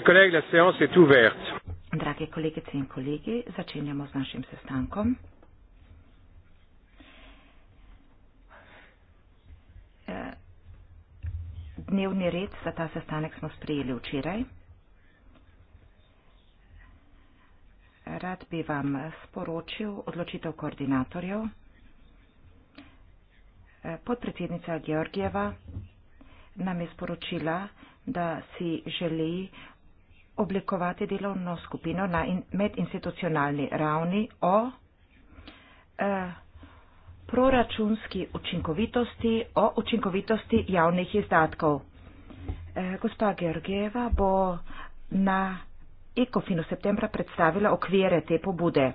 Kolegi, la séance est ouverte. Drage kolegice in kolegi, začenjamo z našim sestankom. Eh, dnevni red za ta sestanek smo sprejeli včeraj. Rad bi vam sporočil odločitev koordinatorjev. Eh, podpredsednica Georgijeva nam je sporočila, da si želi oblikovati delovno skupino na in, medinstitucionalni ravni o eh, proračunski učinkovitosti, o učinkovitosti javnih izdatkov. Eh, gospa Georgieva bo na ECOFINu septembra predstavila okvire te pobude.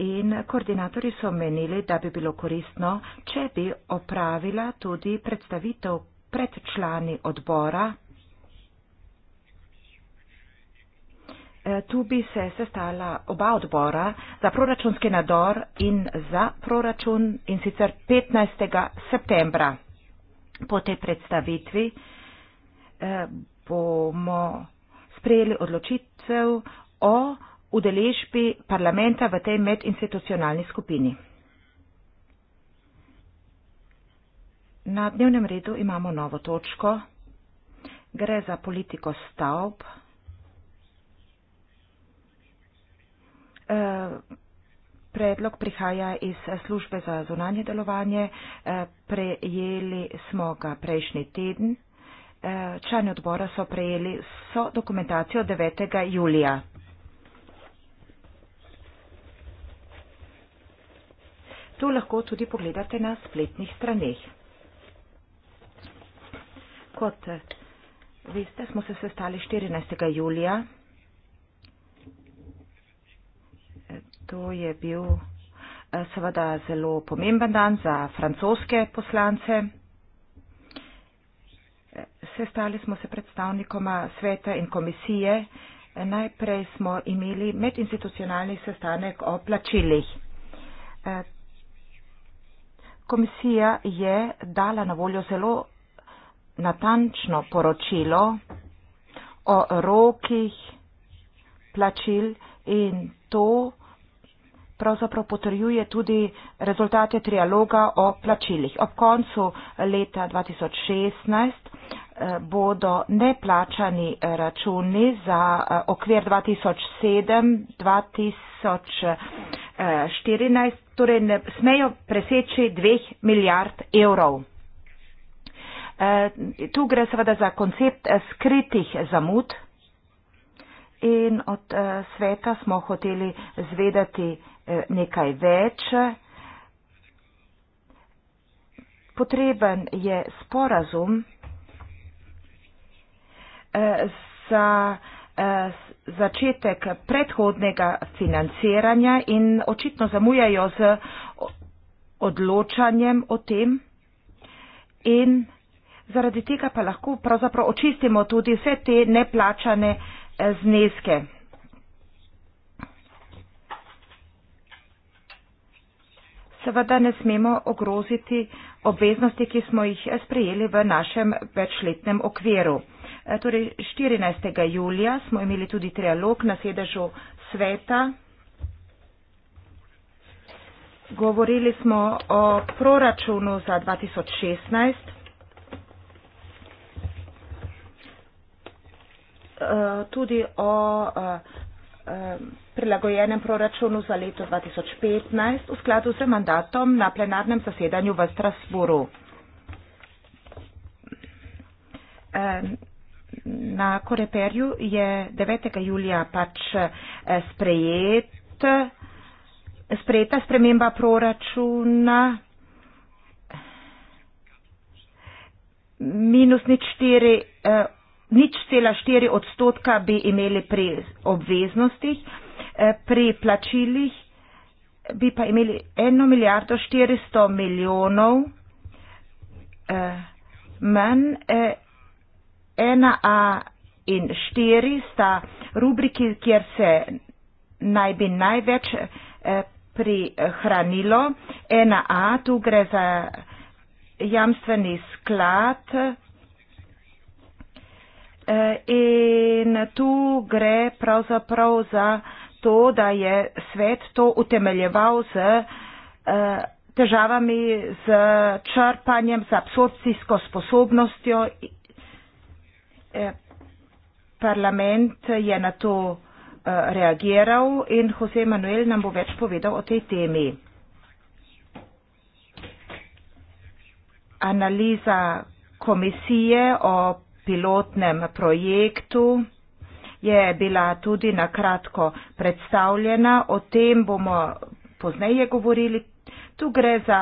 In koordinatori so menili, da bi bilo koristno, če bi opravila tudi predstavitev pred člani odbora Eh, tu bi se sestala oba odbora za proračunski nadzor in za proračun in sicer 15. septembra. Po tej predstavitvi eh, bomo sprejeli odločitev o udeležbi parlamenta v tej medinstitucionalni skupini. Na dnevnem redu imamo novo točko. Gre za politiko stavb Eh, predlog prihaja iz službe za zunanje delovanje. Eh, prejeli smo ga prejšnji teden. Eh, člani odbora so prejeli so dokumentacijo 9. julija. To lahko tudi pogledate na spletnih straneh. Kot veste, smo se sestali 14. julija. To je bil eh, seveda zelo pomemben dan za francoske poslance. Eh, sestali smo se predstavnikoma sveta in komisije. Eh, najprej smo imeli medinstitucionalni sestanek o plačilih. Komisija je dala na voljo zelo natančno poročilo o rokih plačil in to, pravzaprav potrjuje tudi rezultate trialoga o plačilih. Ob koncu leta 2016 eh, bodo neplačani eh, računi za eh, okvir 2007-2014, torej ne smejo preseči 2 milijard evrov. Tu gre seveda za koncept skritih zamud in od sveta smo hoteli zvedati, nekaj več. Potreben je sporazum eh, za eh, začetek predhodnega financiranja in očitno zamujajo z odločanjem o tem in zaradi tega pa lahko pravzaprav očistimo tudi vse te neplačane eh, zneske. seveda ne smemo ogroziti obveznosti, ki smo jih sprejeli v našem večletnem okviru. E, torej, 14. julija smo imeli tudi trialog na sedežu sveta. Govorili smo o proračunu za 2016. E, tudi o e, Ehm, prilagojenem proračunu za leto 2015 v skladu z mandatom na plenarnem zasedanju v Strasburu. Ehm, na Koreperju je 9. julija pač eh, sprejet, sprejeta sprememba proračuna minus nič 4 nič cela štiri odstotka bi imeli pri obveznostih, e, pri plačilih bi pa imeli eno milijardo štiristo milijonov e, manj. E, ena A in štiri sta rubriki, kjer se naj bi največ prihranilo. Ena A, tu gre za jamstveni sklad. Eh, in tu gre pravzaprav za to, da je svet to utemeljeval z eh, težavami, z črpanjem, z absorpcijsko sposobnostjo. Eh, parlament je na to reagiral in Jose Manuel nam bo več povedal o tej temi. Analiza komisije o pilotnem projektu je bila tudi na kratko predstavljena. O tem bomo pozneje govorili. Tu gre za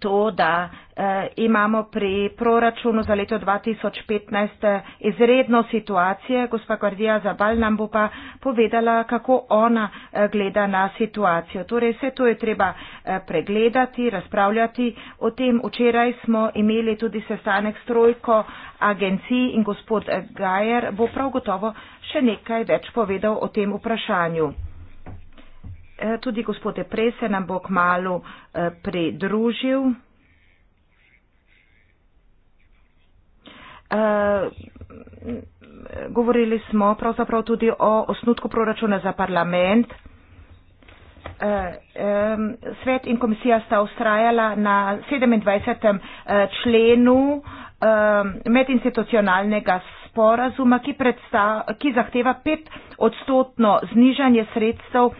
to, da eh, imamo pri proračunu za leto 2015 eh, izredno situacije. Gospa Gordija Zabal nam bo pa povedala, kako ona eh, gleda na situacijo. Torej, vse to je treba eh, pregledati, razpravljati o tem. Včeraj smo imeli tudi sestanek s trojko agencij in gospod eh, Gajer bo prav gotovo še nekaj več povedal o tem vprašanju. Eh, tudi gospod Epre se nam bo kmalo eh, pridružil. Eh, govorili smo pravzaprav tudi o osnutku proračuna za parlament. Svet in komisija sta ustrajala na 27. členu medinstitucionalnega sporazuma, ki, predsta, ki zahteva pet odstotno znižanje sredstev uh,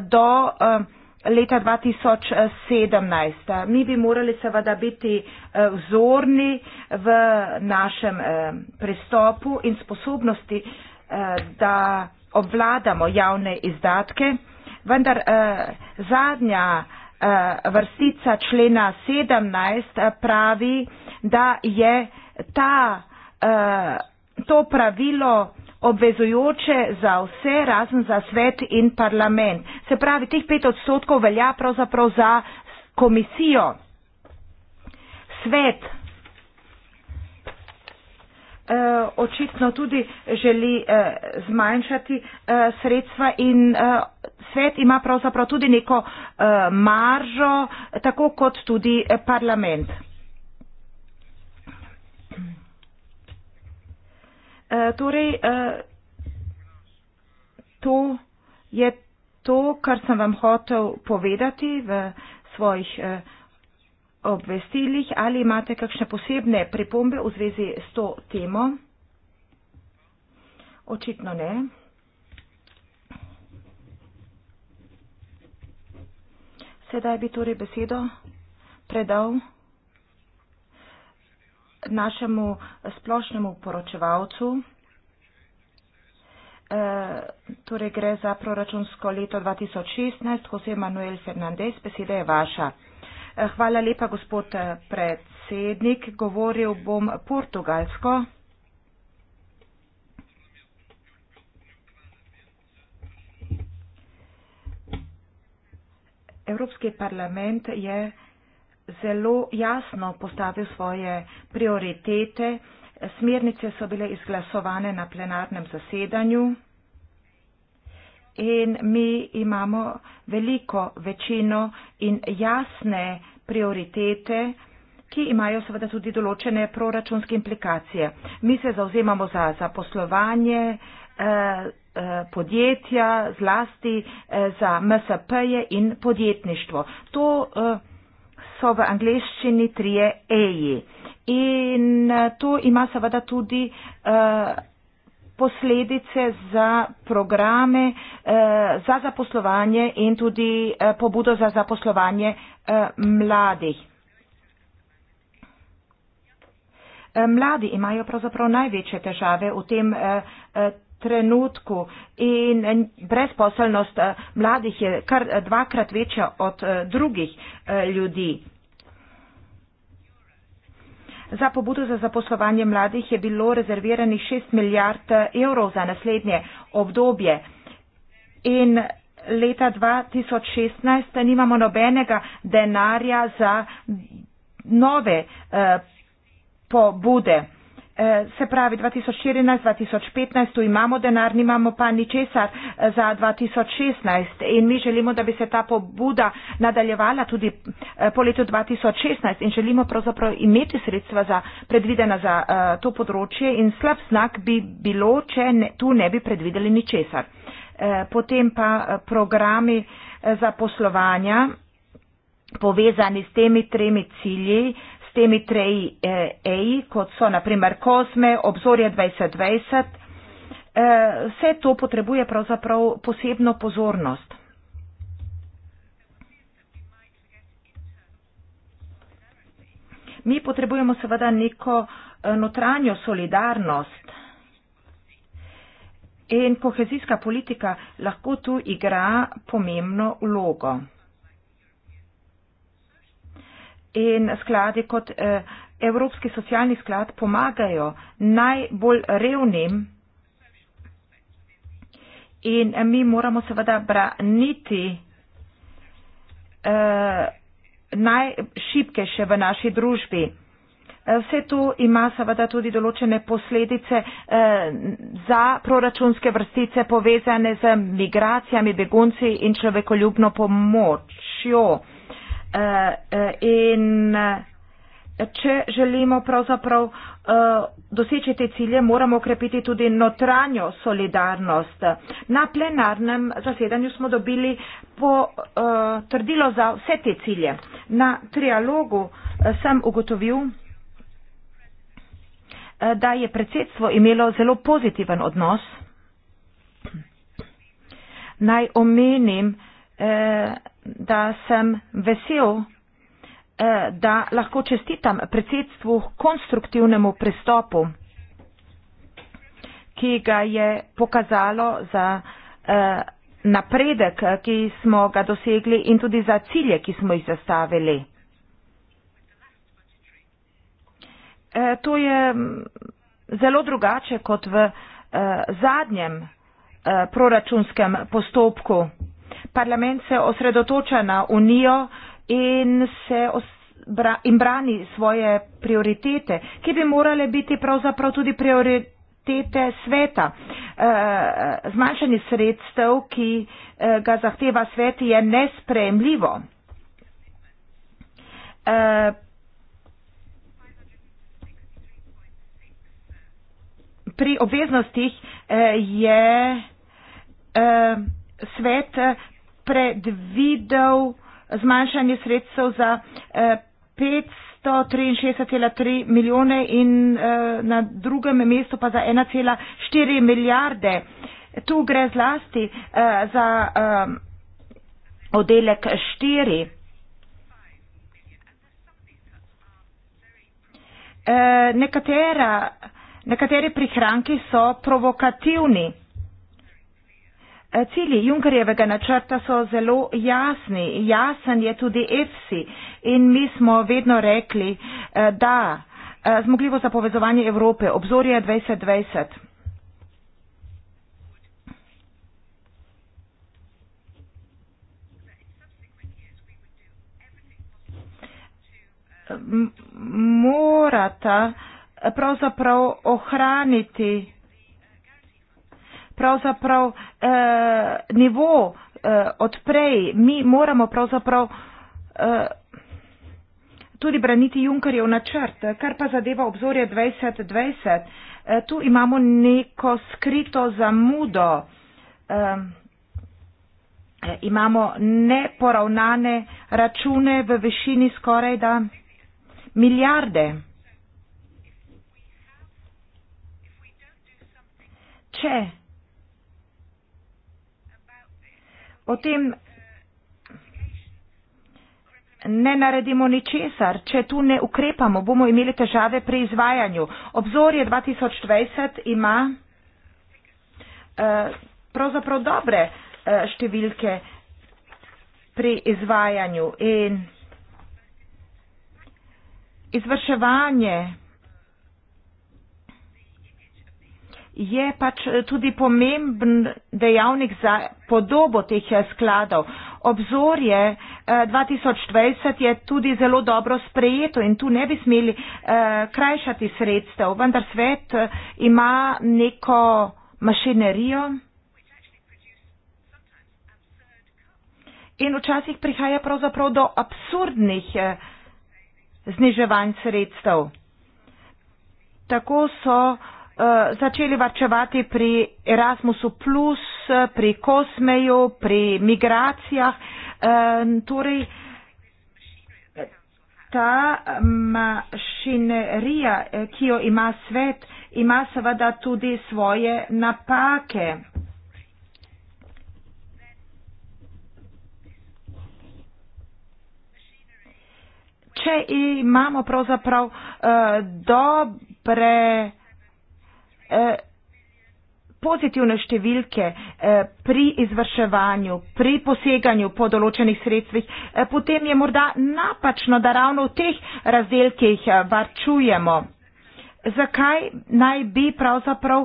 do uh, leta 2017. Mi bi morali seveda biti uh, vzorni v našem uh, pristopu in sposobnosti, uh, da obvladamo javne izdatke, vendar uh, zadnja uh, vrstica člena 17 pravi, da je ta uh, to pravilo obvezujoče za vse, razen za svet in parlament. Se pravi, tih pet odstotkov velja pravzaprav za komisijo. Svet e, očitno tudi želi e, zmanjšati e, sredstva in e, svet ima pravzaprav tudi neko e, maržo, tako kot tudi parlament. Eh, torej, eh, to je to, kar sem vam hotel povedati v svojih eh, obvestilih. Ali imate kakšne posebne pripombe v zvezi s to temo? Očitno ne. Sedaj bi torej besedo predal našemu splošnemu poročevalcu. E, torej gre za proračunsko leto 2016, ko se je Manuel Fernandez, beseda je vaša. E, hvala lepa, gospod e, predsednik. Govoril bom portugalsko. Evropski parlament je zelo jasno postavil svoje prioritete. Smernice so bile izglasovane na plenarnem zasedanju in mi imamo veliko večino in jasne prioritete, ki imajo seveda tudi določene proračunske implikacije. Mi se zauzemamo za zaposlovanje eh, eh, podjetja, zlasti eh, za MSP-je in podjetništvo. To so v angleščini trije eji. In eh, to ima seveda tudi uh, posledice za programe uh, za zaposlovanje in tudi uh, pobudo za zaposlovanje uh, mladih. Mladi imajo pravzaprav največje težave v tem eh, trenutku in brezposelnost eh, mladih je kar eh, dvakrat večja od eh, drugih ljudi. Za pobudo za zaposlovanje mladih je bilo rezerviranih 6 milijard evrov za naslednje obdobje. In leta 2016 nimamo nobenega denarja za nove eh, pobude. Eh, se pravi 2014-2015, tu imamo denar, nimamo pa ni česar eh, za 2016 in mi želimo, da bi se ta pobuda nadaljevala tudi eh, po letu 2016 in želimo pravzaprav imeti sredstva za, predvidena za to področje in slab znak bi bilo, če ne, tu ne bi predvideli ni česar. Potem pa programi za poslovanja povezani s temi tremi cilji temi treji EI, eh, kot so naprimer Kozme, obzorje 2020, eh, vse to potrebuje pravzaprav posebno pozornost. Mi potrebujemo seveda neko eh, notranjo solidarnost in kohezijska politika lahko tu igra pomembno vlogo in skladi kot eh, Evropski socialni sklad pomagajo najbolj revnim in eh, mi moramo seveda braniti eh, najšipkejše v naši družbi. Vse to ima seveda tudi določene posledice za proračunske vrstice povezane z migracijami, begunci in človekoljubno pomočjo in eh, če želimo pravzaprav eh, doseči te cilje, moramo okrepiti tudi notranjo solidarnost. Na plenarnem zasedanju smo dobili potrdilo eh, za vse te cilje. Na trialogu sem ugotovil, da je predsedstvo imelo zelo pozitiven odnos. Naj omenim, da sem vesel, eh, da lahko čestitam predsedstvu konstruktivnemu pristopu, ki ga je pokazalo za eh, napredek, eh, ki smo ga dosegli in tudi za cilje, ki smo jih zastavili. To je mm, zelo drugače kot v zadnjem proračunskem postopku parlament se osredotoča na unijo in, se bra in brani svoje prioritete, ki bi morale biti pravzaprav tudi prioritete sveta. E, zmanjšanje sredstev, ki e, ga zahteva svet, je nespremljivo. E, eh, pri obveznostih e, je e, svet predvidel zmanjšanje sredstev za 563,3 eh, milijone in eh, na drugem mestu pa za 1,4 milijarde. Tu gre zlasti eh, za oddelek 4. Nekatera, nekateri prihranki so provokativni. Cilji Junkerjevega načrta so zelo jasni, jasen je tudi EFSI in mi smo vedno rekli, eh, da eh, zmogljivo za povezovanje Evrope, obzorje 2020. morata eh, pravzaprav ohraniti pravzaprav eh, nivo eh, odprej, mi moramo pravzaprav eh, tudi braniti Junkerjev načrt, kar pa zadeva obzorje 2020. Eh, tu imamo neko skrito zamudo, eh, eh imamo neporavnane račune v višini skoraj da milijarde. Če o tem ne naredimo ničesar. Če tu ne ukrepamo, bomo imeli težave pri izvajanju. Obzorje 2020 ima eh, pravzaprav dobre eh, številke pri izvajanju in izvrševanje. je pač eh, tudi pomemben dejavnik za podobo teh eh, skladov. Obzorje 2020 eh, je tudi zelo dobro sprejeto in tu ne bi smeli krajšati sredstev, vendar svet ima neko mašinerijo. In včasih prihaja pravzaprav do absurdnih zniževanj sredstev. Tako so Eh, začeli varčevati pri Erasmusu, plus, pri Kosmeju, pri migracijah. Uh, torej, ta mašinerija, eh, ki jo ima svet, ima seveda tudi svoje napake. Če imamo pravzaprav uh, dobre pozitivne številke eh, pri izvrševanju, pri poseganju po določenih sredstvih, eh, potem je morda napačno, da ravno v teh razdelkih eh, varčujemo. Zakaj naj bi pravzaprav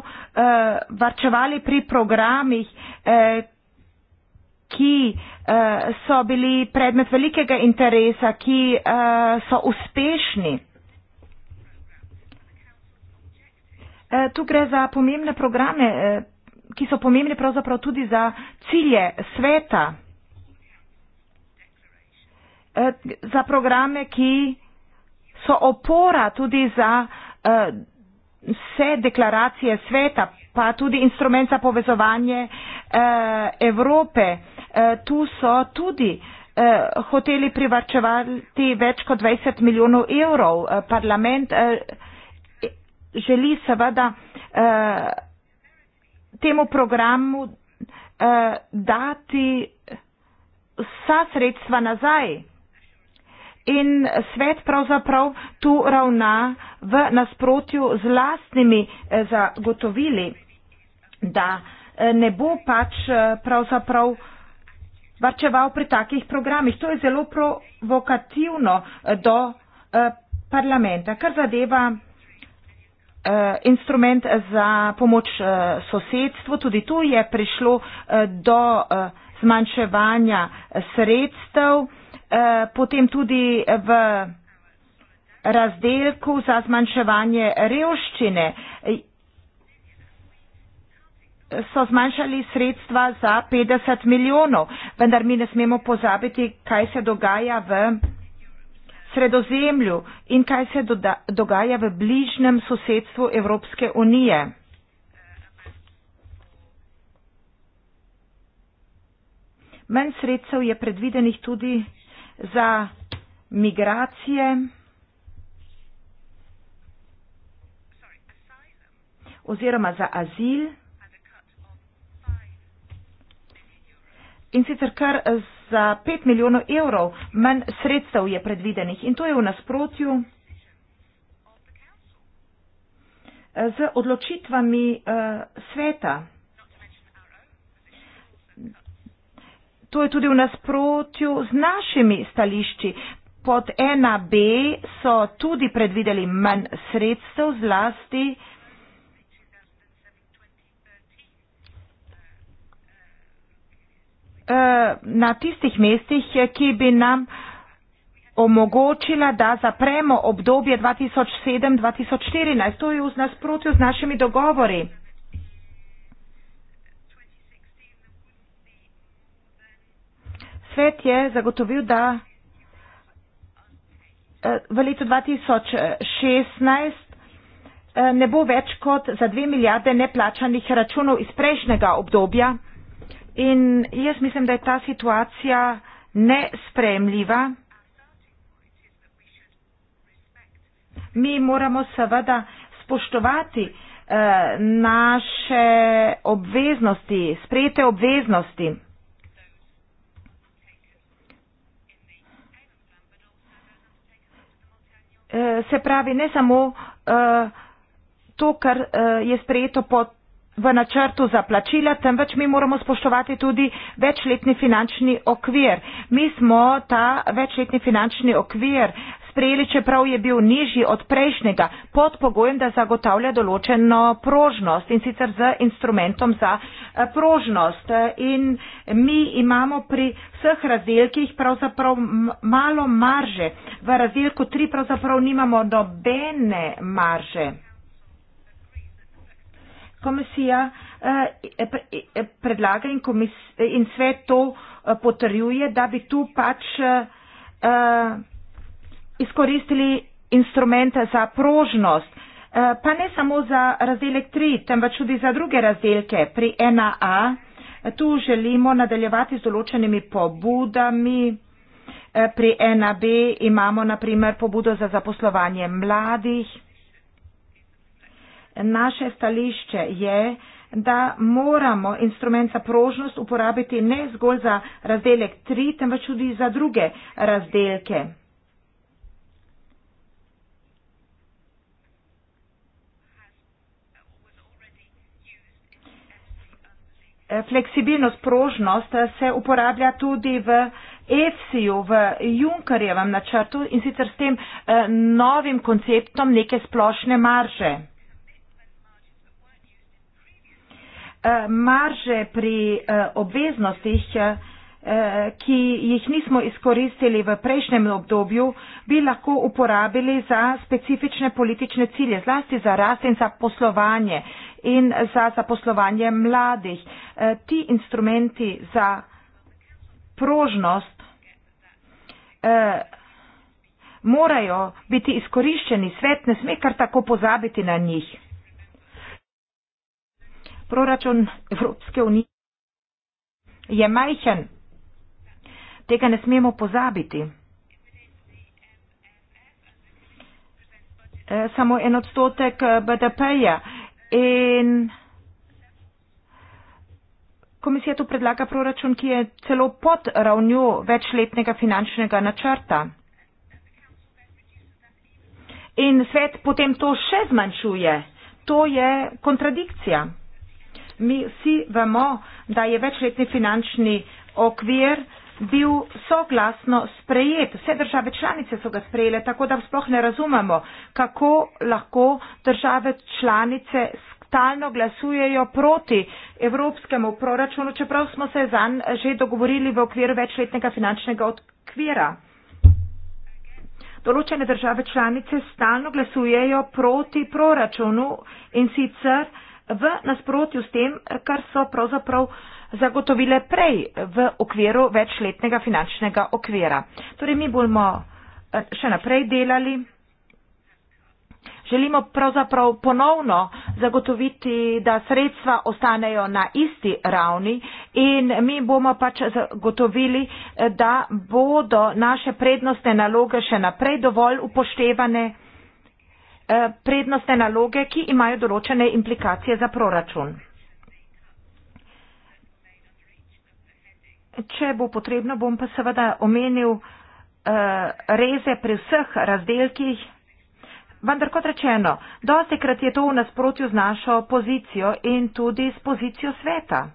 varčevali pri programih, ki so bili predmet velikega interesa, ki so uspešni? Eh, tu gre za pomembne programe, eh, ki so pomembni pravzaprav tudi za cilje sveta, eh, za programe, ki so opora tudi za vse deklaracije sveta, pa tudi instrument za povezovanje Evrope. Tu so tudi hoteli privrčevati več kot 20 milijonov evrov. Parlament želi seveda eh, temu programu eh, dati vsa sredstva nazaj. In svet pravzaprav tu ravna v nasprotju z lastnimi eh, zagotovili, da eh, ne bo pač eh, pravzaprav varčeval pri takih programih. To je zelo provokativno eh, do eh, parlamenta, kar zadeva. Eh, instrument za pomoč eh, sosedstvu. Tudi tu je prišlo eh, do zmanjševanja sredstev, potem tudi v razdelku za zmanjševanje revščine so zmanjšali sredstva za 50 milijonov, vendar mi ne smemo pozabiti, kaj se dogaja v sredozemlju in kaj se doda, dogaja v bližnjem sosedstvu Evropske unije. Menj sredstev je predvidenih tudi za migracije. oziroma za azil in sicer kar z za 5 milijonov evrov manj sredstev je predvidenih in to je v nasprotju eh, z odločitvami eh, sveta. To je tudi v nasprotju z našimi stališči. Pod 1B so tudi predvideli manj sredstev zlasti Eh, na tistih mestih, eh, ki bi nam omogočila, da zapremo obdobje 2007-2014. To je v nasprotju z našimi dogovori. Svet je zagotovil, da eh, v letu 2016 ne bo več kot za dve milijarde neplačanih računov iz prejšnjega obdobja. In jaz mislim, da je ta situacija nespremljiva. Mi moramo seveda spoštovati eh, naše obveznosti, sprejete obveznosti. Eh, se pravi, ne samo eh, to, kar eh, je sprejeto pod v načrtu za plačila, temveč mi moramo spoštovati tudi večletni finančni okvir. Mi smo ta večletni finančni okvir sprejeli, čeprav je bil nižji od prejšnjega, pod pogojem, da zagotavlja določeno prožnost in sicer z instrumentom za eh, prožnost. In mi imamo pri vseh razdelkih pravzaprav malo marže. V razdelku 3 pravzaprav nimamo dobene marže komisija eh, eh, eh, predlaga in, komis, in svet to potrjuje, da bi tu pač izkoristili instrumente za prožnost. Pa ne samo za razdelek 3, temveč tudi za druge razdelke pri 1a. Tu želimo nadaljevati z določenimi pobudami. Pri 1b imamo naprimer pobudo za zaposlovanje mladih naše stališče je, da moramo instrument za prožnost uporabiti ne zgolj za razdelek 3, temveč tudi za druge razdelke. Fleksibilnost, prožnost se uporablja tudi v EFSI-ju, v Junkerjevem načrtu in sicer s tem eh, novim konceptom neke splošne marže. Eh, marže pri eh, obveznostih, eh, ki jih nismo izkoristili v prejšnjem obdobju, bi lahko uporabili za specifične politične cilje, zlasti za rast in za poslovanje in za zaposlovanje mladih. Ti instrumenti za prožnost morajo biti izkoriščeni, svet ne sme kar tako pozabiti na njih proračun Evropske unije je majhen. Tega ne smemo pozabiti. E, samo en odstotek e, BDP-ja in komisija tu predlaga proračun, ki je celo pod ravnjo večletnega finančnega načrta. In svet potem to še zmanjšuje. To je kontradikcija. Mi vsi vemo, da je večletni finančni okvir bil soglasno sprejet. Vse države članice so ga sprejele, tako da sploh ne razumemo, kako lahko države članice stalno glasujejo proti evropskemu proračunu, čeprav smo se zanj že dogovorili v okviru večletnega finančnega okvira. Določene države članice stalno glasujejo proti proračunu in sicer v nasprotju s tem, kar so pravzaprav zagotovile prej v okviru večletnega finančnega okvira. Torej, mi bomo eh, še naprej delali. Želimo pravzaprav ponovno zagotoviti, da sredstva ostanejo na isti ravni in mi bomo pač zagotovili, eh, da bodo naše prednostne naloge še naprej dovolj upoštevane. Eh, prednostne naloge, ki imajo določene implikacije za proračun. Če bo potrebno, bom pa seveda omenil eh, reze pri vseh razdelkih. Vendar kot rečeno, dostikrat je to v nasprotju z našo pozicijo in tudi s pozicijo sveta.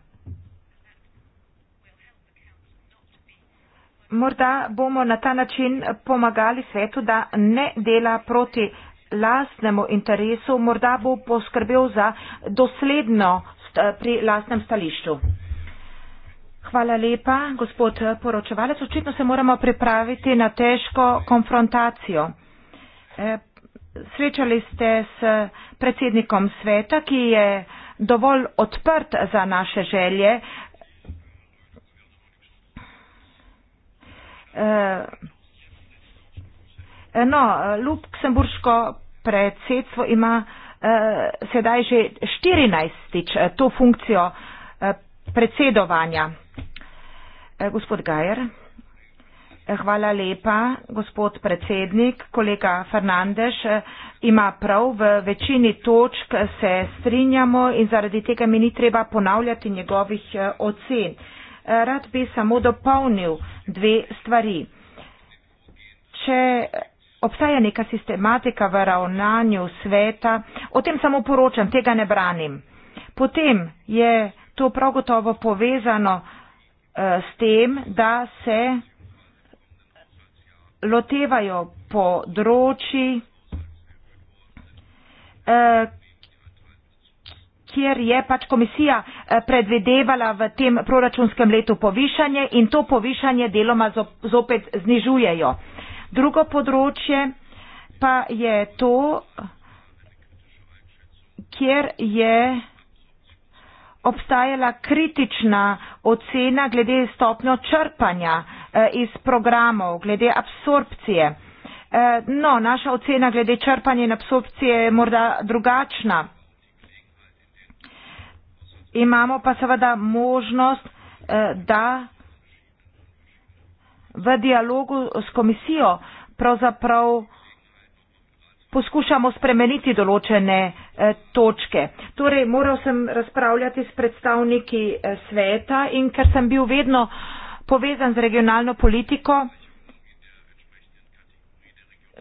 Morda bomo na ta način pomagali svetu, da ne dela proti lastnemu interesu, morda bo poskrbel za dosledno eh, pri lastnem stališču. Hvala lepa, gospod eh, poročevalec. Očitno se moramo pripraviti na težko konfrontacijo. Eh, srečali ste s predsednikom sveta, ki je dovolj odprt za naše želje. No, Luksemburško predsedstvo ima eh, sedaj že 14-tič eh, to funkcijo eh, predsedovanja. Eh, gospod Gajer. Eh, hvala lepa, gospod predsednik. Kolega Fernandeš eh, ima prav, v večini točk eh, se strinjamo in zaradi tega mi ni treba ponavljati njegovih ocen. Rad bi samo dopolnil dve stvari. Če obstaja neka sistematika v ravnanju sveta, o tem samo poročam, tega ne branim. Potem je to prav gotovo povezano eh, s tem, da se lotevajo področji, eh, kjer je pač komisija eh, predvidevala v tem proračunskem letu povišanje in to povišanje deloma zopet znižujejo. Drugo področje pa je to, kjer je obstajala kritična ocena glede stopnjo črpanja eh, iz programov, glede absorpcije. Eh, no, naša ocena glede črpanja in absorpcije je morda drugačna. Imamo pa seveda možnost, eh, da v dialogu s komisijo pravzaprav poskušamo spremeniti določene eh, točke. Torej, moral sem razpravljati s predstavniki eh, sveta in ker sem bil vedno povezan z regionalno politiko,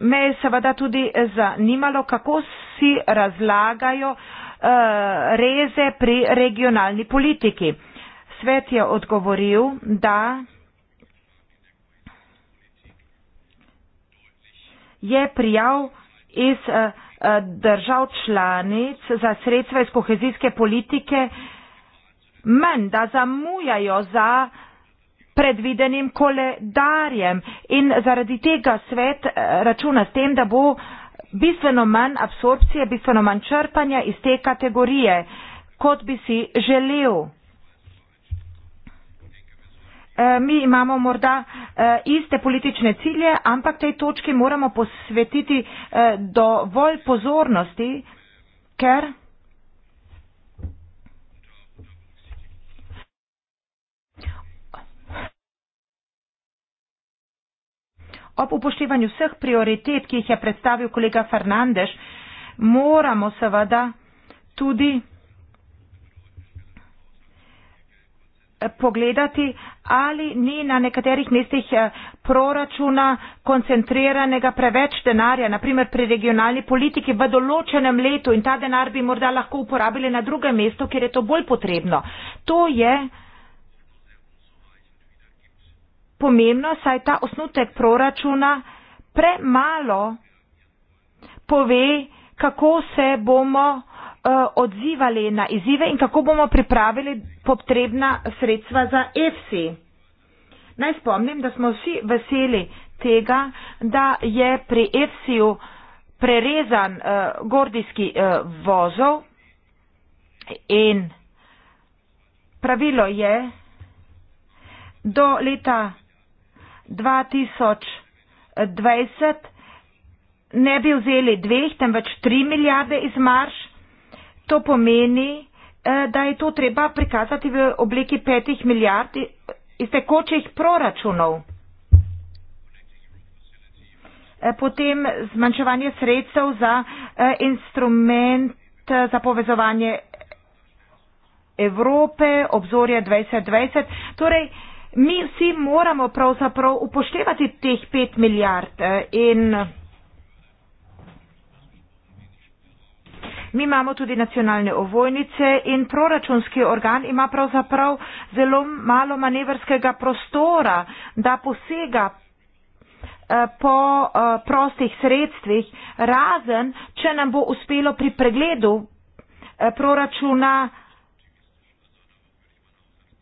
me je seveda tudi eh, zanimalo, kako si razlagajo reze pri regionalni politiki. Svet je odgovoril, da je prijav iz eh, eh, držav članic za sredstva iz kohezijske politike manj, da zamujajo za predvidenim koledarjem in zaradi tega svet eh, računa s tem, da bo bistveno manj absorpcije, bistveno manj črpanja iz te kategorije, kot bi si želel. Eh, mi imamo morda eh, iste politične cilje, ampak tej točki moramo posvetiti eh, dovolj pozornosti, ker. Ob upoštevanju vseh prioritet, ki jih je predstavil kolega Fernandež, moramo seveda tudi. pogledati, ali ni na nekaterih mestih eh, proračuna koncentriranega preveč denarja, naprimer pri regionalni politiki v določenem letu in ta denar bi morda lahko uporabili na drugem mestu, kjer je to bolj potrebno. To je pomembno, saj ta osnutek proračuna premalo pove, kako se bomo Eh, odzivali na izzive in kako bomo pripravili potrebna sredstva za EFSI. Naj spomnim, da smo vsi veseli tega, da je pri EFSI-ju prerezan uh, gordijski uh, vozov in pravilo je do leta 2020 ne bi vzeli dveh, temveč tri milijarde iz marš To pomeni, eh, da je to treba prikazati v obliki petih milijard iz tekočih proračunov. Eh, potem zmanjševanje sredstev za eh, instrument za povezovanje Evrope, obzorje 2020. Torej, mi vsi moramo pravzaprav upoštevati teh pet milijard in. Mi imamo tudi nacionalne ovojnice in proračunski organ ima pravzaprav zelo malo manevrskega prostora, da posega eh, po eh, prostih sredstvih, razen če nam bo uspelo pri pregledu eh, proračuna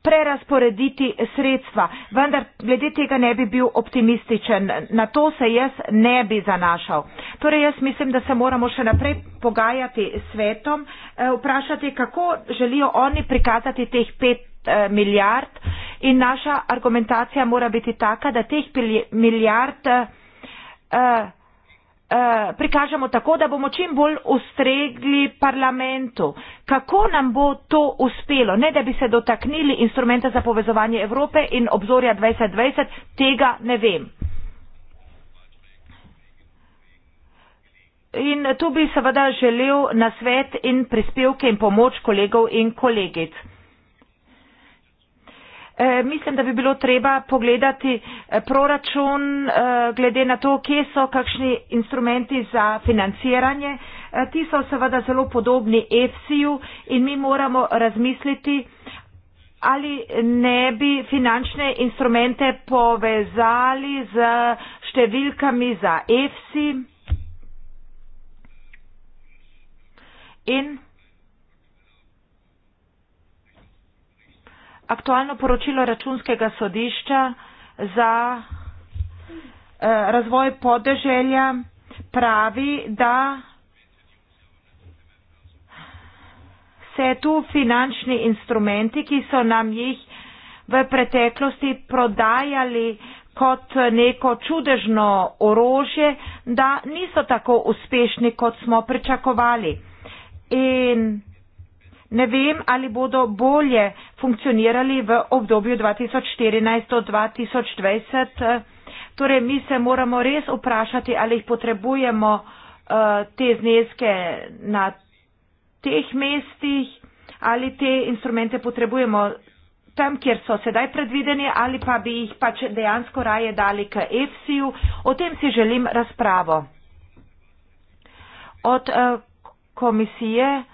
prerasporediti sredstva, vendar glede tega ne bi bil optimističen. Na to se jaz ne bi zanašal. Torej jaz mislim, da se moramo še naprej pogajati s svetom, eh, vprašati, kako želijo oni prikazati teh pet eh, milijard in naša argumentacija mora biti taka, da teh milijard. Uh, Eh, prikažemo tako, da bomo čim bolj ustregli parlamentu. Kako nam bo to uspelo? Ne, da bi se dotaknili instrumenta za povezovanje Evrope in obzorja 2020, tega ne vem. In tu bi seveda želel nasvet in prispevke in pomoč kolegov in kolegic. Eh, mislim, da bi bilo treba pogledati eh, proračun eh, glede na to, kje so kakšni instrumenti za financiranje. Ti so seveda zelo podobni EFSI-ju in mi moramo razmisliti, ali ne bi finančne instrumente povezali z številkami za EFSI. In aktualno poročilo računskega sodišča za eh, razvoj podeželja pravi, da se tu finančni instrumenti, ki so nam jih v preteklosti prodajali kot neko čudežno orožje, da niso tako uspešni, kot smo pričakovali. In Ne vem, ali bodo bolje funkcionirali v obdobju 2014 do 2020. Torej, mi se moramo res vprašati, ali jih potrebujemo eh, te zneske na teh mestih, ali te instrumente potrebujemo tam, kjer so sedaj predvideni, ali pa bi jih pač dejansko raje dali k EFSI-ju. O tem si želim razpravo. Od eh, komisije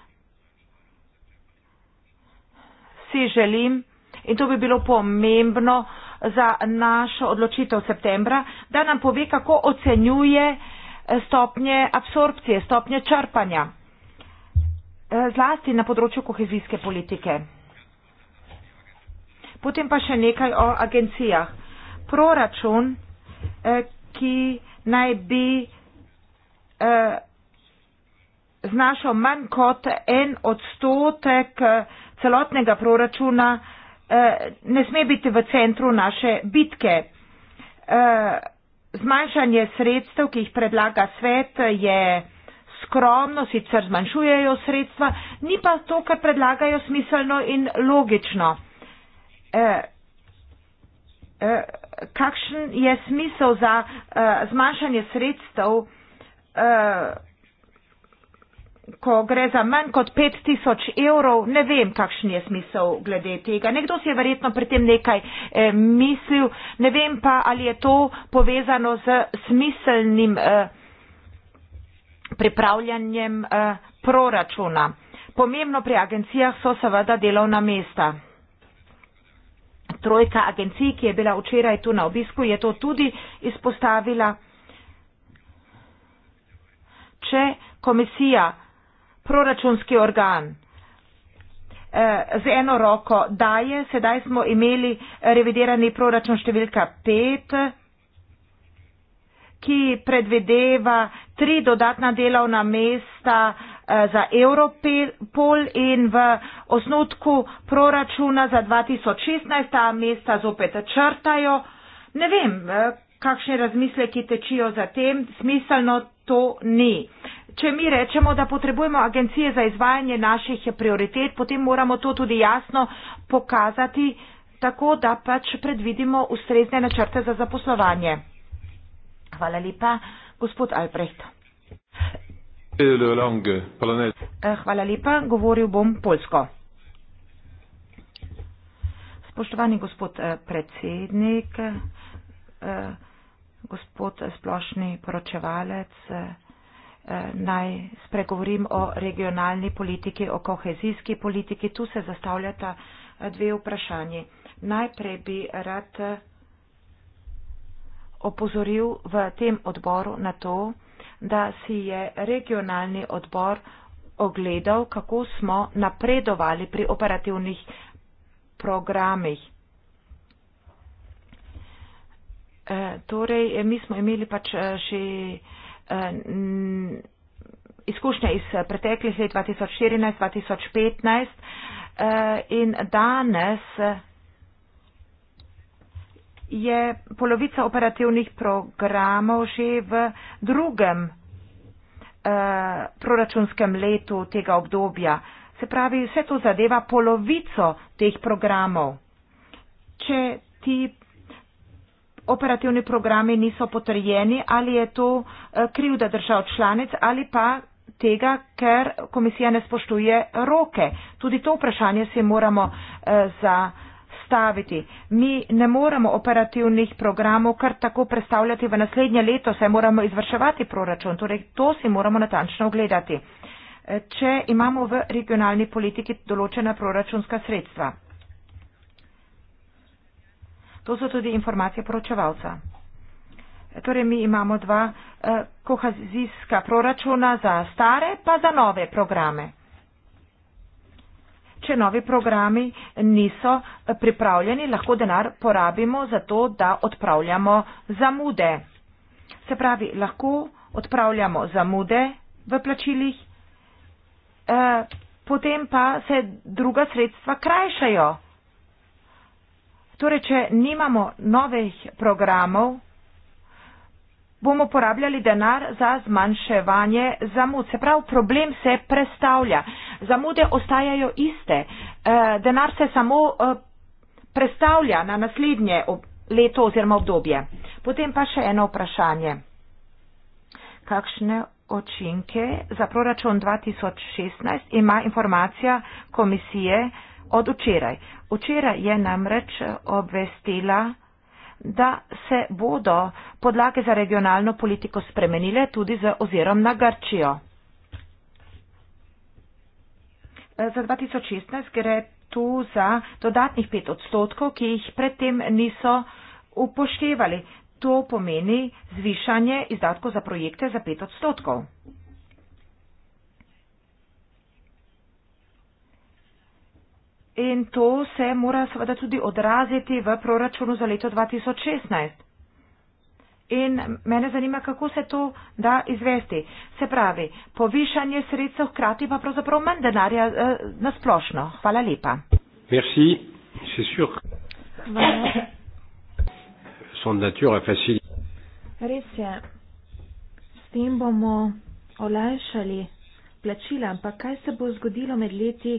si želim, in to bi bilo pomembno za našo odločitev septembra, da nam pove, kako ocenjuje eh, stopnje absorpcije, stopnje črpanja, eh, zlasti na področju kohezijske politike. Potem pa še nekaj o agencijah. Proračun, eh, ki naj bi znašal manj kot en odstotek eh, celotnega proračuna, eh, ne sme biti v centru naše bitke. Eh, zmanjšanje sredstev, ki jih predlaga svet, je skromno, sicer zmanjšujejo sredstva, ni pa to, kar predlagajo smiselno in logično. Kakšen je smisel za zmanjšanje sredstev? ko gre za manj kot 5000 evrov, ne vem, kakšen je smisel glede tega. Nekdo si je verjetno pri tem nekaj eh, mislil, ne vem pa, ali je to povezano z smiselnim eh, pripravljanjem eh, proračuna. Pomembno pri agencijah so seveda delovna mesta. Trojka agencij, ki je bila včeraj tu na obisku, je to tudi izpostavila. Če komisija proračunski organ. Eh, z eno roko daje, sedaj smo imeli reviderani proračun številka 5, ki predvideva tri dodatna delovna mesta eh, za Europol in v osnutku proračuna za 2016 ta mesta zopet črtajo. Ne vem, eh, kakšne razmisleki tečijo za tem, smiselno to ni če mi rečemo, da potrebujemo agencije za izvajanje naših prioritet, potem moramo to tudi jasno pokazati, tako da pač predvidimo ustrezne načrte za zaposlovanje. Hvala lepa, gospod Albrecht. Eh, hvala lepa, govoril bom polsko. Spoštovani gospod eh, predsednik, eh, gospod splošni poročevalec, naj spregovorim o regionalni politiki, o kohezijski politiki. Tu se zastavljata eh, dve vprašanji. Najprej bi rad eh, opozoril v tem odboru na to, da si je regionalni odbor ogledal, kako smo napredovali pri operativnih programih. E, torej, mi smo imeli pač še Eh, izkušnje iz preteklih let 2014-2015 eh, in danes je polovica operativnih programov že v drugem eh, proračunskem letu tega obdobja. Se pravi, vse to zadeva polovico teh programov. Če ti operativni programi niso potrjeni, ali je to eh, krivda držav članic ali pa tega, ker komisija ne spoštuje roke. Tudi to vprašanje si moramo eh, zastaviti. Mi ne moremo operativnih programov kar tako predstavljati v naslednje leto, saj moramo izvrševati proračun. Torej, to si moramo natančno ogledati. Eh, če imamo v regionalni politiki določena proračunska sredstva. To so tudi informacije poročevalca. Torej, mi imamo dva eh, kohezijska proračuna za stare, pa za nove programe. Če novi programi niso pripravljeni, lahko denar porabimo za to, da odpravljamo zamude. Se pravi, lahko odpravljamo zamude v plačilih, eh, potem pa se druga sredstva krajšajo. Torej, če nimamo novih programov, bomo porabljali denar za zmanjševanje zamud. Se pravi, problem se predstavlja. Zamude ostajajo iste. Eh, denar se samo eh, predstavlja na naslednje leto oziroma obdobje. Potem pa še eno vprašanje. Kakšne očinke za proračun 2016 ima informacija komisije od včeraj? Včeraj je namreč obvestila, da se bodo podlage za regionalno politiko spremenile tudi z ozirom na Grčijo. Za 2016 gre tu za dodatnih pet odstotkov, ki jih predtem niso upoštevali. To pomeni zvišanje izdatkov za projekte za pet odstotkov. in to se mora seveda tudi odraziti v proračunu za leto 2016. In mene zanima, kako se to da izvesti. Se pravi, povišanje sredstev hkrati pa pravzaprav manj denarja eh, na splošno. Hvala lepa. Merci, c'est sûr. Son nature est facile. Res je, s tem bomo olajšali plačila, ampak kaj se bo zgodilo med leti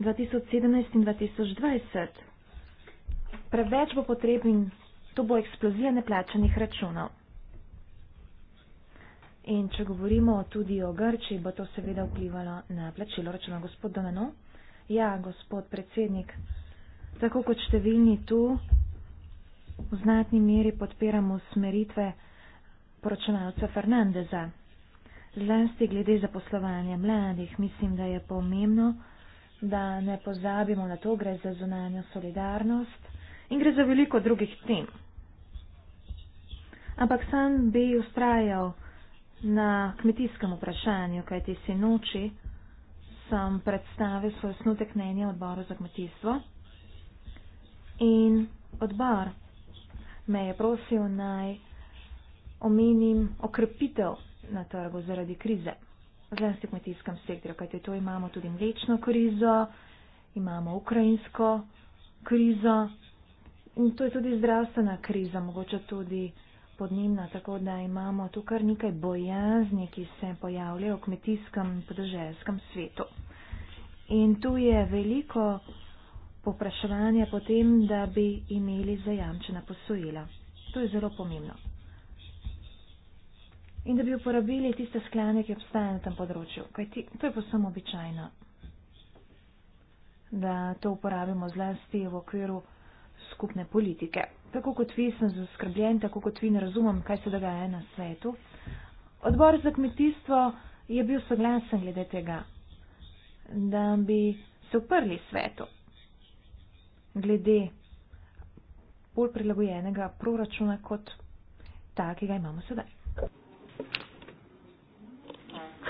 2017 in 2020. Preveč bo potrebin, to bo eksplozija neplačanih računov. In če govorimo tudi o Grči, bo to seveda vplivalo na plačilo računa gospod Donano. Ja, gospod predsednik, tako kot številni tu, v znatni meri podpiramo smeritve poročevalca Fernandeza. Zlasti glede zaposlovanja mladih, mislim, da je pomembno, da ne pozabimo na to, gre za zunanjo solidarnost in gre za veliko drugih tem. Ampak sam bi ustrajal na kmetijskem vprašanju, kajti si noči sem predstavil svoj osnutek mnenja odboru za kmetijstvo in odbor me je prosil naj omenim okrepitev na trgu zaradi krize zlasti v kmetijskem sektorju, kajte to imamo tudi mlečno krizo, imamo ukrajinsko krizo in to je tudi zdravstvena kriza, mogoče tudi podnebna, tako da imamo tu kar nekaj bojazni, ki se pojavljajo v kmetijskem podeželskem svetu. In tu je veliko popraševanja potem, da bi imeli zajamčena posojila. To je zelo pomembno in da bi uporabili tiste sklane, ki obstajajo na tem področju. Kajti to je posebno običajno, da to uporabimo zlasti v okviru skupne politike. Tako kot vi sem zaskrbljen, tako kot vi ne razumem, kaj se dogaja na svetu. Odbor za kmetijstvo je bil soglasen glede tega, da bi se uprli svetu glede bolj prilagojenega proračuna kot ta, ki ga imamo sedaj.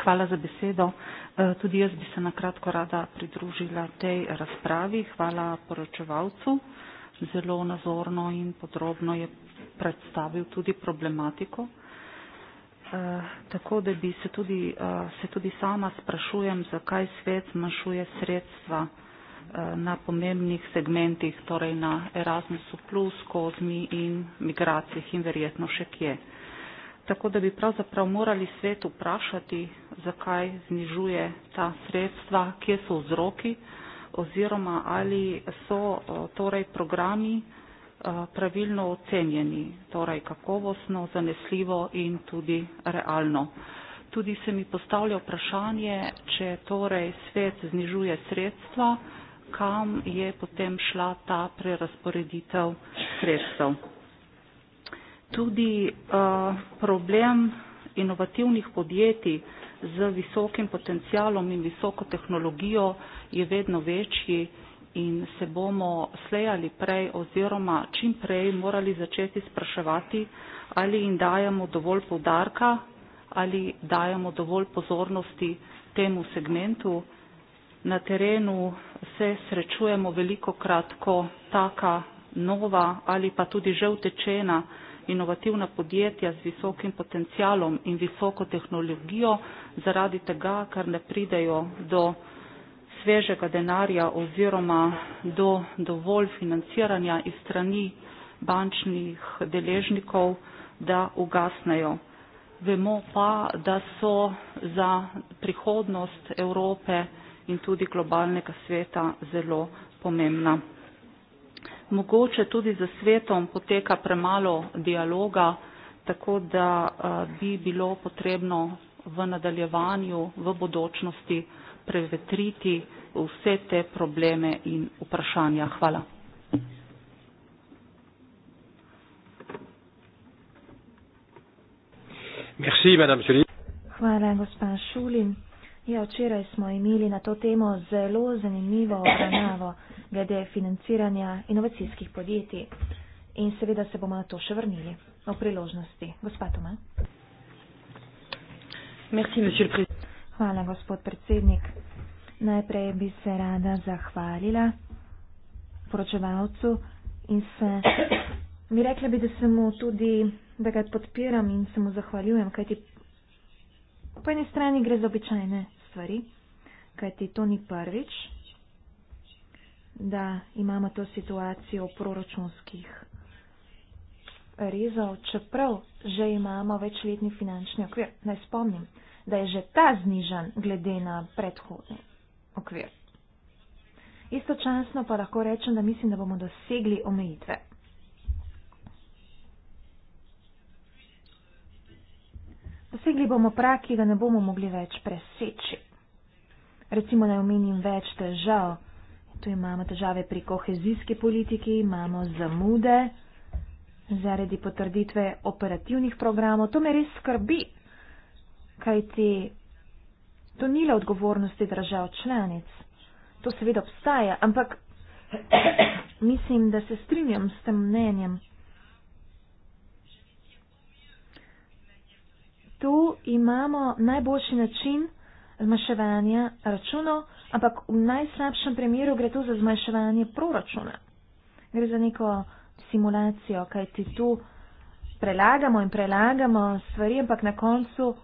Hvala za besedo. E, tudi jaz bi se nakratko rada pridružila tej razpravi. Hvala poročevalcu. Zelo nazorno in podrobno je predstavil tudi problematiko. E, tako da bi se tudi, e, se tudi sama sprašujem, zakaj svet zmanjšuje sredstva na pomembnih segmentih, torej na Erasmusu, Plus, Kozmi in migracijah in verjetno še kje tako da bi pravzaprav morali svet vprašati, zakaj znižuje ta sredstva, kje so vzroki oziroma ali so torej programi pravilno ocenjeni, torej kakovostno, zanesljivo in tudi realno. Tudi se mi postavlja vprašanje, če torej svet znižuje sredstva, kam je potem šla ta prerasporeditev sredstev tudi eh, problem inovativnih podjetij z visokim potencialom in visoko tehnologijo je vedno večji in se bomo slej ali prej oziroma čim prej morali začeti spraševati, ali jim dajemo dovolj povdarka, ali dajemo dovolj pozornosti temu segmentu. Na terenu se srečujemo veliko kratko taka nova ali pa tudi že utečena inovativna podjetja z visokim potencialom in visoko tehnologijo zaradi tega, ker ne pridejo do svežega denarja oziroma do dovolj financiranja iz strani bančnih deležnikov, da ugasnejo. Vemo pa, da so za prihodnost Evrope in tudi globalnega sveta zelo pomembna mogoče tudi za svetom poteka premalo dialoga, tako da eh, bi bilo potrebno v nadaljevanju, v bodočnosti prevetriti vse te probleme in vprašanja. Hvala. Hvala, gospod Šulin. Ja, včeraj smo imeli na to temo zelo zanimivo obravnavo glede financiranja inovacijskih podjetij. In seveda se bomo na to še vrnili o priložnosti. Gospa Toma. Merci, Hvala, gospod predsednik. Najprej bi se rada zahvalila poročevalcu in se mi rekla bi, da se mu tudi, da ga podpiram in se mu zahvaljujem, kajti po eni strani gre za običajne stvari, kajti to ni prvič, da imamo to situacijo proračunskih rezov, čeprav že imamo večletni finančni okvir. Naj spomnim, da je že ta znižan glede na predhodni okvir. Istočasno pa lahko rečem, da mislim, da bomo dosegli omejitve. Dosegli bomo praki, da ne bomo mogli več preseči. Recimo naj omenim več težav. Tu imamo težave pri kohezijski politiki, imamo zamude zaradi potrditve operativnih programov. To me res skrbi, kajti to ni le odgovornosti držav članic. To seveda obstaja, ampak mislim, da se strinjam s tem mnenjem. Tu imamo najboljši način zmaševanja računov ampak v najslabšem primeru gre to za zmanjševanje proračuna. Gre za neko simulacijo, kaj ti tu prelagamo in prelagamo stvari, ampak na koncu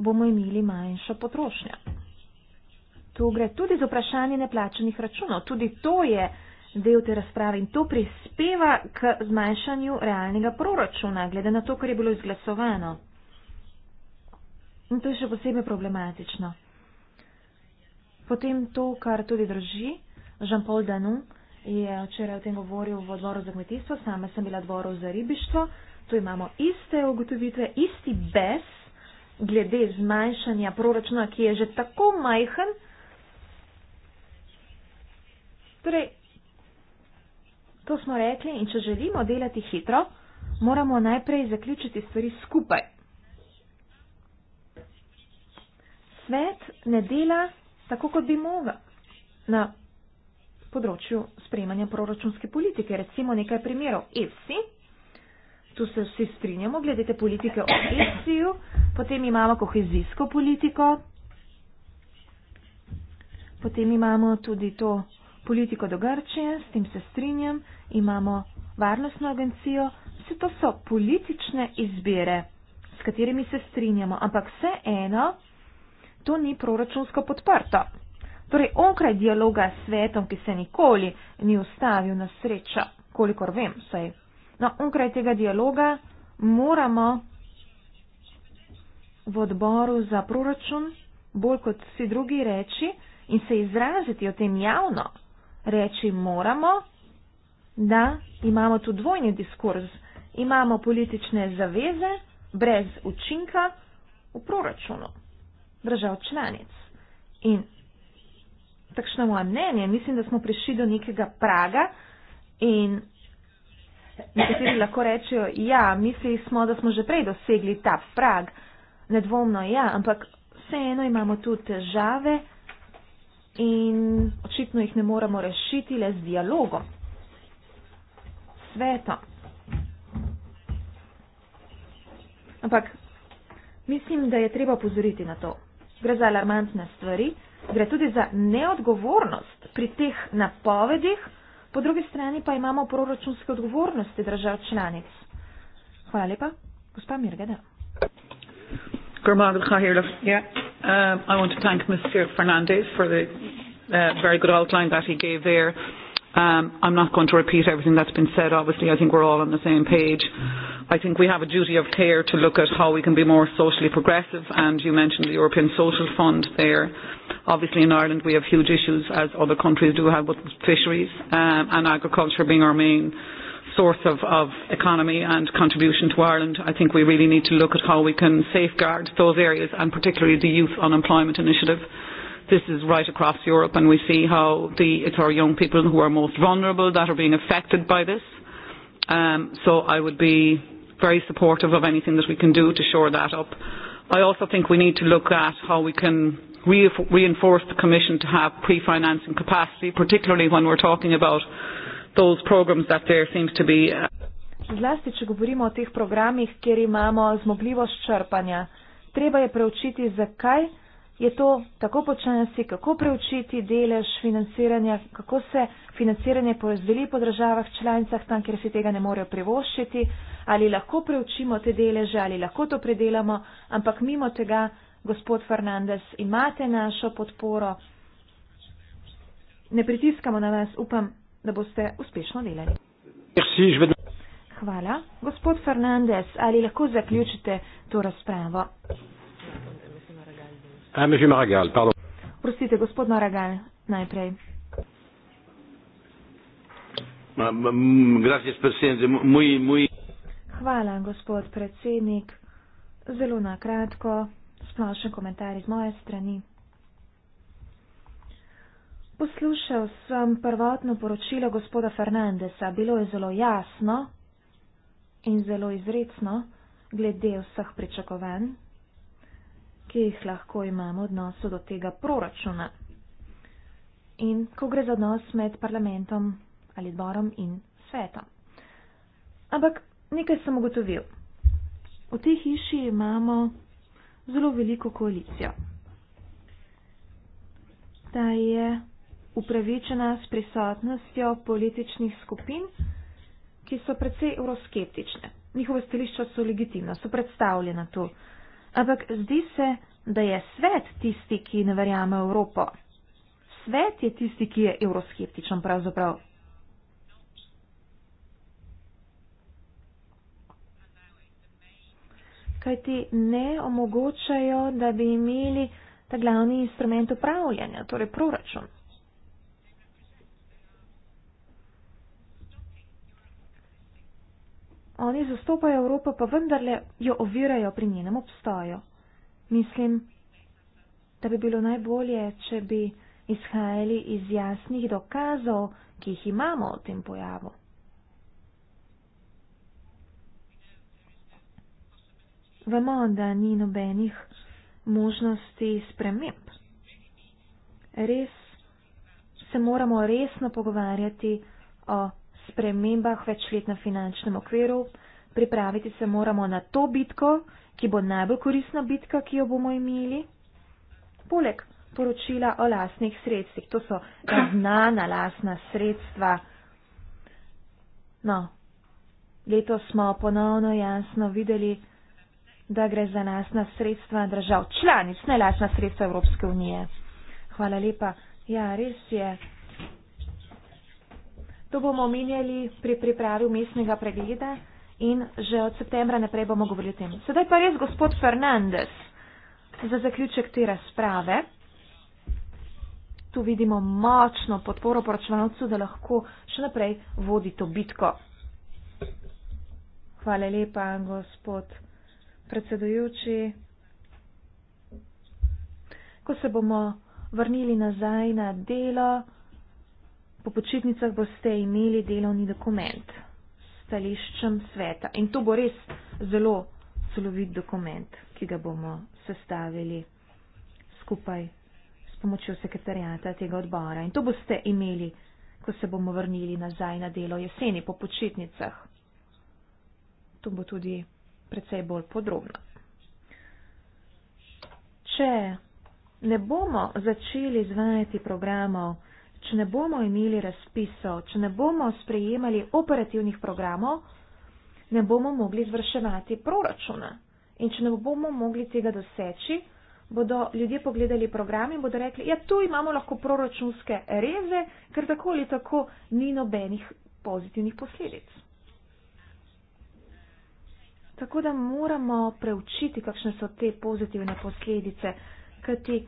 bomo imeli manjšo potrošnjo. Tu gre tudi za vprašanje neplačenih računov. Tudi to je del te razprave in to prispeva k zmanjšanju realnega proračuna, glede na to, kar je bilo izglasovano. In to je še posebej problematično. Potem to, kar tudi drži, Jean-Paul Danu je včeraj o tem govoril v odboru za kmetijstvo, sama sem bila odboru za ribištvo, tu imamo iste ugotovitve, isti bes glede zmanjšanja proračuna, ki je že tako majhen. Torej, to smo rekli in če želimo delati hitro, moramo najprej zaključiti stvari skupaj. Svet ne dela tako kot bi mogla. Na področju spremanja proračunske politike, recimo nekaj primerov. EFSI, tu se vsi strinjamo, gledajte politike o EFSI-ju, potem imamo kohezijsko politiko, potem imamo tudi to politiko do Grčije, s tem se strinjam, imamo varnostno agencijo, vse to so politične izbire, s katerimi se strinjamo, ampak vse eno, to ni proračunsko podprto. Torej, onkraj dialoga s svetom, ki se nikoli ni ustavil na srečo, kolikor vem, saj. No, onkraj tega dialoga moramo v odboru za proračun bolj kot vsi drugi reči in se izraziti o tem javno. Reči moramo, da imamo tu dvojni diskurs. Imamo politične zaveze brez učinka v proračunu držav članic. In takšno moje mnenje, mislim, da smo prišli do nekega praga in nekateri lahko rečejo, ja, mislili smo, da smo že prej dosegli ta prag. Nedvomno ja, ampak vseeno imamo tu težave in očitno jih ne moremo rešiti le z dialogom. Sveto. Ampak mislim, da je treba pozoriti na to gre za alarmantne stvari, gre tudi za neodgovornost pri teh napovedih, po drugi strani pa imamo proračunske odgovornosti držav članic. Hvala lepa. Gospa Mirgeda. Uh, I want to thank Mr. Fernandez for the uh, very good outline that he gave there. Um, I'm not going to repeat everything that's been said. Obviously, I think we're all on the same page. I think we have a duty of care to look at how we can be more socially progressive. And you mentioned the European Social Fund there. Obviously, in Ireland, we have huge issues, as other countries do have, with fisheries um, and agriculture being our main source of, of economy and contribution to Ireland. I think we really need to look at how we can safeguard those areas and particularly the Youth Unemployment Initiative this is right across Europe, and we see how the, it's our young people who are most vulnerable that are being affected by this. Um, so I would be very supportive of anything that we can do to shore that up. I also think we need to look at how we can re- reinforce the Commission to have pre-financing capacity, particularly when we're talking about those programs that there seems to be. Uh, Zlasti, če govorimo o teh programih, kjer imamo zmogljivost črpanja, treba je preučiti, zakaj je to, kako počnejo si, kako preučiti delež financiranja, kako se financiranje porazdeli po državah članicah, tam, kjer si tega ne morejo privoščiti, ali lahko preučimo te deleže, ali lahko to predelamo, ampak mimo tega, gospod Fernandez, imate našo podporo, ne pritiskamo na vas, upam, da boste uspešno delali. Hvala. Gospod Fernandez, ali lahko zaključite to razpravo? Ah, Maragal, pardon. Prosite, gospod Maragal, najprej. Hvala, gospod predsednik. Zelo na kratko, splošen komentar iz moje strani. Poslušal sem prvotno poročilo gospoda Fernandesa. Bilo je zelo jasno in zelo izredno glede vseh pričakovanj, ki jih lahko imamo v odnosu do tega proračuna. In ko gre za odnos med parlamentom ali zborom in svetom. Ampak nekaj sem ugotovil. V tej hiši imamo zelo veliko koalicijo. Ta je upravičena s prisotnostjo političnih skupin, ki so precej euroskeptične. Njihove stališča so legitimna, so predstavljena tu ampak zdi se, da je svet tisti, ki ne verjame v Evropo. Svet je tisti, ki je euroskeptičen pravzaprav. Kaj ti ne omogočajo, da bi imeli ta glavni instrument upravljanja, torej proračun. oni zastopajo Evropo, pa vendarle jo ovirajo pri njenem obstoju. Mislim, da bi bilo najbolje, če bi izhajali iz jasnih dokazov, ki jih imamo o tem pojavu. Vemo, da ni nobenih možnosti sprememb. Res se moramo resno pogovarjati o spremembah večlet na finančnem okviru, pripraviti se moramo na to bitko, ki bo najbolj korisna bitka, ki jo bomo imeli. Poleg poročila o lasnih sredstvih, to so znana lasna sredstva. No, leto smo ponovno jasno videli, da gre za lasna sredstva držav članic, ne lasna sredstva Evropske unije. Hvala lepa. Ja, res je. To bomo omenjali pri pripravi mestnega pregleda in že od septembra naprej bomo govorili o tem. Sedaj pa res gospod Fernandez za zaključek te razprave. Tu vidimo močno podporo poročevalcu, da lahko še naprej vodi to bitko. Hvala lepa, gospod predsedujoči. Ko se bomo vrnili nazaj na delo, Po počitnicah boste imeli delovni dokument s stališčem sveta in to bo res zelo celovit dokument, ki ga bomo sestavili skupaj s pomočjo sekretarjata tega odbora. In to boste imeli, ko se bomo vrnili nazaj na delo jeseni po počitnicah. To bo tudi precej bolj podrobno. Če ne bomo začeli izvajati programov, če ne bomo imeli razpisov, če ne bomo sprejemali operativnih programov, ne bomo mogli izvrševati proračuna. In če ne bomo mogli tega doseči, bodo ljudje pogledali program in bodo rekli, ja, tu imamo lahko proračunske reze, ker tako ali tako ni nobenih pozitivnih posledic. Tako da moramo preučiti, kakšne so te pozitivne posledice, kajti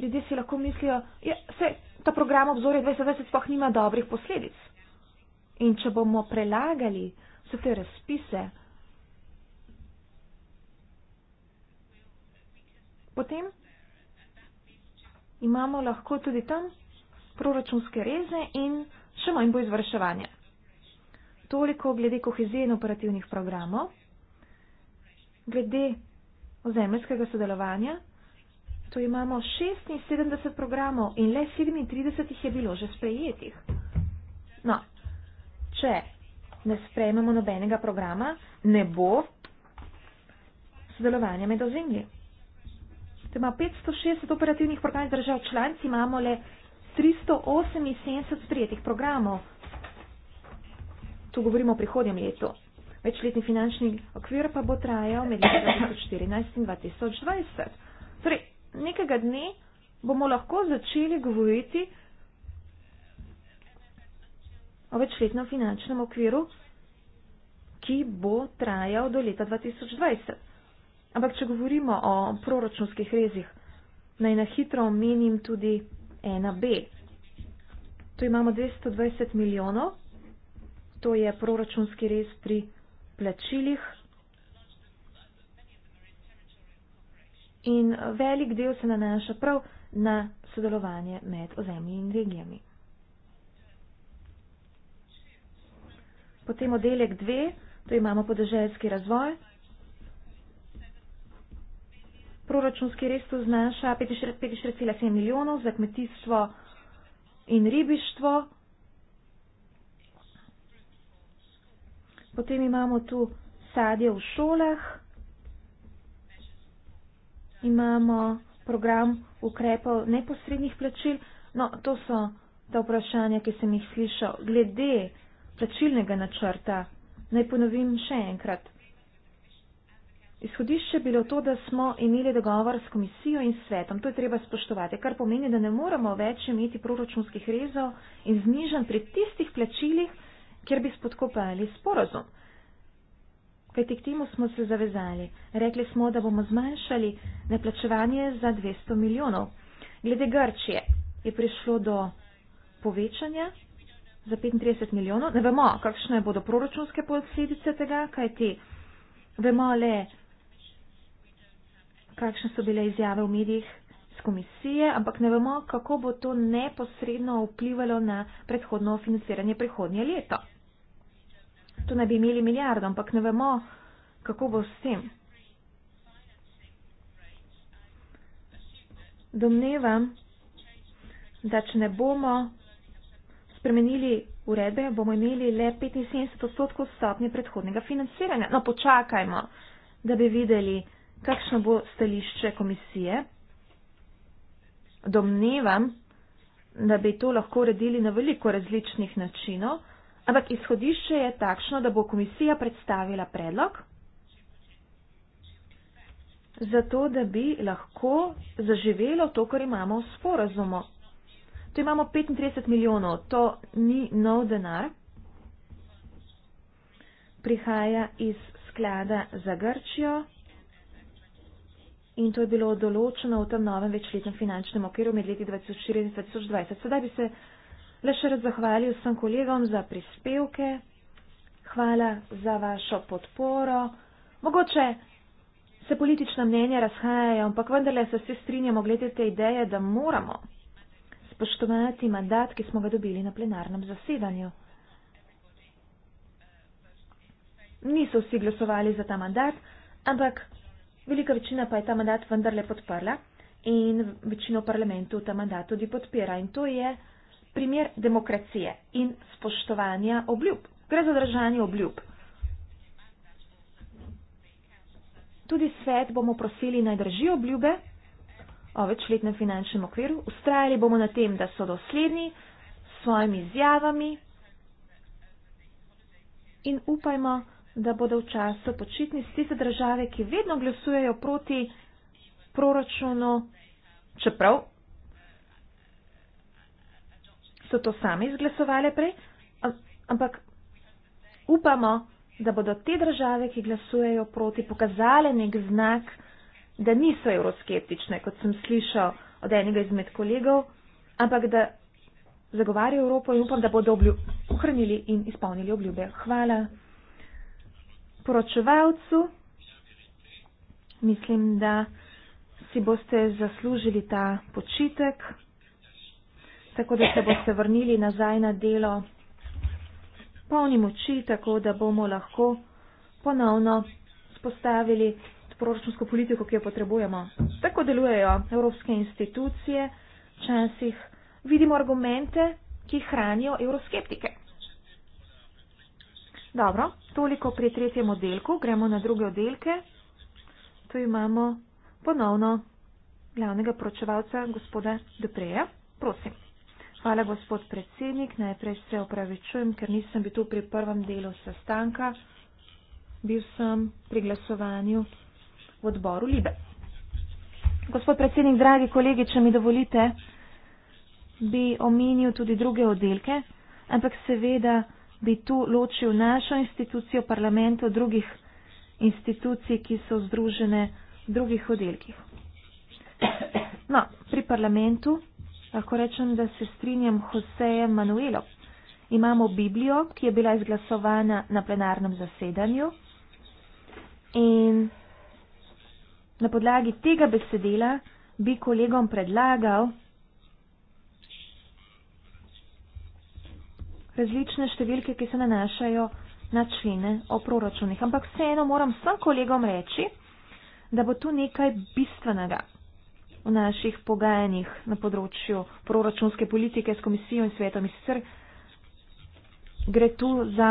ljudje si lahko mislijo, ja, se, ta program obzorja 2020 sploh nima dobrih posledic. In če bomo prelagali vse te razpise, potem imamo lahko tudi tam proračunske reze in še manj bo izvrševanja. Toliko glede kohezije in operativnih programov, glede ozemljskega sodelovanja. Tu imamo 76 programov in le 37 jih je bilo že sprejetih. No, če ne sprejmemo nobenega programa, ne bo sodelovanja med ozemlji. Te ima 560 operativnih programov držav članic, imamo le 378 sprejetih programov. Tu govorimo o prihodnjem letu. Večletni finančni okvir pa bo trajal med 2014 in 2020. Torej, nekega dne bomo lahko začeli govoriti o večletnem finančnem okviru, ki bo trajal do leta 2020. Ampak, če govorimo o proračunskih rezih, naj na hitro omenim tudi 1B. Tu imamo 220 milijonov, to je proračunski rez pri plačilih in velik del se nanaša prav na sodelovanje med ozemlji in regijami. Potem oddelek 2, to imamo podeželjski razvoj. Proračunski res tu znaša 45,7 milijonov za kmetijstvo in ribištvo. Potem imamo tu sadje v šolah imamo program ukrepov neposrednih plačil. No, to so ta vprašanja, ki sem jih slišal. Glede plačilnega načrta, naj ponovim še enkrat. Izhodišče je bilo to, da smo imeli dogovor s komisijo in svetom. To je treba spoštovati, kar pomeni, da ne moramo več imeti proračunskih rezov in znižen pri tistih plačilih, kjer bi spodkopali sporozum kajti k temu smo se zavezali. Rekli smo, da bomo zmanjšali neplačevanje za 200 milijonov. Glede Grčije je prišlo do povečanja za 35 milijonov. Ne vemo, kakšne bodo proračunske posledice tega, kajti vemo le, kakšne so bile izjave v medijih z komisije, ampak ne vemo, kako bo to neposredno vplivalo na predhodno financiranje prihodnje leto. To naj bi imeli milijardo, ampak ne vemo, kako bo s tem. Domnevam, da če ne bomo spremenili urebe, bomo imeli le 75 odstotkov stopnje predhodnega financiranja. No, počakajmo, da bi videli, kakšno bo stališče komisije. Domnevam, da bi to lahko uredili na veliko različnih načinov ampak izhodišče je takšno, da bo komisija predstavila predlog, zato da bi lahko zaživelo to, kar imamo v sporazumu. Tu imamo 35 milijonov, to ni nov denar, prihaja iz sklada za Grčijo in to je bilo določeno v tem novem večletnem finančnem okviru med leti 2014 in 2020. Sedaj bi se Le še raz zahvalil sem kolegom za prispevke, hvala za vašo podporo. Mogoče se politična mnenja razhajajo, ampak vendarle se vsi strinjamo glede te ideje, da moramo spoštovati mandat, ki smo ga dobili na plenarnem zasedanju. Niso vsi glasovali za ta mandat, ampak velika večina pa je ta mandat vendarle podprla in večino parlamentu ta mandat tudi podpira. In to je primer demokracije in spoštovanja obljub. Gre za držanje obljub. Tudi svet bomo prosili naj drži obljube o večletnem finančnem okviru. Ustrajali bomo na tem, da so dosledni s svojimi izjavami in upajmo, da bodo v času počitnic tiste države, ki vedno glasujejo proti proračunu, čeprav so to sami izglasovali prej, ampak upamo, da bodo te države, ki glasujejo proti, pokazale nek znak, da niso euroskeptične, kot sem slišal od enega izmed kolegov, ampak da zagovarja Evropo in upam, da bodo ohranili in izpolnili obljube. Hvala poročevalcu. Mislim, da si boste zaslužili ta počitek tako da se boste vrnili nazaj na delo polni moči, tako da bomo lahko ponovno spostavili proračunsko politiko, ki jo potrebujemo. Tako delujejo evropske institucije, včasih vidimo argumente, ki hranijo evroskeptike. Dobro, toliko pri tretjem oddelku, gremo na druge oddelke. Tu imamo ponovno glavnega poročevalca, gospoda Dupreja. Prosim. Hvala, gospod predsednik. Najprej se opravičujem, ker nisem bil tu pri prvem delu sestanka. Bil sem pri glasovanju v odboru Libe. Gospod predsednik, dragi kolegi, če mi dovolite, bi omenil tudi druge oddelke, ampak seveda bi tu ločil našo institucijo parlamentu od drugih institucij, ki so združene v drugih oddelkih. No, pri parlamentu Lahko rečem, da se strinjam Josejem Manuelom. Imamo Biblijo, ki je bila izglasovana na plenarnem zasedanju in na podlagi tega besedila bi kolegom predlagal različne številke, ki se nanašajo na člene o proračunih. Ampak vseeno moram vsem kolegom reči, da bo tu nekaj bistvenega v naših pogajanjih na področju proračunske politike s komisijo in svetom. In sicer gre tu za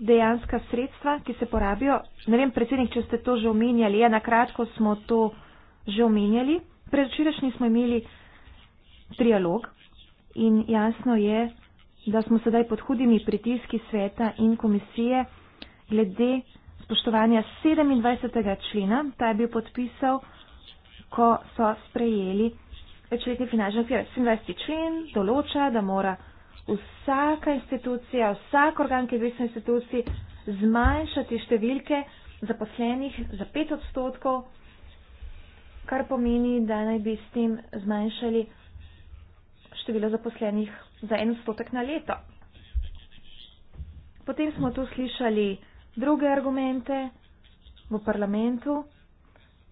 dejanska sredstva, ki se porabijo. Ne vem, predsednik, če ste to že omenjali. Ja, nakratko smo to že omenjali. Predvčerajšnji smo imeli trialog in jasno je, da smo sedaj pod hudimi pritiski sveta in komisije glede spoštovanja 27. člena, ta je bil podpisal, ko so sprejeli večletni finančni okvir. 27. člen določa, da mora vsaka institucija, vsak organ, ki je vesel instituciji, zmanjšati številke zaposlenih za 5 odstotkov, kar pomeni, da naj bi s tem zmanjšali število zaposlenih za en odstotek na leto. Potem smo tu slišali, druge argumente v parlamentu,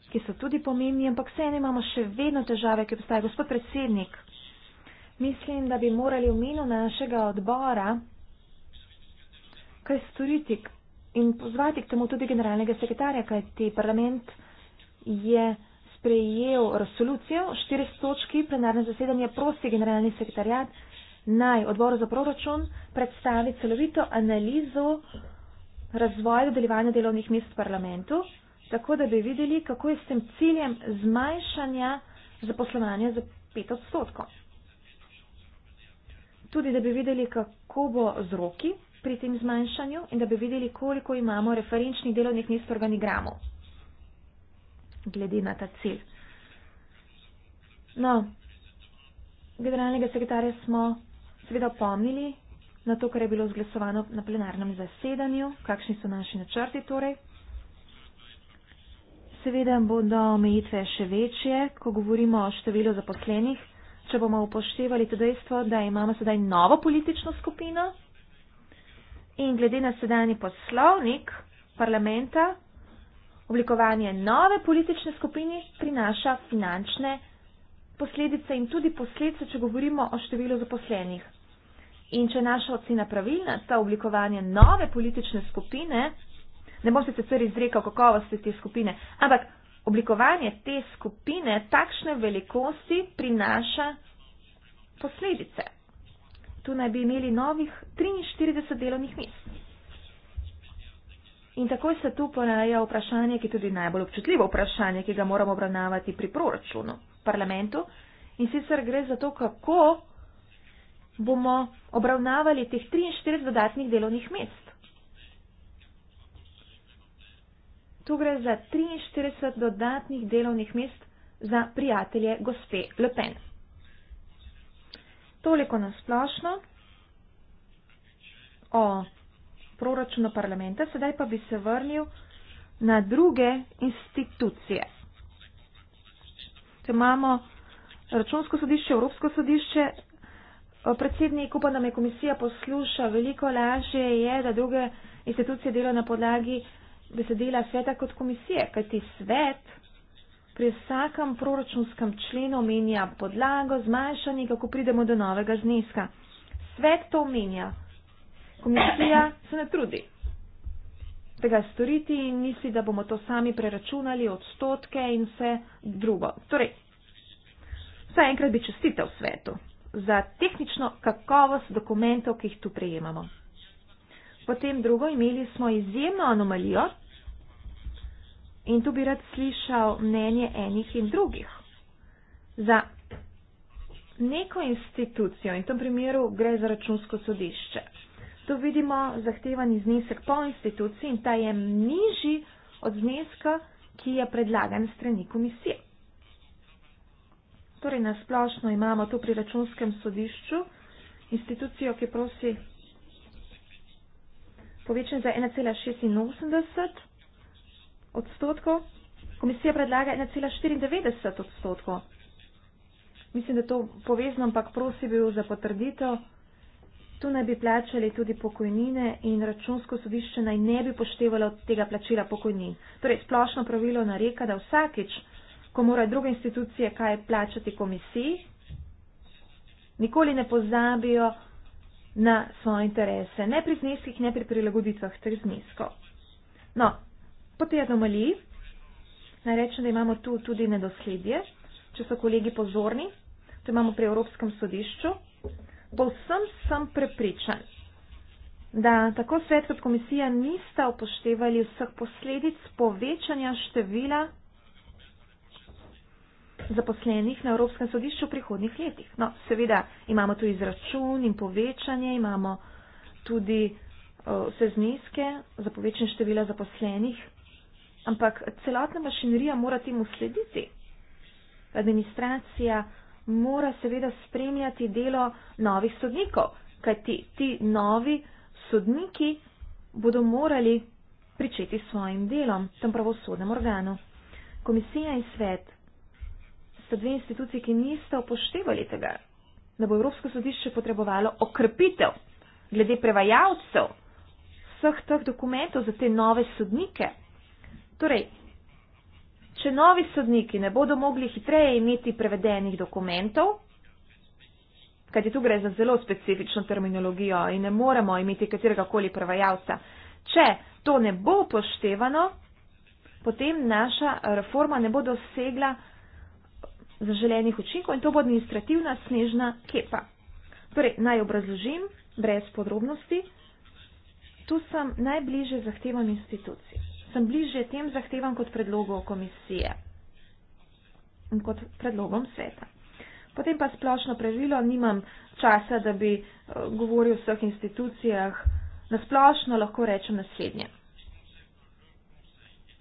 ki so tudi pomembni, ampak vseeno imamo še vedno težave, ki obstaja. Gospod predsednik, mislim, da bi morali v imenu našega odbora kaj storiti in pozvati k temu tudi generalnega sekretarja, kajti parlament je sprejel resolucijo, 400 točki, plenarne zasedanje, prosti generalni sekretarjat naj odboru za proračun predstavi celovito analizo razvoju delovanja delovnih mest v parlamentu, tako da bi videli, kako je s tem ciljem zmanjšanja zaposlovanja za 5 odstotkov. Tudi, da bi videli, kako bo z roki pri tem zmanjšanju in da bi videli, koliko imamo referenčnih delovnih mest v organigramu, glede na ta cilj. No, generalnega sekretarja smo seveda opomnili, na to, kar je bilo zglasovano na plenarnem zasedanju, kakšni so naši načrti torej. Seveda bodo omejitve še večje, ko govorimo o številu zaposlenih, če bomo upoštevali to dejstvo, da imamo sedaj novo politično skupino in glede na sedajni poslovnik parlamenta, oblikovanje nove politične skupine prinaša finančne posledice in tudi posledice, če govorimo o številu zaposlenih. In če je naša ocena pravilna, sta oblikovanje nove politične skupine, ne bom se sicer izrekal kakovosti te skupine, ampak oblikovanje te skupine takšne velikosti prinaša posledice. Tu naj bi imeli novih 43 delovnih mest. In takoj se tu ponaja vprašanje, ki je tudi najbolj občutljivo vprašanje, ki ga moramo obravnavati pri proračunu, parlamentu. In sicer gre za to, kako bomo obravnavali teh 43 dodatnih delovnih mest. Tu gre za 43 dodatnih delovnih mest za prijatelje gospe Le Pen. Toliko nasplošno o proračunu parlamenta, sedaj pa bi se vrnil na druge institucije. Če imamo računsko sodišče, Evropsko sodišče, Predsednik, upam, da me komisija posluša, veliko lažje je, da druge institucije delajo na podlagi besedila sveta kot komisije, kajti svet pri vsakem proračunskem členu menja podlago, zmanjšanje, kako pridemo do novega zneska. Svet to menja, komisija se ne trudi tega storiti in misli, da bomo to sami preračunali odstotke in vse drugo. Torej, vsaj enkrat bi čestitev svetu za tehnično kakovost dokumentov, ki jih tu prejemamo. Potem drugo, imeli smo izjemno anomalijo in tu bi rad slišal mnenje enih in drugih. Za neko institucijo in v tem primeru gre za računsko sodišče. Tu vidimo zahtevani znesek po instituciji in ta je nižji od zneska, ki je predlagan strani komisije. Torej, nasplošno imamo tu pri računskem sodišču institucijo, ki prosi povečanje za 1,86 odstotkov, komisija predlaga 1,94 odstotkov. Mislim, da to povezno, ampak prosi bil za potrditev. Tu naj bi plačali tudi pokojnine in računsko sodišče naj ne bi poštevalo tega plačila pokojnin. Torej, splošno pravilo nareka, da vsakič, ko morajo druge institucije kaj plačati komisiji, nikoli ne pozabijo na svoje interese, ne pri zneskih, ne pri prilagoditvah teh zneskov. No, po tej anomaliji naj rečem, da imamo tu tudi nedosledje, če so kolegi pozorni, to imamo pri Evropskem sodišču, povsem sem prepričan, da tako svet kot komisija nista upoštevali vseh posledic povečanja števila zaposlenih na Evropskem sodišču v prihodnih letih. No, seveda imamo tu izračun in povečanje, imamo tudi vse zneske za povečanje števila zaposlenih, ampak celotna mašinerija mora temu slediti. Administracija mora seveda spremljati delo novih sodnikov, kajti ti novi sodniki bodo morali pričeti s svojim delom, tem pravosodnem organu. Komisija in svet sta dve instituciji, ki nista upoštevali tega, da bo Evropsko sodišče potrebovalo okrepitev glede prevajalcev vseh teh dokumentov za te nove sodnike. Torej, če novi sodniki ne bodo mogli hitreje imeti prevedenih dokumentov, kajti tu gre za zelo specifično terminologijo in ne moremo imeti katerega koli prevajalca, če to ne bo upoštevano, potem naša reforma ne bo dosegla zaželenih učinkov in to bo administrativna snežna kepa. Torej, naj obrazložim, brez podrobnosti, tu sem najbliže zahtevam institucij. Sem bliže tem zahtevam kot predlogu komisije in kot predlogom sveta. Potem pa splošno pravilo, nimam časa, da bi eh, govoril o vseh institucijah, na splošno lahko rečem naslednje.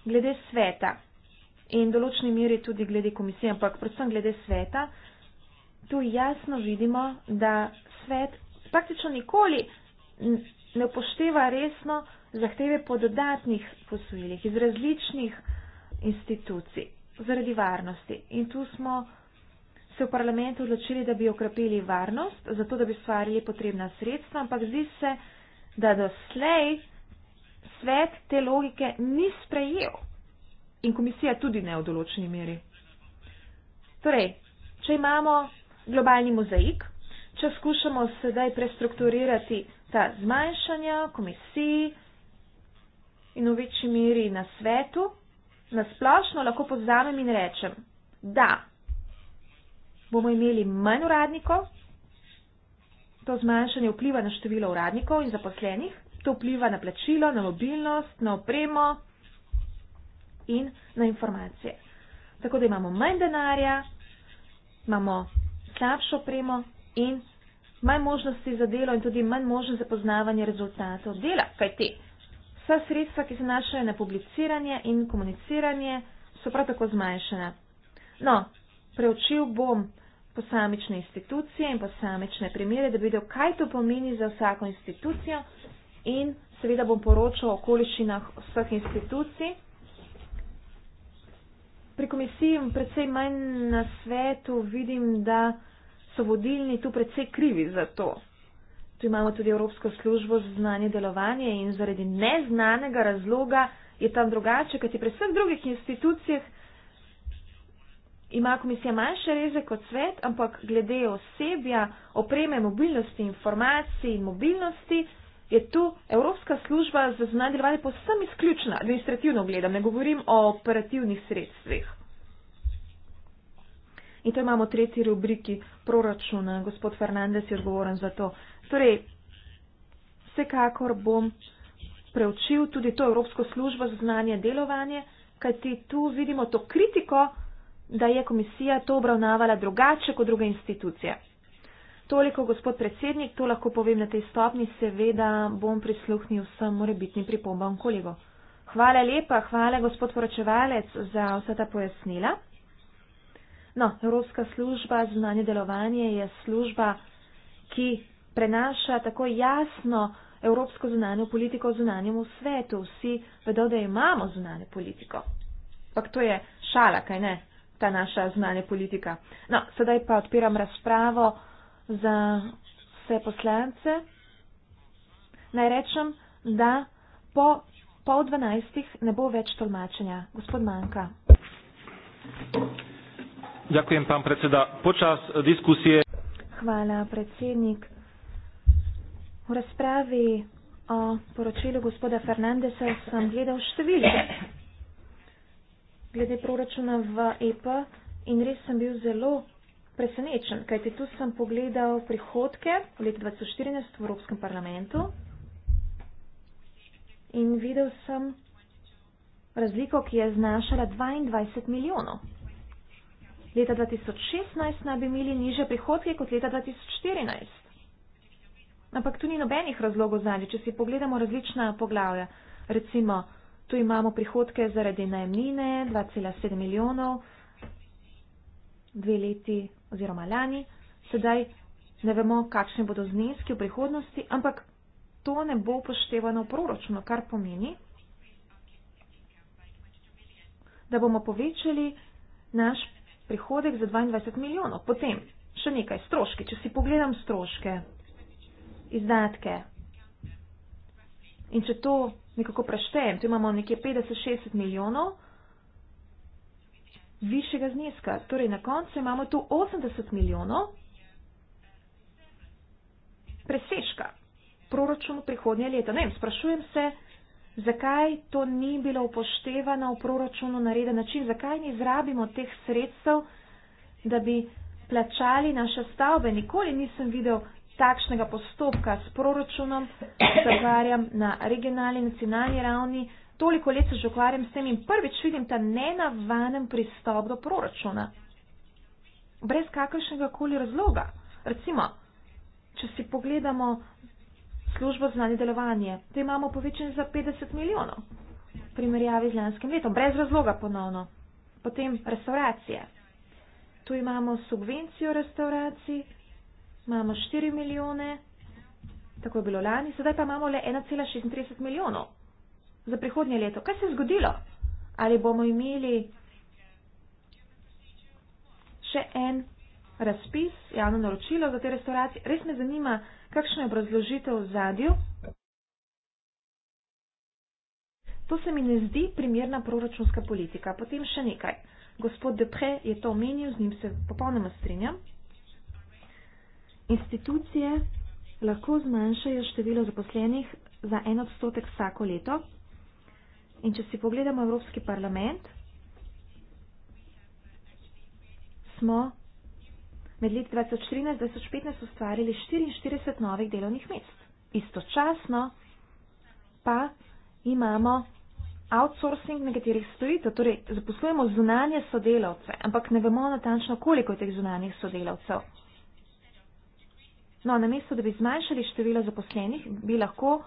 Glede sveta in določni miri tudi glede komisije, ampak predvsem glede sveta, tu jasno vidimo, da svet praktično nikoli ne upošteva resno zahteve po dodatnih posojilih iz različnih institucij zaradi varnosti. In tu smo se v parlamentu odločili, da bi okrepili varnost, zato da bi stvarili potrebna sredstva, ampak zdi se, da doslej svet te logike ni sprejel in komisija tudi ne v določeni meri. Torej, če imamo globalni mozaik, če skušamo sedaj prestrukturirati ta zmanjšanja komisiji in v večji meri na svetu, na splošno lahko povzamem in rečem, da bomo imeli manj uradnikov, to zmanjšanje vpliva na število uradnikov in zaposlenih, to vpliva na plačilo, na mobilnost, na opremo, in na informacije. Tako da imamo manj denarja, imamo slabšo opremo in manj možnosti za delo in tudi manj možnosti za poznavanje rezultatov dela. Kaj te? Vsa sredstva, ki se našajo na publiciranje in komuniciranje, so prav tako zmanjšana. No, preučil bom posamične institucije in posamične primere, da bi videl, kaj to pomeni za vsako institucijo in seveda bom poročal o okoliščinah vseh institucij pri komisiji predvsej manj na svetu vidim, da so vodilni tu predvsej krivi za to. Tu imamo tudi Evropsko službo za znanje delovanje in zaradi neznanega razloga je tam drugače, kajti pri vseh drugih institucijah ima komisija manjše reze kot svet, ampak glede osebja, opreme, mobilnosti, informacij in mobilnosti je tu Evropska služba za zunanje delovanje posebno izključna, administrativno gledam, ne govorim o operativnih sredstvih. In to imamo v tretji rubriki proračuna. Gospod Fernandez je odgovoren za to. Torej, vsekakor bom preučil tudi to Evropsko službo za znanje delovanje, kajti tu vidimo to kritiko, da je komisija to obravnavala drugače kot druge institucije. Toliko, gospod predsednik, to lahko povem na tej stopni, seveda bom prisluhnil vsem morebitnim pripombam kolego. Hvala lepa, hvala gospod poročevalec za vsa ta pojasnila. No, Evropska služba za znanje delovanje je služba, ki prenaša tako jasno evropsko zunanjo politiko v zunanjemu svetu. Vsi vedo, da imamo zunanjo politiko. Pak to je šala, kaj ne, ta naša zunanja politika. No, sedaj pa odpiram razpravo za vse poslance. Naj rečem, da po pol dvanajstih ne bo več tolmačenja. Gospod Manka. Dakujem, pan predseda. Počas diskusije. Hvala, predsednik. V razpravi o poročilu gospoda Fernandesa sem gledal številke glede proračuna v EP in res sem bil zelo presenečen, kajti tu sem pogledal prihodke v letu 2014 v Evropskem parlamentu in videl sem razliko, ki je znašala 22 milijonov. Leta 2016 naj bi imeli niže prihodke kot leta 2014. Ampak tu ni nobenih razlogov za njih. Če si pogledamo različna poglavja, recimo tu imamo prihodke zaradi najemnine 2,7 milijonov, dve leti oziroma lani, sedaj ne vemo, kakšni bodo zneski v prihodnosti, ampak to ne bo upoštevano v proračunu, kar pomeni, da bomo povečali naš prihodek za 22 milijonov. Potem še nekaj stroški, če si pogledam stroške, izdatke. In če to nekako preštejem, tu imamo nekje 50-60 milijonov, višjega zneska. Torej, na koncu imamo tu 80 milijonov preseška proračunu prihodnje leta. Ne vem, sprašujem se, zakaj to ni bilo upoštevano v proračunu na reden način, zakaj ne izrabimo teh sredstev, da bi plačali naše stavbe. Nikoli nisem videl takšnega postopka s proračunom, zagovarjam na regionalni, nacionalni ravni toliko let se že ukvarjam s tem in prvič vidim ta nenavanen pristop do proračuna. Brez kakršnega koli razloga. Recimo, če si pogledamo službo znanje delovanje, te imamo povečen za 50 milijonov v primerjavi z lanskim letom. Brez razloga ponovno. Potem restauracije. Tu imamo subvencijo restauracij, imamo 4 milijone, tako je bilo lani, sedaj pa imamo le 1,36 milijonov za prihodnje leto. Kaj se je zgodilo? Ali bomo imeli še en razpis, javno naročilo za te restauracije? Res me zanima, kakšno je obrazložitev v zadju. To se mi ne zdi primerna proračunska politika. Potem še nekaj. Gospod Depre je to omenil, z njim se popolnoma strinjam. Institucije lahko zmanjšajo število zaposlenih za en odstotek vsako leto, In če si pogledamo Evropski parlament, smo med leti 2013-2015 ustvarili 44 novih delovnih mest. Istočasno pa imamo outsourcing nekaterih storitev, torej zaposlujemo zunanje sodelavce, ampak ne vemo natančno, koliko je teh zunanjih sodelavcev. No, namesto, da bi zmanjšali število zaposlenih, bi lahko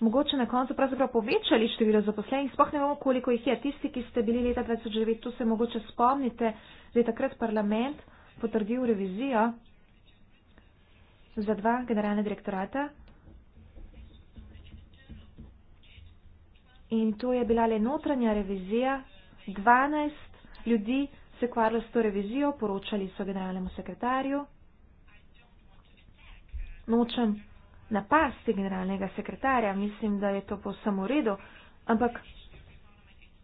mogoče na koncu pravzaprav povečali število zaposlenih, spoh ne vemo, koliko jih je. Tisti, ki ste bili leta 2009, tu se mogoče spomnite, da je takrat parlament potrdil revizijo za dva generalne direktorata. In to je bila le notranja revizija. 12 ljudi se kvarilo s to revizijo, poročali so generalnemu sekretarju. Nočem napasti generalnega sekretarja, mislim, da je to povsem v redu, ampak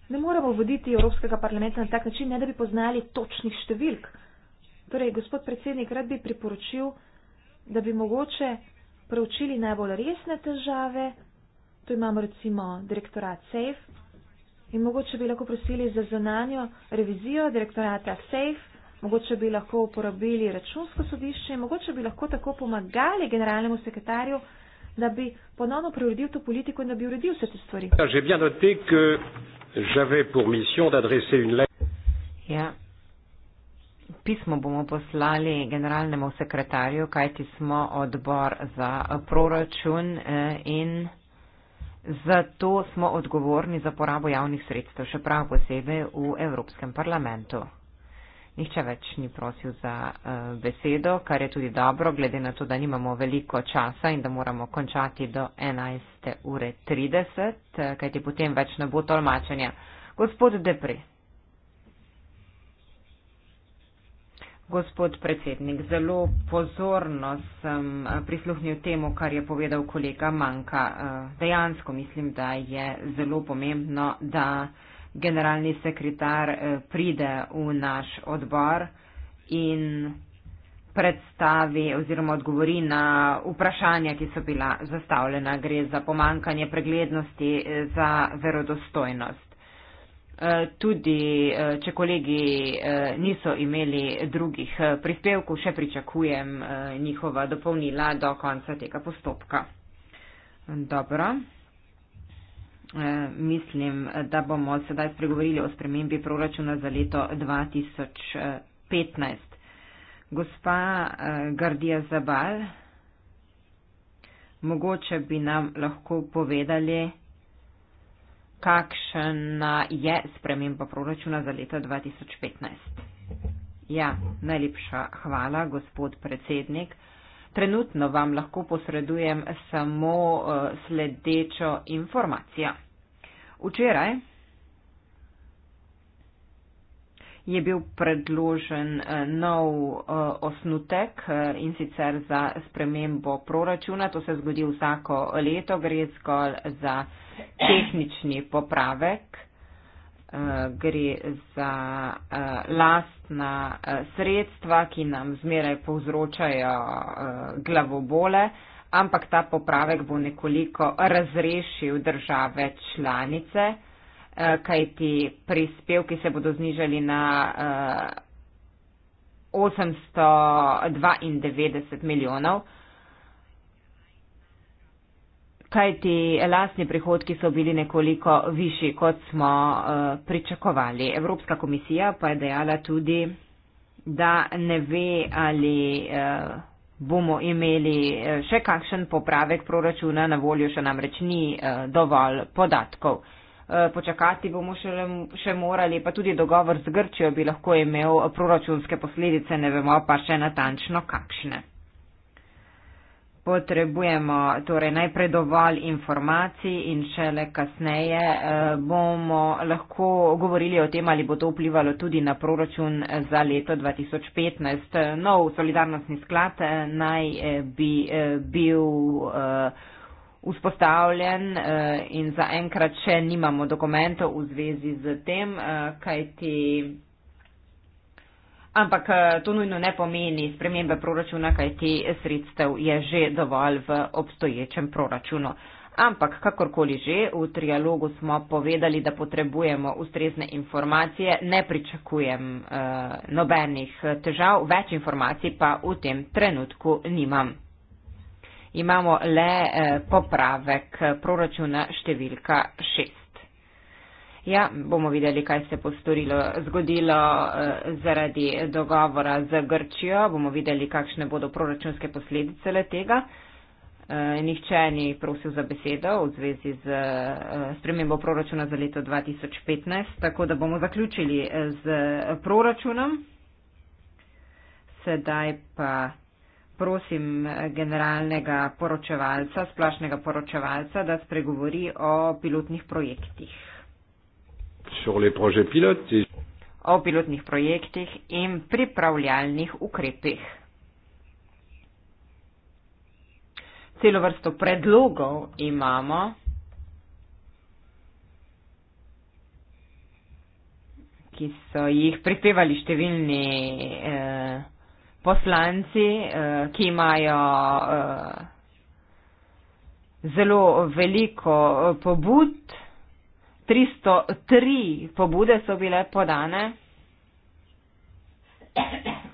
ne moramo voditi Evropskega parlamenta na tak način, ne da bi poznali točnih številk. Torej, gospod predsednik, rad bi priporočil, da bi mogoče preučili najbolj resne težave, tu imamo recimo direktorat SAFE in mogoče bi lahko prosili za zunanjo revizijo direktorata SAFE, mogoče bi lahko uporabili računsko sodišče in mogoče bi lahko tako pomagali generalnemu sekretarju, da bi ponovno preuredil to politiko in da bi uredil vse te stvari. Ja. Pismo bomo poslali generalnemu sekretarju, kajti smo odbor za proračun eh, in zato smo odgovorni za porabo javnih sredstev, še prav posebej v Evropskem parlamentu nihče več ni prosil za uh, besedo, kar je tudi dobro, glede na to, da nimamo veliko časa in da moramo končati do 11.30, uh, eh, kajti potem več ne bo tolmačenja. Gospod Depri. Gospod predsednik, zelo pozorno sem eh, prisluhnil temu, kar je povedal kolega Manka. Dejansko mislim, da je zelo pomembno, da generalni sekretar eh, pride v naš odbor in predstavi oziroma odgovori na vprašanja, ki so bila zastavljena. Gre za pomankanje preglednosti, eh, za verodostojnost. Eh, tudi, če kolegi niso imeli drugih prispevkov, še pričakujem njihova dopolnila do konca tega postopka. Dobro. Eh, mislim, da bomo sedaj spregovorili o spremembi proračuna za leto 2015. Gospa eh, Gardija Zabal, mogoče bi nam lahko povedali, kakšna je sprememba proračuna za leto 2015. Ja, najlepša hvala, gospod predsednik. Trenutno vam lahko posredujem samo eh, sledečo informacijo. Včeraj je bil predložen eh, nov eh, osnutek eh, in sicer za spremembo proračuna. To se zgodi vsako leto, gre zgolj za tehnični popravek, gre za lastna sredstva, ki nam zmeraj povzročajo glavobole ampak ta popravek bo nekoliko razrešil države članice, eh, kajti prispevki se bodo znižali na 892 eh, milijonov. Kajti lastni prihodki so bili nekoliko višji, kot smo uh, pričakovali. Evropska komisija pa je dejala tudi, da ne ve, ali uh, bomo imeli eh, še kakšen popravek proračuna, na voljo še namreč ni eh, dovolj podatkov. Eh, počakati bomo še, še morali, pa tudi dogovor z Grčijo bi lahko imel proračunske posledice, ne vemo pa še natančno kakšne potrebujemo torej najprej dovolj informacij in šele kasneje eh, bomo lahko govorili o tem, ali bo to vplivalo tudi na proračun za leto 2015. Nov solidarnostni sklad eh, naj eh, bi bil vzpostavljen in zaenkrat še nimamo dokumentov v zvezi z tem, kaj ti. Te Ampak eh, to nujno ne pomeni spremembe proračuna, kaj ti sredstev je že dovolj v obstoječem proračunu. Ampak kakorkoli že, v trialogu smo povedali, da potrebujemo ustrezne informacije, ne pričakujem uh, nobenih eh, težav, več informacij pa v tem trenutku nimam. Imamo le uh, popravek proračuna številka 6. Ja, bomo videli, kaj se bo storilo. zgodilo eh, zaradi dogovora z Grčijo, bomo videli, kakšne bodo proračunske posledice le tega. Eh, nihče ni prosil za besedo v zvezi z eh, spremembo proračuna za leto 2015, tako da bomo zaključili z proračunom. Sedaj pa prosim generalnega poročevalca, splošnega poročevalca, da spregovori o pilotnih projektih sur les projets pilotes. Et... o pilotnih projektih in pripravljalnih ukrepih. Celo vrsto predlogov imamo. ki so jih prepevali številni eh, poslanci, eh, ki imajo eh, zelo veliko eh, pobud. Eh, 303 pobude so bile podane.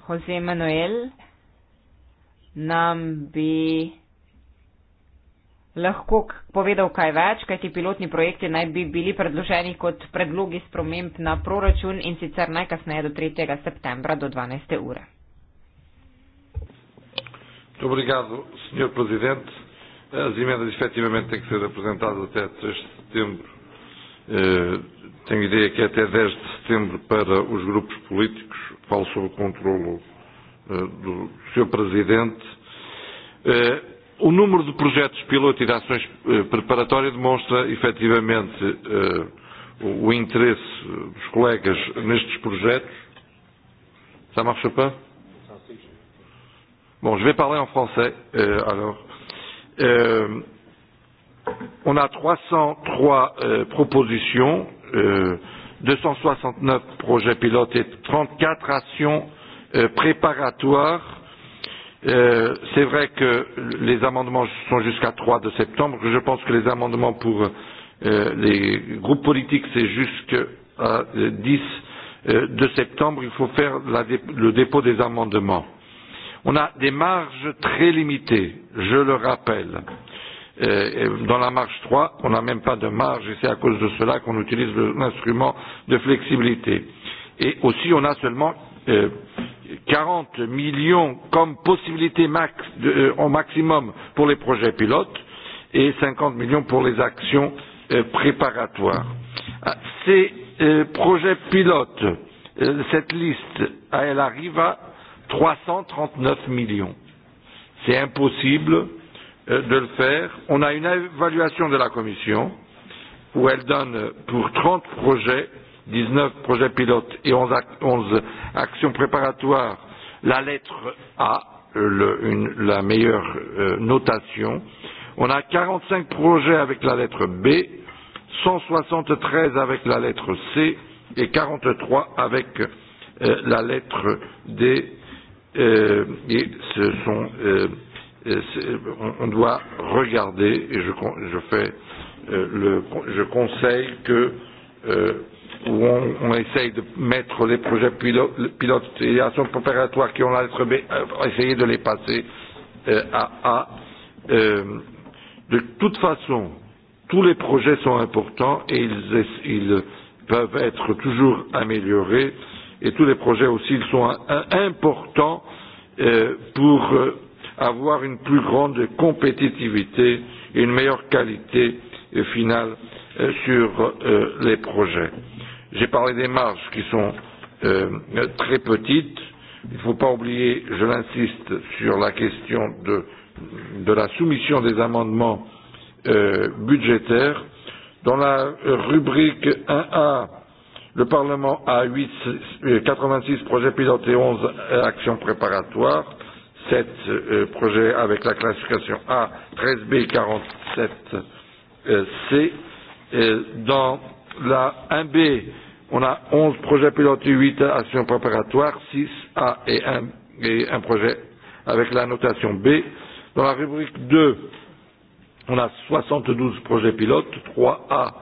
Jose Manuel nam bi lahko povedal kaj več, kaj ti pilotni projekti naj bi bili predloženi kot predlogi sprememb na proračun in sicer najkasneje do 3. septembra do 12. ure. Obrigado, senhor Presidente. As emendas efetivamente têm que ser apresentadas até 3 de setembro Eh, tenho ideia que até 10 de setembro para os grupos políticos, falo sob o controlo eh, do Sr. Presidente. Eh, o número de projetos piloto e de ações preparatórias demonstra efetivamente o interesse dos colegas nestes projetos. Está Marco Chapin? Bom, je vais parler en français, euh, alors. Euh, On a 303 euh, propositions, euh, 269 projets pilotes et 34 actions euh, préparatoires. Euh, C'est vrai que les amendements sont jusqu'à 3 de septembre. Je pense que les amendements pour euh, les groupes politiques, c'est jusqu'à 10 euh, euh, de septembre. Il faut faire la, le dépôt des amendements. On a des marges très limitées, je le rappelle. Euh, Euh, dans la marge 3, on n'a même pas de marge et c'est à cause de cela qu'on utilise l'instrument de flexibilité. Et aussi, on a seulement euh, 40 millions comme possibilité max de, euh, au maximum pour les projets pilotes et 50 millions pour les actions euh, préparatoires. Ah, ces euh, projets pilotes, euh, cette liste, elle arrive à 339 millions. C'est impossible. Euh, Euh, de le faire. On a une évaluation de la Commission où elle donne pour 30 projets, 19 projets pilotes et 11, act 11 actions préparatoires, la lettre A, euh, le, une, la meilleure euh, notation. On a 45 projets avec la lettre B, 173 avec la lettre C et 43 avec euh, la lettre D. Euh, et ce sont euh, on doit regarder et je, je fais euh, le, je conseille que euh, où on, on essaye de mettre les projets pilotes et à son préparatoire qui ont l'être euh, essayer de les passer euh, à A. Euh, de toute façon, tous les projets sont importants et ils, ils peuvent être toujours améliorés et tous les projets aussi ils sont un, euh, un, importants euh, pour euh, avoir une plus grande compétitivité et une meilleure qualité euh, finale euh, sur euh, les projets. J'ai parlé des marges qui sont très petites. Il ne faut pas oublier, je l'insiste, sur la question de, de la soumission des amendements budgétaires. Dans la rubrique 1A, le Parlement a 8, 86 projets pilotes et 11 actions préparatoires sept euh, projets avec la classification A, 13B, 47C. Euh, dans la 1B, on a 11 projets pilotes et 8 actions préparatoires, 6A et 1, et un projet avec la notation B. Dans la rubrique 2, on a 72 projets pilotes, 3A,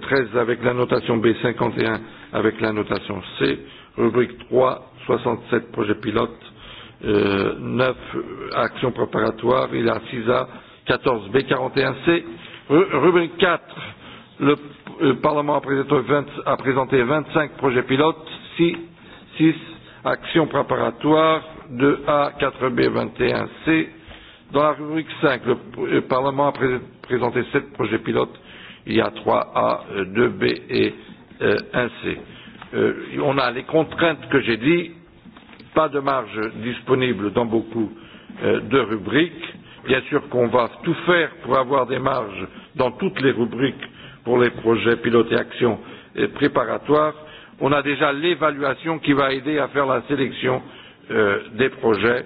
13 avec la notation B, 51 avec la notation C. Rubrique 3, 67 projets pilotes, euh, 9 actions préparatoires et la CISA 14B 41C. Rubrique 4. Le, le euh, Parlement a présenté, 20, a présenté 25 projets pilotes, 6, 6 actions préparatoires, 2A, 4B, 21C. Dans la rubrique 5, le, le euh, Parlement a présenté 7 projets pilotes, il y a 3A, 2B euh, et euh, 1C. Euh, on a les contraintes que j'ai dites pas de marge disponible dans beaucoup euh, de rubriques. Bien sûr qu'on va tout faire pour avoir des marges dans toutes les rubriques pour les projets pilotes et actions euh, préparatoires. On a déjà l'évaluation qui va aider à faire la sélection euh, des projets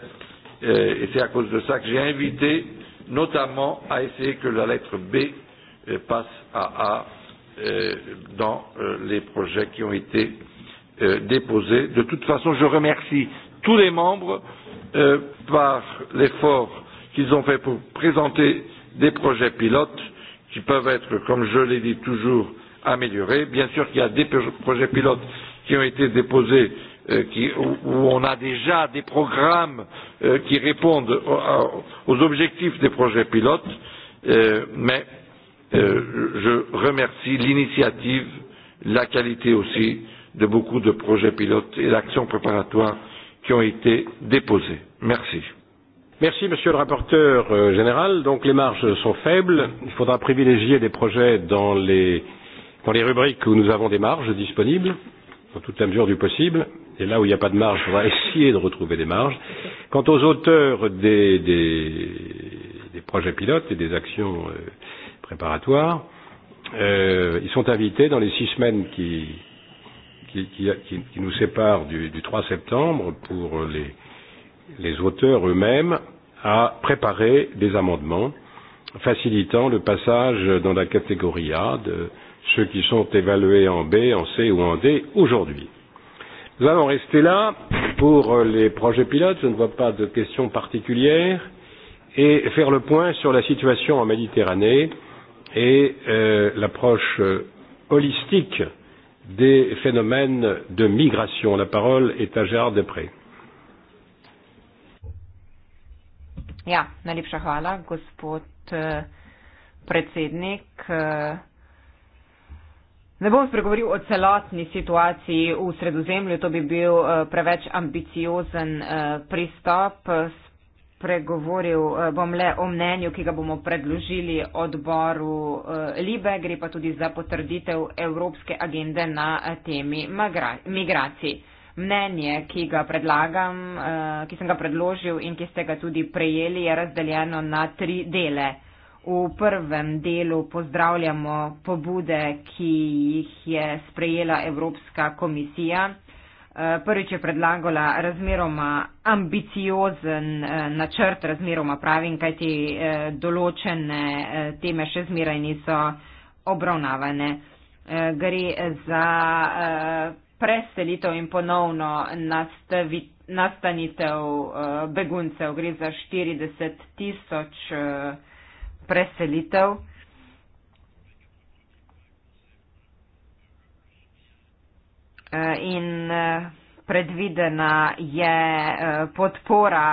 et c'est à cause de ça que j'ai invité notamment à essayer que la lettre B passe à A dans les projets qui ont été euh, euh, déposé. De toute façon, je remercie tous les membres euh, par l'effort qu'ils ont fait pour présenter des projets pilotes qui peuvent être, comme je l'ai dit toujours, améliorés. Bien sûr qu'il y a des projets pilotes qui ont été déposés euh, qui, où, où on a déjà des programmes euh, qui répondent aux, aux objectifs des projets pilotes, euh, mais euh, je remercie l'initiative, la qualité aussi euh, de beaucoup de projets pilotes et d'actions préparatoires qui ont été déposés. Merci. Merci, Monsieur le rapporteur euh, général. Donc, les marges sont faibles. Il faudra privilégier des projets dans les, dans les rubriques où nous avons des marges disponibles, dans toute la mesure du possible. Et là où il n'y a pas de marge, il faudra essayer de retrouver des marges. Quant aux auteurs des, des, des projets pilotes et des actions euh, préparatoires, euh, ils sont invités dans les six semaines qui, qui, qui, qui, qui nous sépare du, du 3 septembre pour les, les auteurs eux-mêmes à préparer des amendements facilitant le passage dans la catégorie A de ceux qui sont évalués en B, en C ou en D aujourd'hui. Nous allons rester là pour les projets pilotes. Je ne vois pas de questions particulières et faire le point sur la situation en Méditerranée et euh, l'approche euh, holistique euh, des phénomènes de migration. La parole est à Gérard Després. Ja, najlepša hvala, gospod eh, predsednik. Eh. Ne bom spregovoril o celotni situaciji v sredozemlju, to bi bil eh, preveč ambiciozen pristop pregovoril, eh, bom le o mnenju, ki ga bomo predložili odboru eh, Libe, gre pa tudi za potrditev evropske agende na eh, temi migracij. Mnenje, ki ga predlagam, ki sem ga predložil in ki ste ga tudi prejeli, je razdeljeno na tri dele. V prvem delu pozdravljamo pobude, ki jih je sprejela Evropska komisija. Eh, prvič je predlagala razmeroma ambiciozen eh, načrt, razmeroma pravim, kajti eh, določene teme še zmeraj niso obravnavane. Gre za preselitev in ponovno nastanitev beguncev, gre za 40 tisoč preselitev. Eh, in eh, predvidena je eh, podpora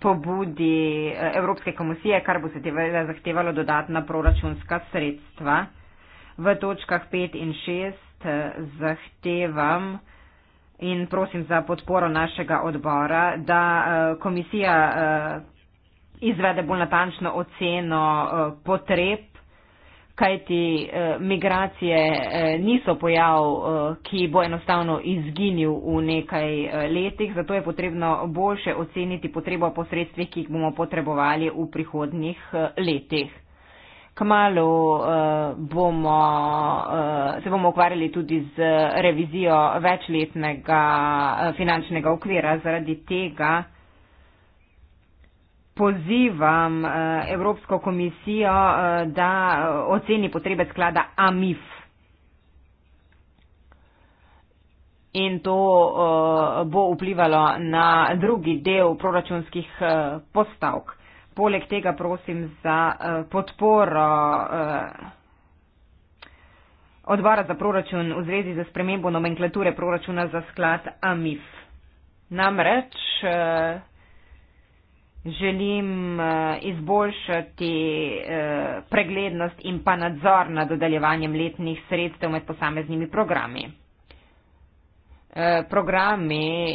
pobudi Evropske komisije, kar bo seveda zahtevalo dodatna proračunska sredstva. V točkah 5 in 6 zahtevam in prosim za podporo našega odbora, da komisija izvede bolj natančno oceno potreb kajti eh, migracije eh, niso pojav, eh, ki bo enostavno izginil v nekaj eh, letih, zato je potrebno boljše oceniti potrebo po sredstvih, ki jih bomo potrebovali v prihodnjih eh, letih. Kmalo eh, bomo, eh, se bomo ukvarjali tudi z eh, revizijo večletnega eh, finančnega okvira, zaradi tega, pozivam eh, Evropsko komisijo, eh, da eh, oceni potrebe sklada AMIF. In to bo vplivalo na drugi del proračunskih postavk. Poleg tega prosim za podporo odbora za proračun v zvezi za spremembo nomenklature proračuna za sklad AMIF. Namreč želim eh, izboljšati eh, preglednost in pa nadzor nad dodeljevanjem letnih sredstev med posameznimi programi. Eh, programi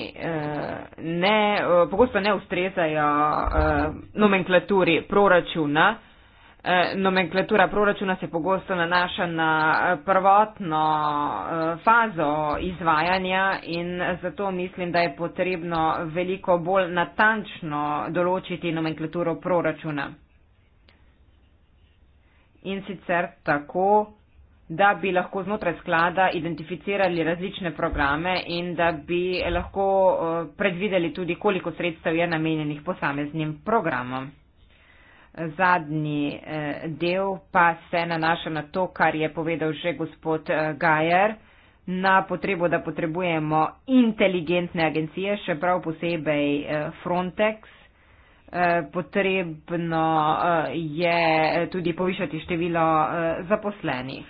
ne, pogosto ne ustrezajo nomenklaturi proračuna, Eh, nomenklatura proračuna se pogosto nanaša na eh, prvotno eh, fazo izvajanja in zato mislim, da je potrebno veliko bolj natančno določiti nomenklaturo proračuna. In sicer tako, da bi lahko znotraj sklada identificirali različne programe in da bi lahko predvideli tudi, koliko sredstev je namenjenih posameznim programom. Zadnji eh, del pa se nanaša na to, kar je povedal že gospod eh, Gajer, na potrebo, da potrebujemo inteligentne agencije, še prav posebej eh, Frontex. Potrebno je tudi povišati število zaposlenih.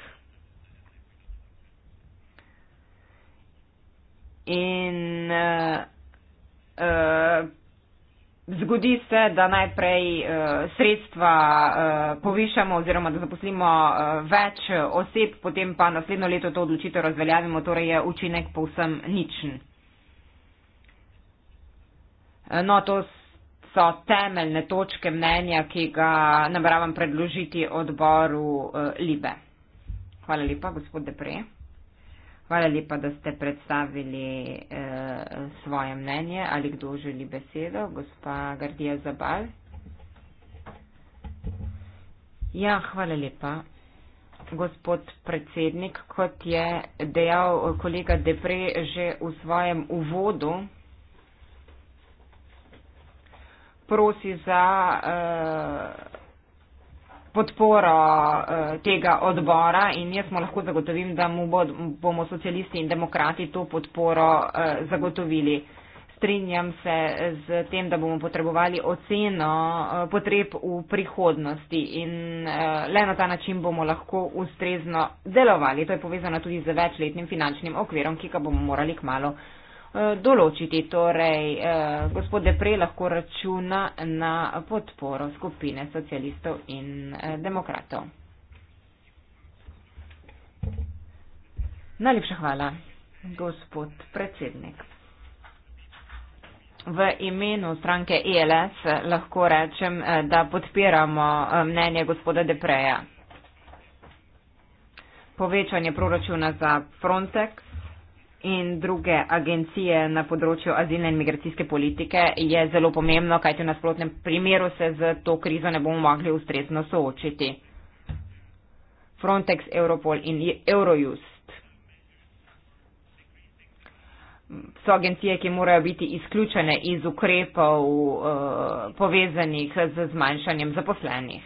In uh, Zgodi se, da najprej eh, sredstva eh, povišamo oziroma da zaposlimo eh, več oseb, potem pa naslednjo leto to odločitev razveljavimo, torej je učinek povsem ničen. No, to so temeljne točke mnenja, ki ga nameravam predložiti odboru Libe. Hvala lepa, gospod Depre. Hvala lepa, da ste predstavili eh, svoje mnenje. Ali kdo želi besedo? Gospa Gardija Zabal. Ja, hvala lepa. Gospod predsednik, kot je dejal kolega Depre že v svojem uvodu, prosi za. Eh, podporo eh, tega odbora in jaz mu lahko zagotovim, da mu bomo socialisti in demokrati to podporo eh, zagotovili. Strinjam se z tem, da bomo potrebovali oceno eh, potreb v prihodnosti in le na ta način bomo lahko ustrezno delovali. To je povezano tudi z večletnim finančnim okvirom, ki ga bomo morali k malu. Eh, določiti. Torej, eh, gospode Prej lahko računa na podporo skupine socialistov in eh, demokratov. Najlepša hvala, gospod predsednik. V imenu stranke ELS lahko rečem, da podpiramo mnenje gospoda Depreja. Povečanje proračuna za Frontex in druge agencije na področju azilne in migracijske politike je zelo pomembno, kajti v nasprotnem primeru se z to krizo ne bomo mogli ustrezno soočiti. Frontex, Europol in Eurojust so agencije, ki morajo biti izključene iz ukrepov eh, povezanih z zmanjšanjem zaposlenih.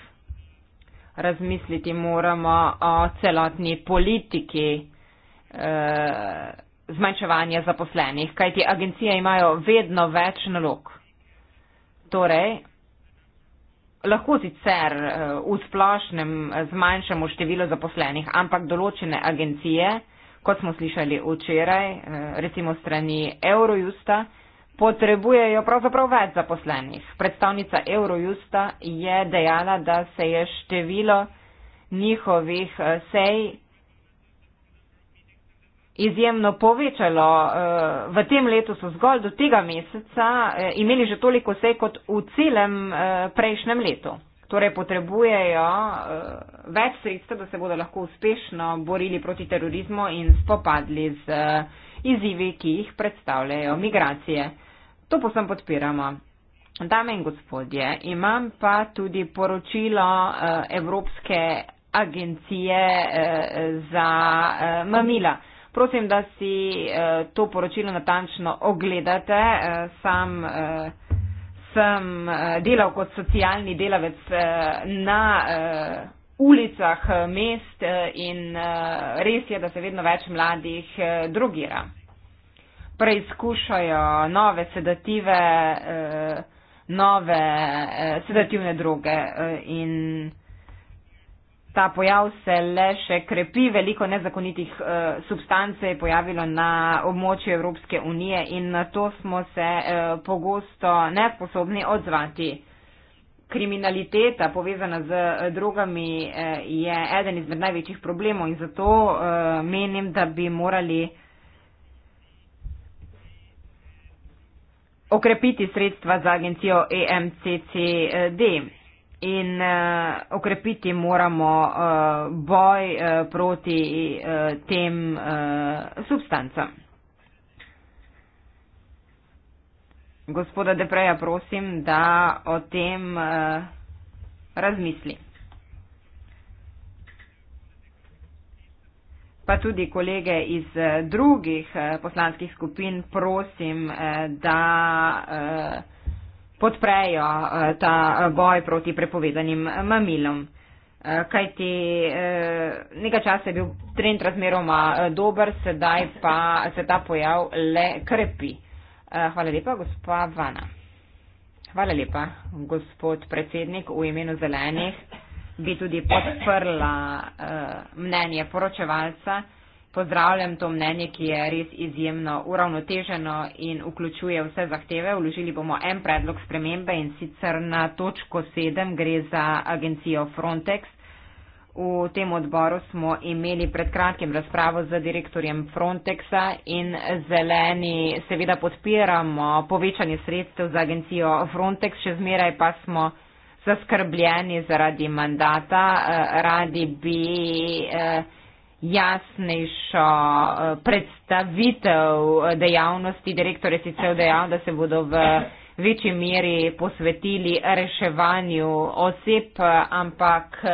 Razmisliti moramo o celotni politiki eh, zmanjševanje zaposlenih, kajti agencije imajo vedno več nalog. Torej, lahko sicer eh, v splošnem eh, zmanjšamo število zaposlenih, ampak določene agencije, kot smo slišali včeraj, eh, recimo strani Eurojusta, potrebujejo pravzaprav več zaposlenih. Predstavnica Eurojusta je dejala, da se je število njihovih sej izjemno povečalo eh, v tem letu so zgolj do tega meseca eh, imeli že toliko sej kot v celem eh, prejšnjem letu. Torej potrebujejo več sredstev, da se bodo lahko uspešno borili proti terorizmu in spopadli z izzivi, ki jih predstavljajo migracije. To posem podpiramo. Dame in gospodje, imam pa tudi poročilo Evropske agencije za mamila. Okay. Prosim, da si eh, to poročilo natančno ogledate. Eh, sam eh, sem eh, delal kot socialni delavec eh, na eh, ulicah eh, mest eh, in eh, res je, da se vedno več mladih eh, drugira. Preizkušajo nove sedative, eh, nove eh, sedativne droge. Eh, ta pojav se le še krepi, veliko nezakonitih eh, substance je pojavilo na območju Evropske unije in na to smo se eh, pogosto nesposobni odzvati. Kriminaliteta povezana z eh, drogami eh, je eden izmed največjih problemov in zato eh, menim, da bi morali okrepiti sredstva za agencijo EMCCD. Eh, In uh, okrepiti moramo uh, boj uh, proti uh, tem uh, substancam. Gospoda Depreja, prosim, da o tem uh, razmisli. Pa tudi kolege iz uh, drugih uh, poslanskih skupin, prosim, uh, da. Uh, podprejo eh, ta eh, boj proti prepovedanim eh, mamilom. Kajti nekaj časa je bil trend razmeroma dober, sedaj pa se ta pojav le krepi. Hvala lepa, gospa Vana. Hvala lepa, gospod predsednik, v imenu zelenih bi tudi podprla mnenje poročevalca pozdravljam to mnenje, ki je res izjemno uravnoteženo in vključuje vse zahteve. Vložili bomo en predlog spremembe in sicer na točko 7 gre za agencijo Frontex. V tem odboru smo imeli pred kratkim razpravo z direktorjem Frontexa in zeleni seveda podpiramo povečanje sredstev za agencijo Frontex, še zmeraj pa smo zaskrbljeni zaradi mandata. Eh, radi bi. Eh, jasnejšo eh, predstavitev dejavnosti. Direktor je sicer dejal, da se bodo v večji meri posvetili reševanju oseb, ampak eh,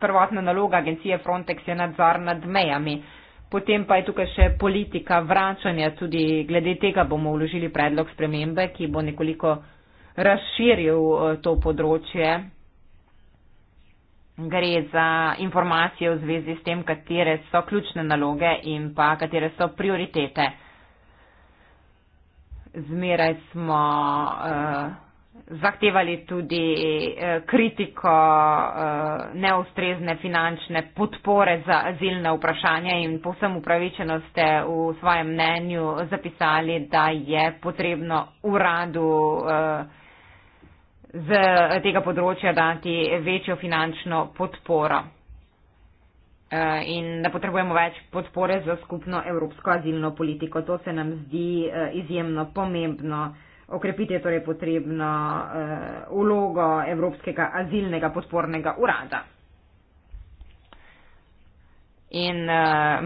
prvotna naloga agencije Frontex je nadzor nad mejami. Potem pa je tukaj še politika vračanja, tudi glede tega bomo vložili predlog spremembe, ki bo nekoliko razširil eh, to področje gre za informacije v zvezi s tem, katere so ključne naloge in pa katere so prioritete. Zmeraj smo uh, zahtevali tudi uh, kritiko uh, neustrezne finančne podpore za azilne vprašanja in povsem upravičeno ste v svojem mnenju zapisali, da je potrebno uradu uh, z tega področja dati večjo finančno podporo e, in da potrebujemo več podpore za skupno evropsko azilno politiko. To se nam zdi e, izjemno pomembno. Okrepiti je torej potrebno ulogo e, Evropskega azilnega podpornega urada. In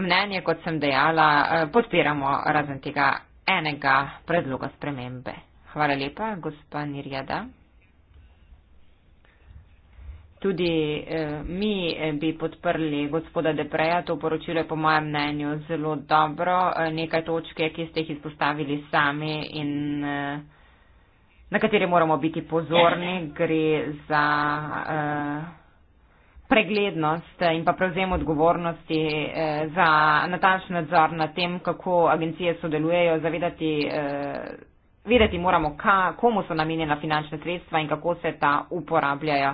mnenje, kot sem dejala, podpiramo razen tega enega predloga spremembe. Hvala lepa, gospa Nirjada. Tudi eh, mi eh, bi podprli gospoda Depreja, to poročilo je po mojem mnenju zelo dobro, eh, nekaj točke, ki ste jih izpostavili sami in eh, na katere moramo biti pozorni, gre za eh, preglednost in pa prevzem odgovornosti eh, za natančen nadzor na tem, kako agencije sodelujejo, zavedati. Eh, Vedeti moramo, ka, komu so namenjena finančna sredstva in kako se ta uporabljajo.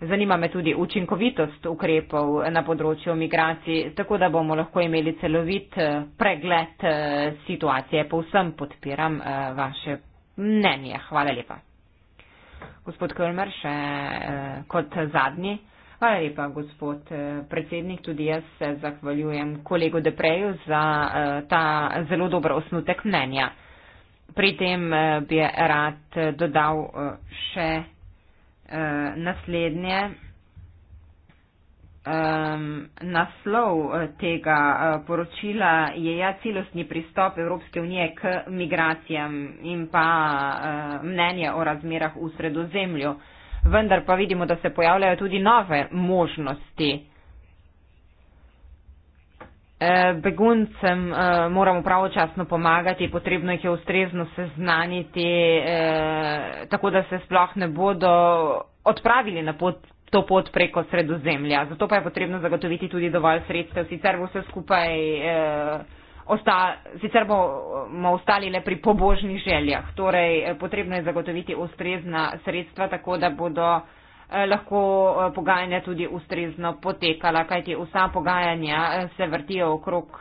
Zanima me tudi učinkovitost ukrepov na področju migracij, tako da bomo lahko imeli celovit eh, pregled eh, situacije. Povsem podpiram eh, vaše mnenje. Hvala lepa. Gospod Kölmer, še kot zadnji. Hvala lepa, gospod predsednik. Tudi jaz se zahvaljujem kolegu Depreju za ta zelo dober osnutek mnenja. Pri tem bi rad dodal še uh, naslednje. Um, naslov eh, tega uh, poročila je ja celostni pristop Evropske unije k migracijam in pa uh, mnenje o razmerah v sredozemlju. Vendar pa vidimo, da se pojavljajo tudi nove možnosti uh, Eh, beguncem eh, moramo pravočasno pomagati, potrebno jih je ustrezno seznaniti, eh, tako da se sploh ne bodo odpravili na pot, to pot preko sredozemlja. Zato pa je potrebno zagotoviti tudi dovolj sredstev, sicer bo vse skupaj, osta, sicer bomo ostali le pri pobožnih željah. Torej, potrebno je zagotoviti ustrezna sredstva, tako da bodo. Eh, lahko eh, pogajanja tudi ustrezno potekala, kajti vsa pogajanja eh, se vrtijo okrog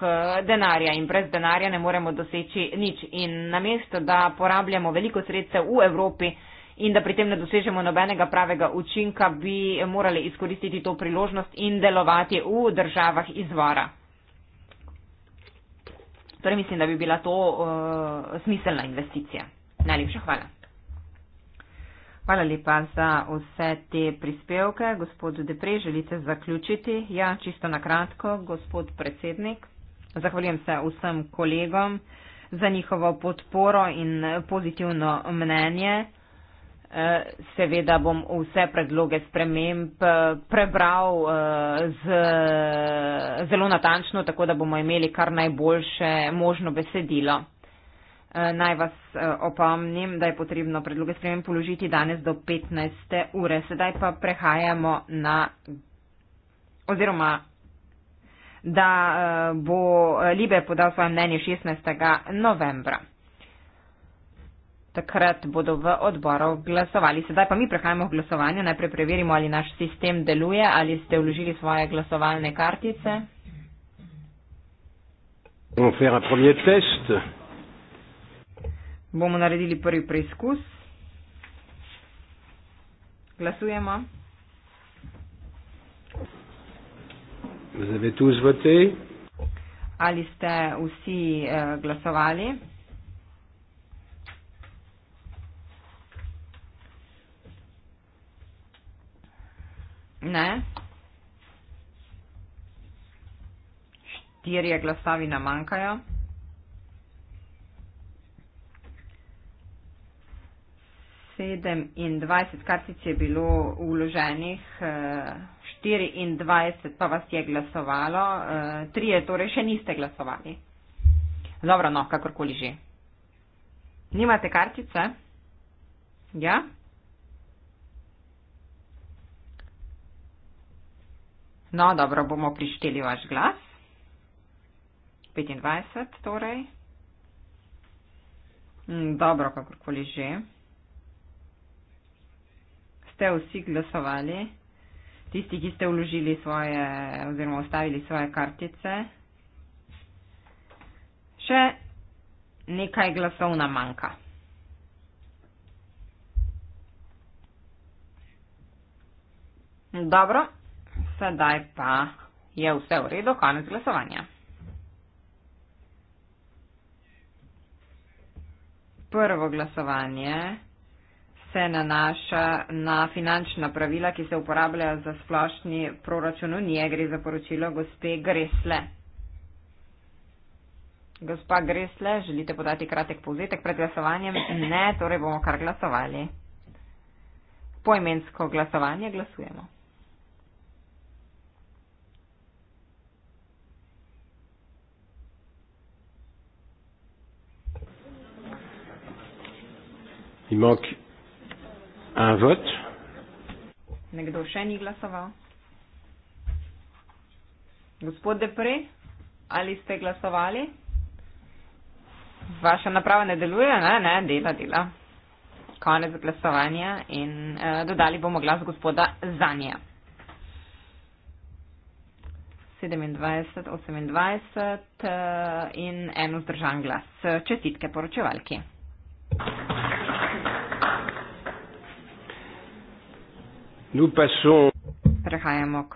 denarja in brez denarja ne moremo doseči nič. In namesto, da porabljamo veliko sredstev v Evropi in da pri tem ne dosežemo nobenega pravega učinka, bi morali izkoristiti to priložnost in delovati v državah izvora. Torej mislim, da bi bila to uh, smiselna investicija. Najlepša hvala. Hvala lepa za vse te prispevke. Gospod Depre, želite zaključiti? Ja, čisto na kratko, gospod predsednik. Zahvaljujem se vsem kolegom za njihovo podporo in pozitivno mnenje. E, seveda bom vse predloge sprememb e, prebral e, z, zelo natančno, tako da bomo imeli kar najboljše možno besedilo. Eh, naj vas eh, opomnim, da je potrebno predloge spremem položiti danes do 15. ure. Sedaj pa prehajamo na oziroma da eh, bo Libe podal svoje mnenje 16. novembra. Takrat bodo v odboru glasovali. Sedaj pa mi prehajamo v glasovanje. Najprej preverimo, ali naš sistem deluje, ali ste vložili svoje glasovalne kartice. Bomo naredili prvi test bomo naredili prvi preizkus. Glasujemo. Ali ste vsi eh, glasovali? Ne. Štirje glasovi nam manjkajo. 27, kartic je bilo uloženih, 24 eh, pa vas je glasovalo, 3 eh, je torej še niste glasovali. Dobro, no, kakorkoli že. Nimate kartice? Ja? No, dobro, bomo prišteli vaš glas. 25 torej. Mm, dobro, kakorkoli že ste vsi glasovali, tisti, ki ste vložili svoje oziroma ustavili svoje kartice. Še nekaj glasov nam manjka. Dobro, sedaj pa je vse v redu, konec glasovanja. Prvo glasovanje se nanaša na finančna pravila, ki se uporabljajo za splošni proračun unije. Gre za poročilo gospe Gresle. Gospa Gresle, želite podati kratek povzetek pred glasovanjem? Ne, torej bomo kar glasovali. Poimensko glasovanje glasujemo. Imok un vote. Nekdo še ni glasoval? Gospod Depre, ali ste glasovali? Vaša naprava ne deluje, ne, ne, dela, dela. Konec glasovanja in uh, dodali bomo glas gospoda Zanja. 27, 28 uh, in en vzdržan glas. Čestitke poročevalki. Nous passons Prehajamo k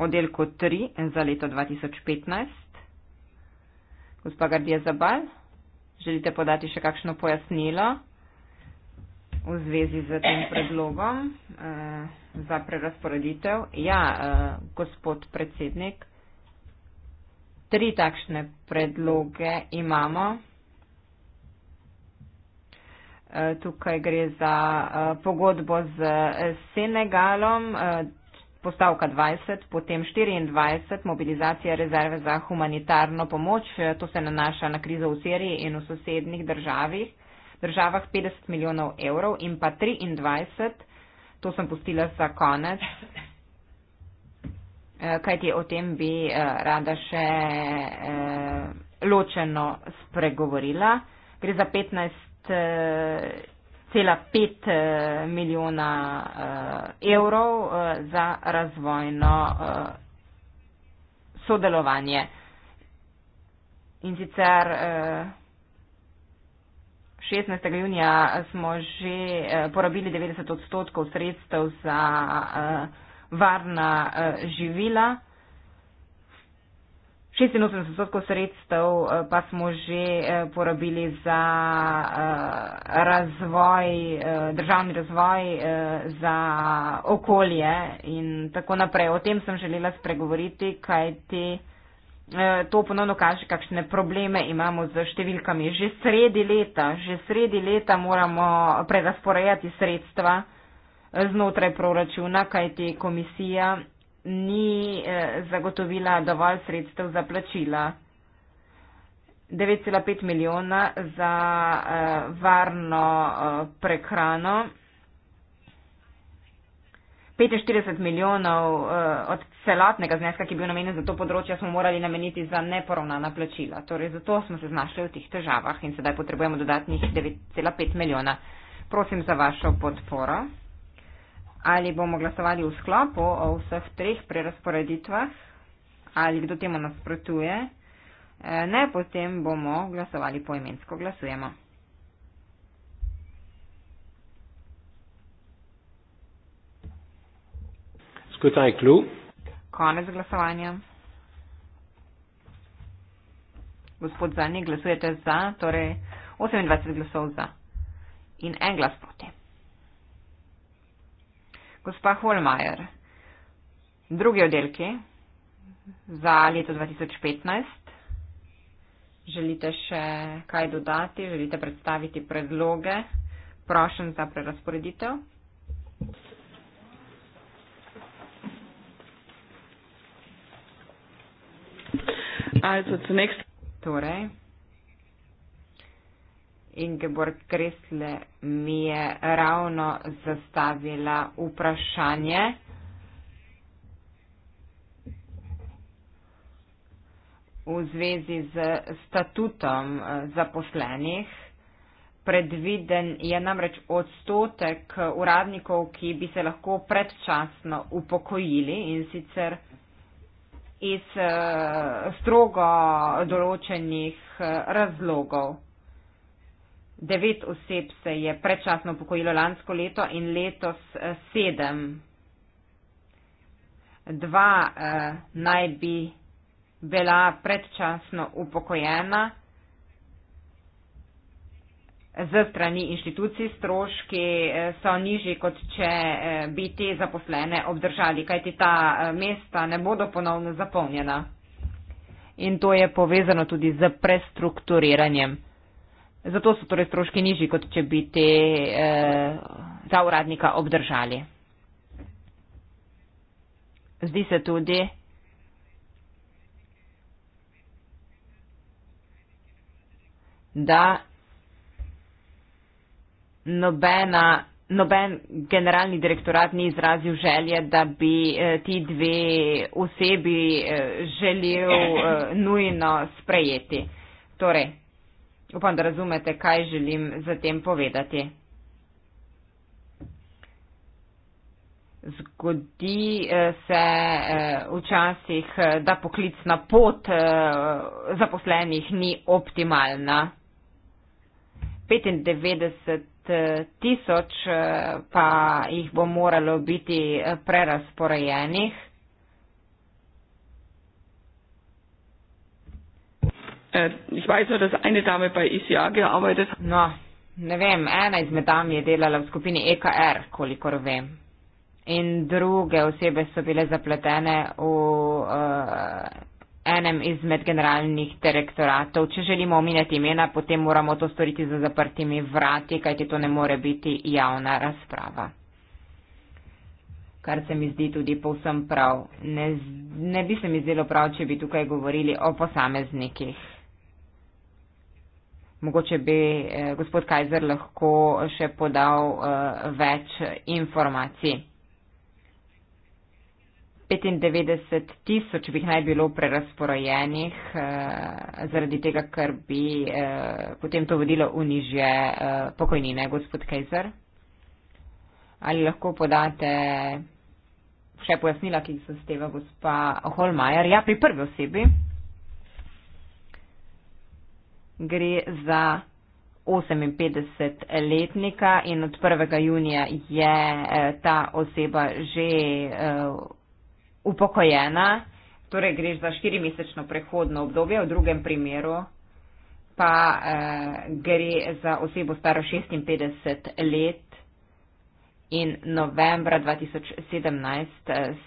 oddelku 3 za leto 2015. Gospa Gardija Zabal, želite podati še kakšno pojasnilo v zvezi z tem predlogom eh, za prerasporeditev? Ja, eh, gospod predsednik, tri takšne predloge imamo. Eh, tukaj gre za eh, pogodbo z eh, Senegalom, postavka 20, potem 24, mobilizacija rezerve za humanitarno pomoč. To se nanaša na krizo v Siriji in v sosednjih državih, državah 50 milijonov evrov in pa 23, to sem pustila za konec. Kaj ti o tem bi rada še ločeno spregovorila? Gre za 15 Eh, cela pet eh, milijona eh, evrov za razvojno sodelovanje. In sicer 16. junija smo že porabili 90 odstotkov sredstev za varna živila. 86 odstotkov sredstev eh, pa smo že eh, porabili za eh, razvoj, državni razvoj, za okolje in tako naprej. O tem sem želela spregovoriti, kajti to ponovno kaže, kakšne probleme imamo z številkami. Že sredi leta, že sredi leta moramo prerasporejati sredstva znotraj proračuna, kajti komisija ni eh, zagotovila dovolj sredstev za plačila. 9,5 milijona za eh, varno eh, prehrano. 45 milijonov od celotnega zneska, ki je bil namenjen za to področje, smo morali nameniti za neporovnana plačila. Torej, zato smo se znašli v teh težavah in sedaj potrebujemo dodatnih 9,5 milijona. Prosim za vašo podporo ali bomo glasovali v sklopu o vseh treh prerasporeditvah, ali kdo temu nasprotuje, e, ne potem bomo glasovali poimensko glasujemo. Skutaj klu. Konec glasovanja. Gospod Zani, glasujete za, torej 28 glasov za in en glas proti. Gospa Holmajer, drugi oddelki za leto 2015. Želite še kaj dodati? Želite predstaviti predloge? Prošen za prerasporeditev. Also zunächst. Torej. Ingeborg Kresle mi je ravno zastavila vprašanje. V zvezi z statutom eh, zaposlenih, predviden je namreč odstotek uradnikov, ki bi se lahko predčasno upokojili in sicer iz eh, strogo določenih eh, razlogov devet oseb se je predčasno upokojilo lansko leto in letos eh, sedem. Dva eh, naj bi bila predčasno upokojena z strani inštitucij. Stroški eh, so nižji, kot če eh, bi te zaposlene obdržali, kajti ta mesta ne bodo ponovno zapolnjena. In to je povezano tudi z prestrukturiranjem. Zato so torej stroški nižji, kot če bi te eh, za uradnika obdržali. Zdi se tudi. da nobena, noben generalni direktorat ni izrazil želje, da bi eh, ti dve osebi eh, želel eh, nujno sprejeti. Torej, Upam, da razumete, kaj želim z tem povedati. Zgodi eh, se eh, včasih, eh, da poklicna pot zaposlenih ni optimalna. 95 tisoč pa jih bo moralo biti prerasporejenih. Äh, ich weiß nur, dass eine Dame bei ECA gearbeitet hat. No, ne vem, ena izmed dam je delala v skupini EKR, kolikor vem. In druge osebe so bile zapletene v uh, enem izmed generalnih direktoratov. Če želimo omeniti imena, potem moramo to storiti za zaprtimi vrati, kajti to ne more biti javna razprava. Kar se mi zdi tudi povsem prav. Ne, ne bi se mi zdelo prav, če bi tukaj govorili o posameznikih. Mogoče bi eh, gospod Kajzer lahko še podal eh, več informacij. 95 tisoč bi naj bilo prerasporojenih eh, zaradi tega, ker bi eh, potem to vodilo v nižje eh, pokojnine, gospod Kajzer. Ali lahko podate še pojasnila, ki jih zahteva gospa Holmajer? Ja, pri prvi osebi gre za 58-letnika in od 1. junija je eh, ta oseba že eh, upokojena, torej gre za 4-mesečno prehodno obdobje, v drugem primeru pa eh, gre za osebo staro 56 let. In novembra 2017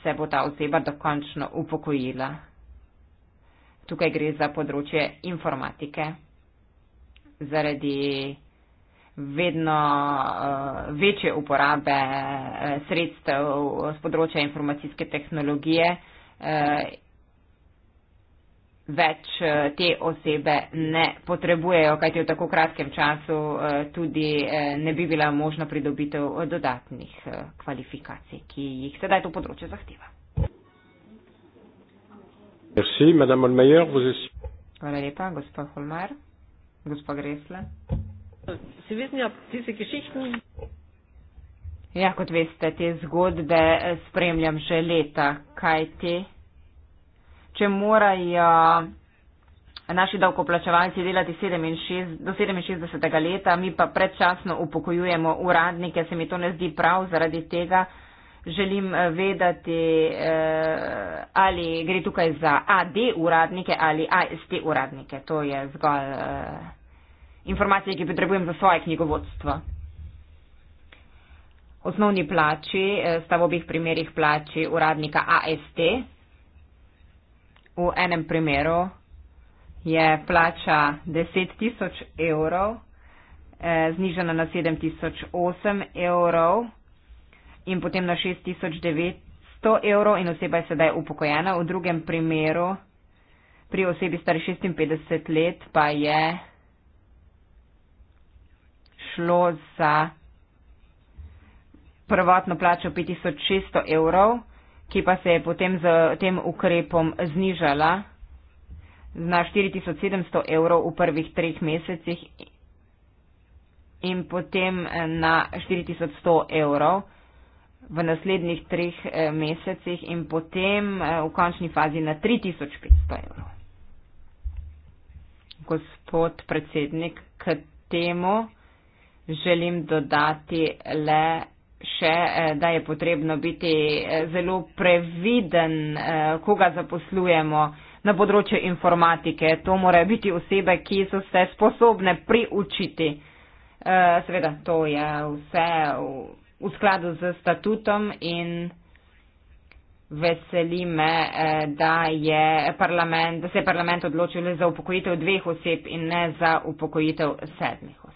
se bo ta oseba dokončno upokojila. Tukaj gre za področje informatike zaradi vedno uh, večje uporabe uh, sredstev z področja informacijske tehnologije uh, več uh, te osebe ne potrebujejo, kajti v tako kratkem času uh, tudi uh, ne bi bila možna pridobitev dodatnih uh, kvalifikacij, ki jih sedaj to področje zahteva. Merci, Hvala lepa, gospod Holmar gospa Gresle? Ja, ja, kot veste, te zgodbe eh, spremljam že leta. Kaj ti? Če morajo eh, naši davkoplačevalci delati 67, do 67. leta, mi pa predčasno upokojujemo uradnike, se mi to ne zdi prav zaradi tega. Želim eh, vedeti, eh, ali gre tukaj za AD uradnike ali AST uradnike. To je zgolj. Eh, informacije, ki jih potrebujem za svoje knjigovodstvo. Osnovni plači eh, sta v obih primerjih plači uradnika AST. V enem primeru je plača 10 tisoč evrov, eh, znižena na 7 tisoč 8 evrov in potem na 6 tisoč 900 evrov in oseba je sedaj upokojena. V drugem primeru pri osebi stari 56 let pa je šlo za prvotno plačo 5600 evrov, ki pa se je potem z tem ukrepom znižala na 4700 evrov v prvih treh mesecih in potem eh, na 4100 evrov v naslednjih treh eh, mesecih in potem eh, v končni fazi na 3500 evrov. Gospod predsednik, k temu želim dodati le še, eh, da je potrebno biti eh, zelo previden, eh, koga zaposlujemo na področju informatike. To morajo biti osebe, ki so se sposobne priučiti. Seveda, to je vse v skladu z statutom in veseli me, da, je da se je parlament odločil za upokojitev dveh oseb in ne za upokojitev sedmih oseb.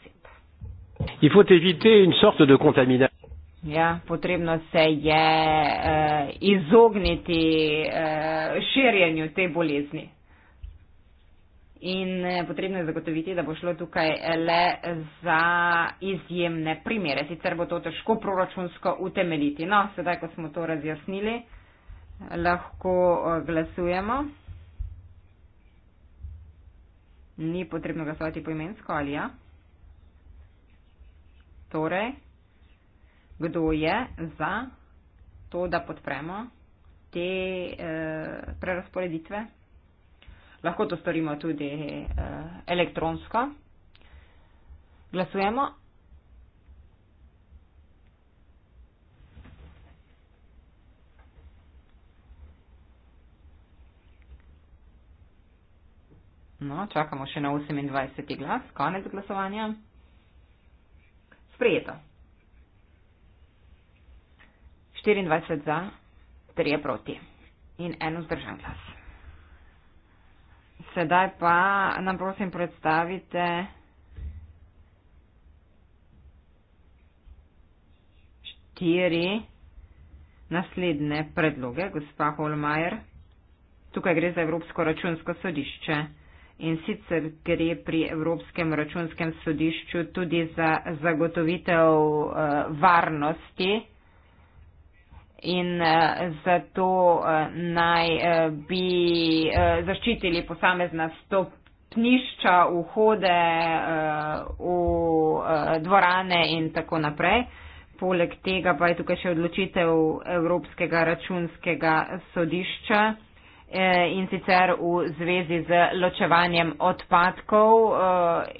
Il faut éviter une sorte de contamination. Ja, potrebno se je uh, izogniti uh, širjenju te bolezni. In eh, potrebno je zagotoviti, da bo šlo tukaj le za izjemne primere. Sicer bo to težko proračunsko utemeliti. No, sedaj, ko smo to razjasnili, lahko glasujemo. Ni potrebno glasovati poimensko ali ja? Torej, kdo je za to, da podpremo te eh, prerasporeditve? Lahko to storimo tudi eh, elektronsko. Glasujemo. No, čakamo še na 28. glas, konec glasovanja sprejeto. 24 za, 3 proti in en vzdržan glas. Sedaj pa nam prosim predstavite štiri naslednje predloge, gospa Holmajer. Tukaj gre za Evropsko računsko sodišče in sicer gre pri Evropskem računskem sodišču tudi za zagotovitev eh, varnosti in eh, zato eh, naj bi zaščitili posamezna stopnišča, vhode v dvorane in tako naprej. Poleg tega pa je tukaj še odločitev Evropskega računskega sodišča. Eh, in sicer v zvezi z ločevanjem odpadkov eh,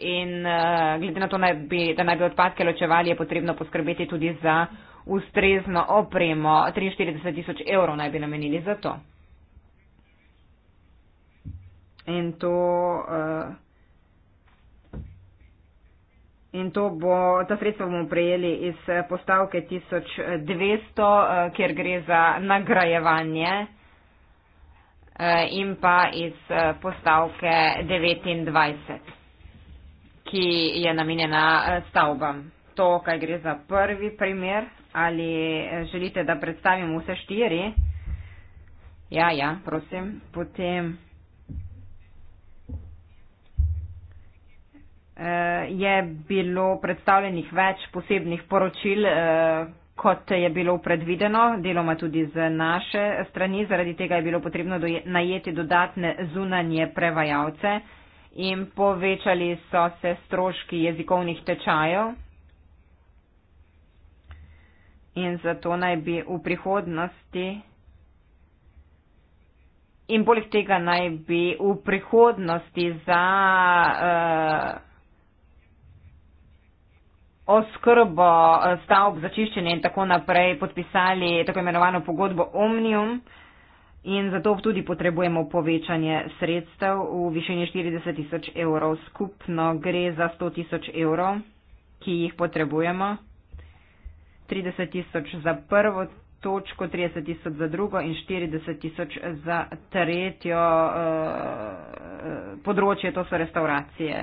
in eh, glede na to, da naj bi odpadke ločevali, je potrebno poskrbeti tudi za ustrezno opremo. 43 tisoč evrov naj bi namenili za to. In to, in to bo, ta sredstva bomo prejeli iz postavke 1200, kjer gre za nagrajevanje. Eh, in pa iz eh, postavke 29, ki je namenjena eh, stavbam. To, kaj gre za prvi primer, ali želite, da predstavim vse štiri? Ja, ja, prosim. Potem je bilo predstavljenih več posebnih poročil kot je bilo predvideno, deloma tudi z naše strani. Zaradi tega je bilo potrebno doje, najeti dodatne zunanje prevajalce in povečali so se stroški jezikovnih tečajev. In zato naj bi v prihodnosti. In poleg tega naj bi v prihodnosti za. Uh, oskrbo eh, stavb za čiščenje in tako naprej podpisali tako imenovano pogodbo Omnium in zato tudi potrebujemo povečanje sredstev v višini 40 tisoč evrov. Skupno gre za 100 tisoč evrov, ki jih potrebujemo. 30 tisoč za prvo točko, 30 tisoč za drugo in 40 tisoč za tretjo uh, področje, to so restauracije.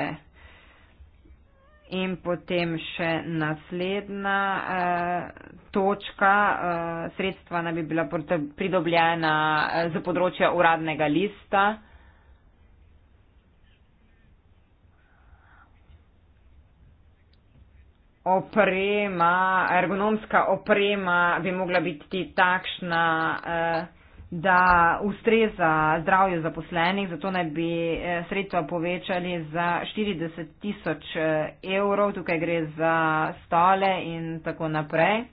In potem še naslednja eh, točka, eh, sredstva naj bi bila pridobljena eh, za področje uradnega lista. Oprema, ergonomska oprema bi mogla biti takšna. Eh, da ustreza zdravju zaposlenih, zato naj bi eh, sredstva povečali za 40 tisoč eh, evrov, tukaj gre za stole in tako naprej.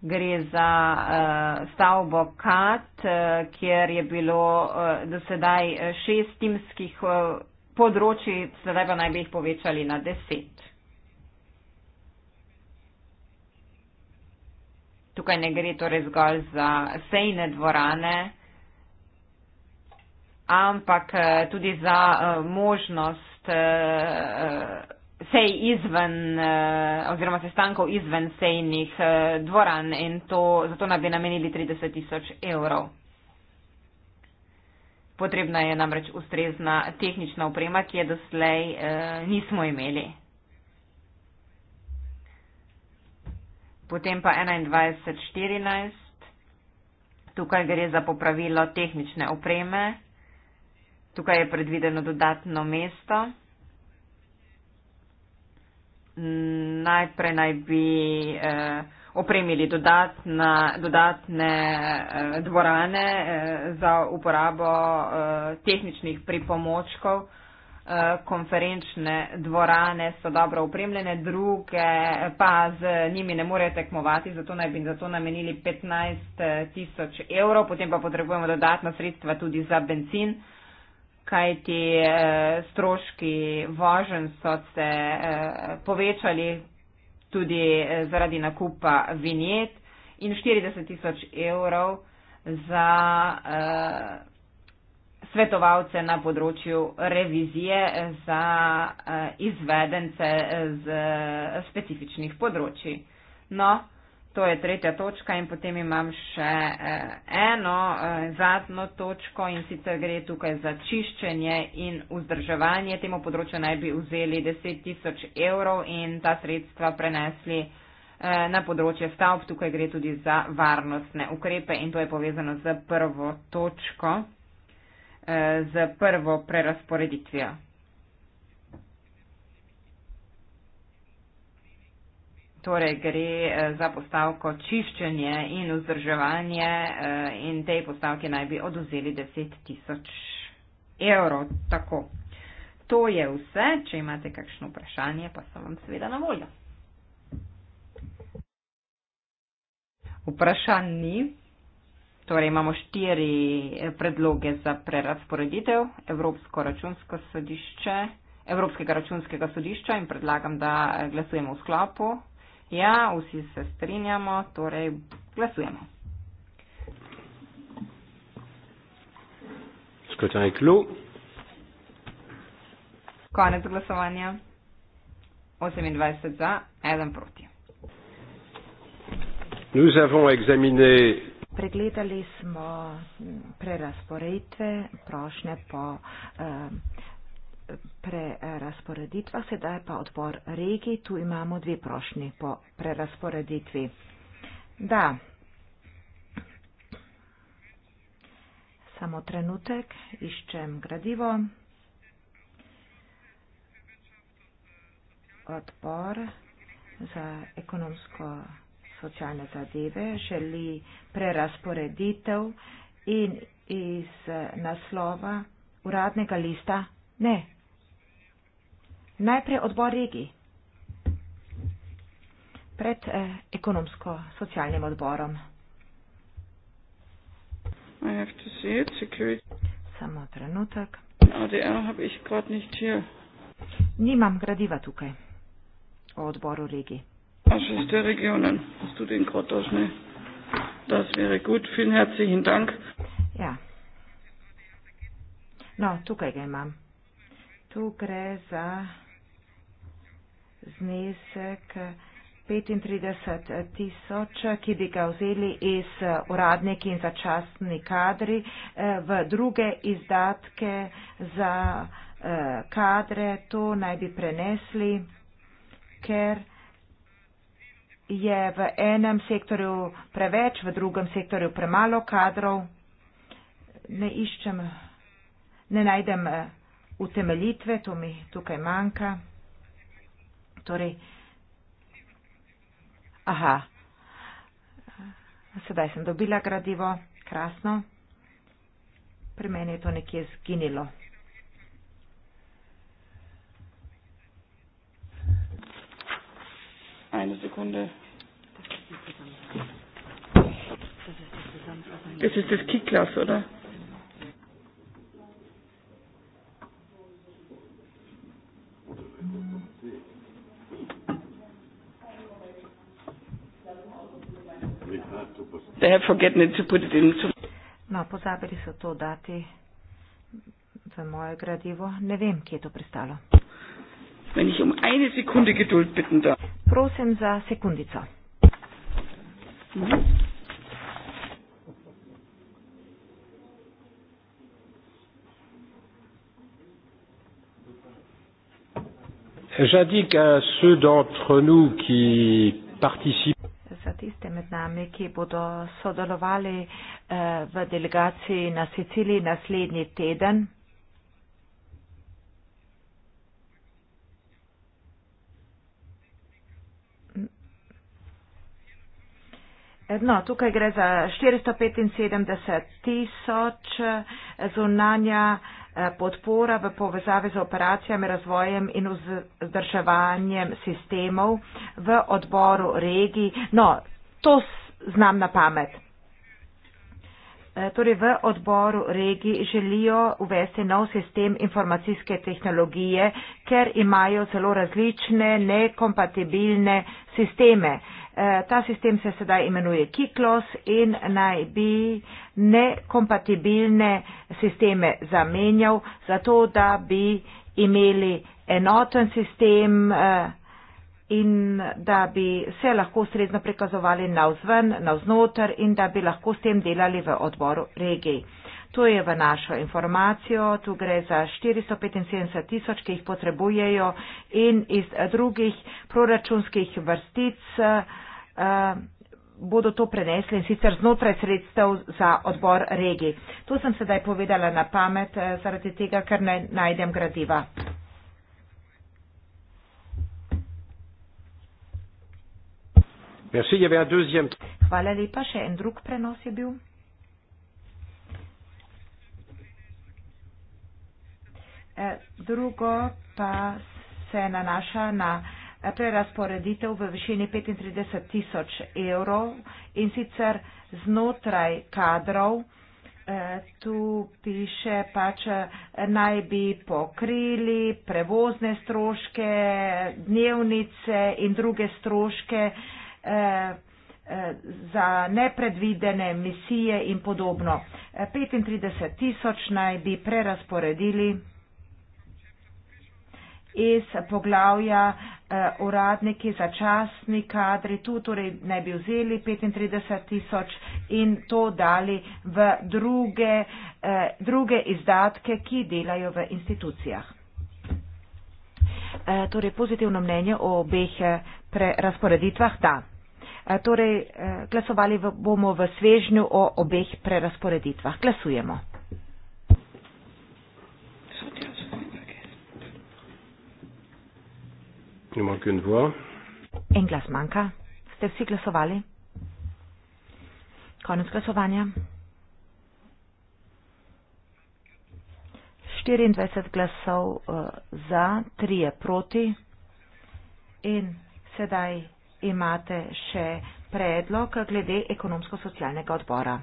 Gre za uh, stavbo KAT, uh, kjer je bilo uh, do sedaj šest timskih uh, področji, sedaj pa naj bi jih povečali na deset. tukaj ne gre torej zgolj za sejne dvorane, ampak eh, tudi za eh, možnost eh, sej izven oziroma sestankov izven sejnih dvoran in to, zato naj bi namenili 30 tisoč evrov. Potrebna je namreč ustrezna tehnična oprema, ki je doslej eh, nismo imeli. Potem pa 21.14. Tukaj gre za popravilo tehnične opreme. Tukaj je predvideno dodatno mesto. Najprej naj bi eh, opremili dodatna, dodatne eh, dvorane eh, za uporabo eh, tehničnih pripomočkov konferenčne dvorane so dobro upremljene, druge pa z njimi ne morejo tekmovati, zato naj bi za to namenili 15 tisoč evrov, potem pa potrebujemo dodatna sredstva tudi za benzin, kajti eh, stroški vožen so se eh, povečali tudi eh, zaradi nakupa vinjet in 40 tisoč evrov za eh, svetovalce na področju revizije za eh, izvedence eh, z eh, specifičnih področji. No, to je tretja točka in potem imam še eno zadnjo točko in sicer gre tukaj za čiščenje in vzdrževanje. Temu področju naj bi vzeli 10 tisoč evrov in ta sredstva prenesli na področje stavb. Tukaj gre tudi za varnostne ukrepe in to je povezano z prvo točko z prvo prerasporeditvijo. Torej gre eh, za postavko čiščenje in vzdrževanje eh, in tej postavki naj bi oduzeli 10 tisoč evrov. Tako. To je vse. Če imate kakšno vprašanje, pa sem vam seveda na voljo. Vprašanj ni. Torej imamo štiri eh, predloge za prerasporeditev Evropsko računsko sodišče, Evropskega računskega sodišča in predlagam, da eh, glasujemo v sklopu. Ja, vsi se strinjamo, torej glasujemo. Skratanje klu. Konec glasovanja. 28 za, 1 proti. Nous avons examiné Pregledali smo prerasporeditve, prošnje po prerasporeditvah, sedaj pa odbor regij, tu imamo dve prošnje po prerasporeditvi. Da, samo trenutek, iščem gradivo. Odbor za ekonomsko socialne zadeve, želi prerasporeditev in iz naslova uradnega lista ne. Najprej odbor regi pred eh, ekonomsko-socialnim odborom. Samo trenutek. Oh, Nimam gradiva tukaj o odboru regi. Das ist der Regionen. Hast du den Kottos, ne? Das wäre gut. Vielen herzlichen Dank. Ja. No, tukaj ga imam. Tu gre za znesek 35 tisoč, ki bi ga vzeli iz uradniki in začasni kadri eh, v druge izdatke za eh, kadre. To naj bi prenesli, ker je v enem sektorju preveč, v drugem sektorju premalo kadrov. Ne iščem, ne najdem eh, utemeljitve, to mi tukaj manjka. Torej, aha, sedaj sem dobila gradivo, krasno. Pri meni je to nekje zginilo. Eine Sekunde. Das ist das Kicklass, oder? They have forgotten it to put it in. No, pozabili so to dati v moje gradivo. Ne vem, kje je to pristalo wenn ich um eine Sekunde Geduld bitten darf. Prosim za sekundico. J'indique à ceux d'entre nous qui participent. Za tiste med nami, ki bodo sodelovali uh, v delegaciji na Siciliji naslednji teden. No, tukaj gre za 475 tisoč eh, zunanja eh, podpora v povezavi z operacijami, razvojem in vzdrževanjem sistemov v odboru regij. No, to znam na pamet. Torej v odboru regij želijo uvesti nov sistem informacijske tehnologije, ker imajo zelo različne nekompatibilne sisteme. E, ta sistem se sedaj imenuje Kiklos in naj bi nekompatibilne sisteme zamenjal, zato da bi imeli enoten sistem. E, in da bi se lahko ustrezno prikazovali navzven, navznoter in da bi lahko s tem delali v odboru regij. To je v našo informacijo, tu gre za 475 tisoč, ki jih potrebujejo in iz drugih proračunskih vrstic uh, bodo to prenesli in sicer znotraj sredstev za odbor regij. To sem sedaj povedala na pamet eh, zaradi tega, ker ne najdem gradiva. Merci, je bil deuxième... Hvala lepa, še en drug prenos je bil. Eh, drugo pa se nanaša na eh, prerasporeditev v višini 35 tisoč evrov in sicer znotraj kadrov. Eh, tu piše, pač naj bi pokrili prevozne stroške, dnevnice in druge stroške. Eh, eh, za nepredvidene misije in podobno. 35 eh, tisoč naj bi prerasporedili iz poglavja uradniki za časni kadri, tu torej naj bi vzeli 35 tisoč in to dali v druge, druge izdatke, ki delajo v institucijah. Torej pozitivno mnenje o obeh prerasporeditvah, da. Eh, torej, eh, glasovali bomo v svežnju o obeh prerasporeditvah. Glasujemo. En glas manjka. Ste vsi glasovali? Konec glasovanja. 24 glasov eh, za, 3 proti in sedaj imate še predlog glede ekonomsko-socialnega odbora.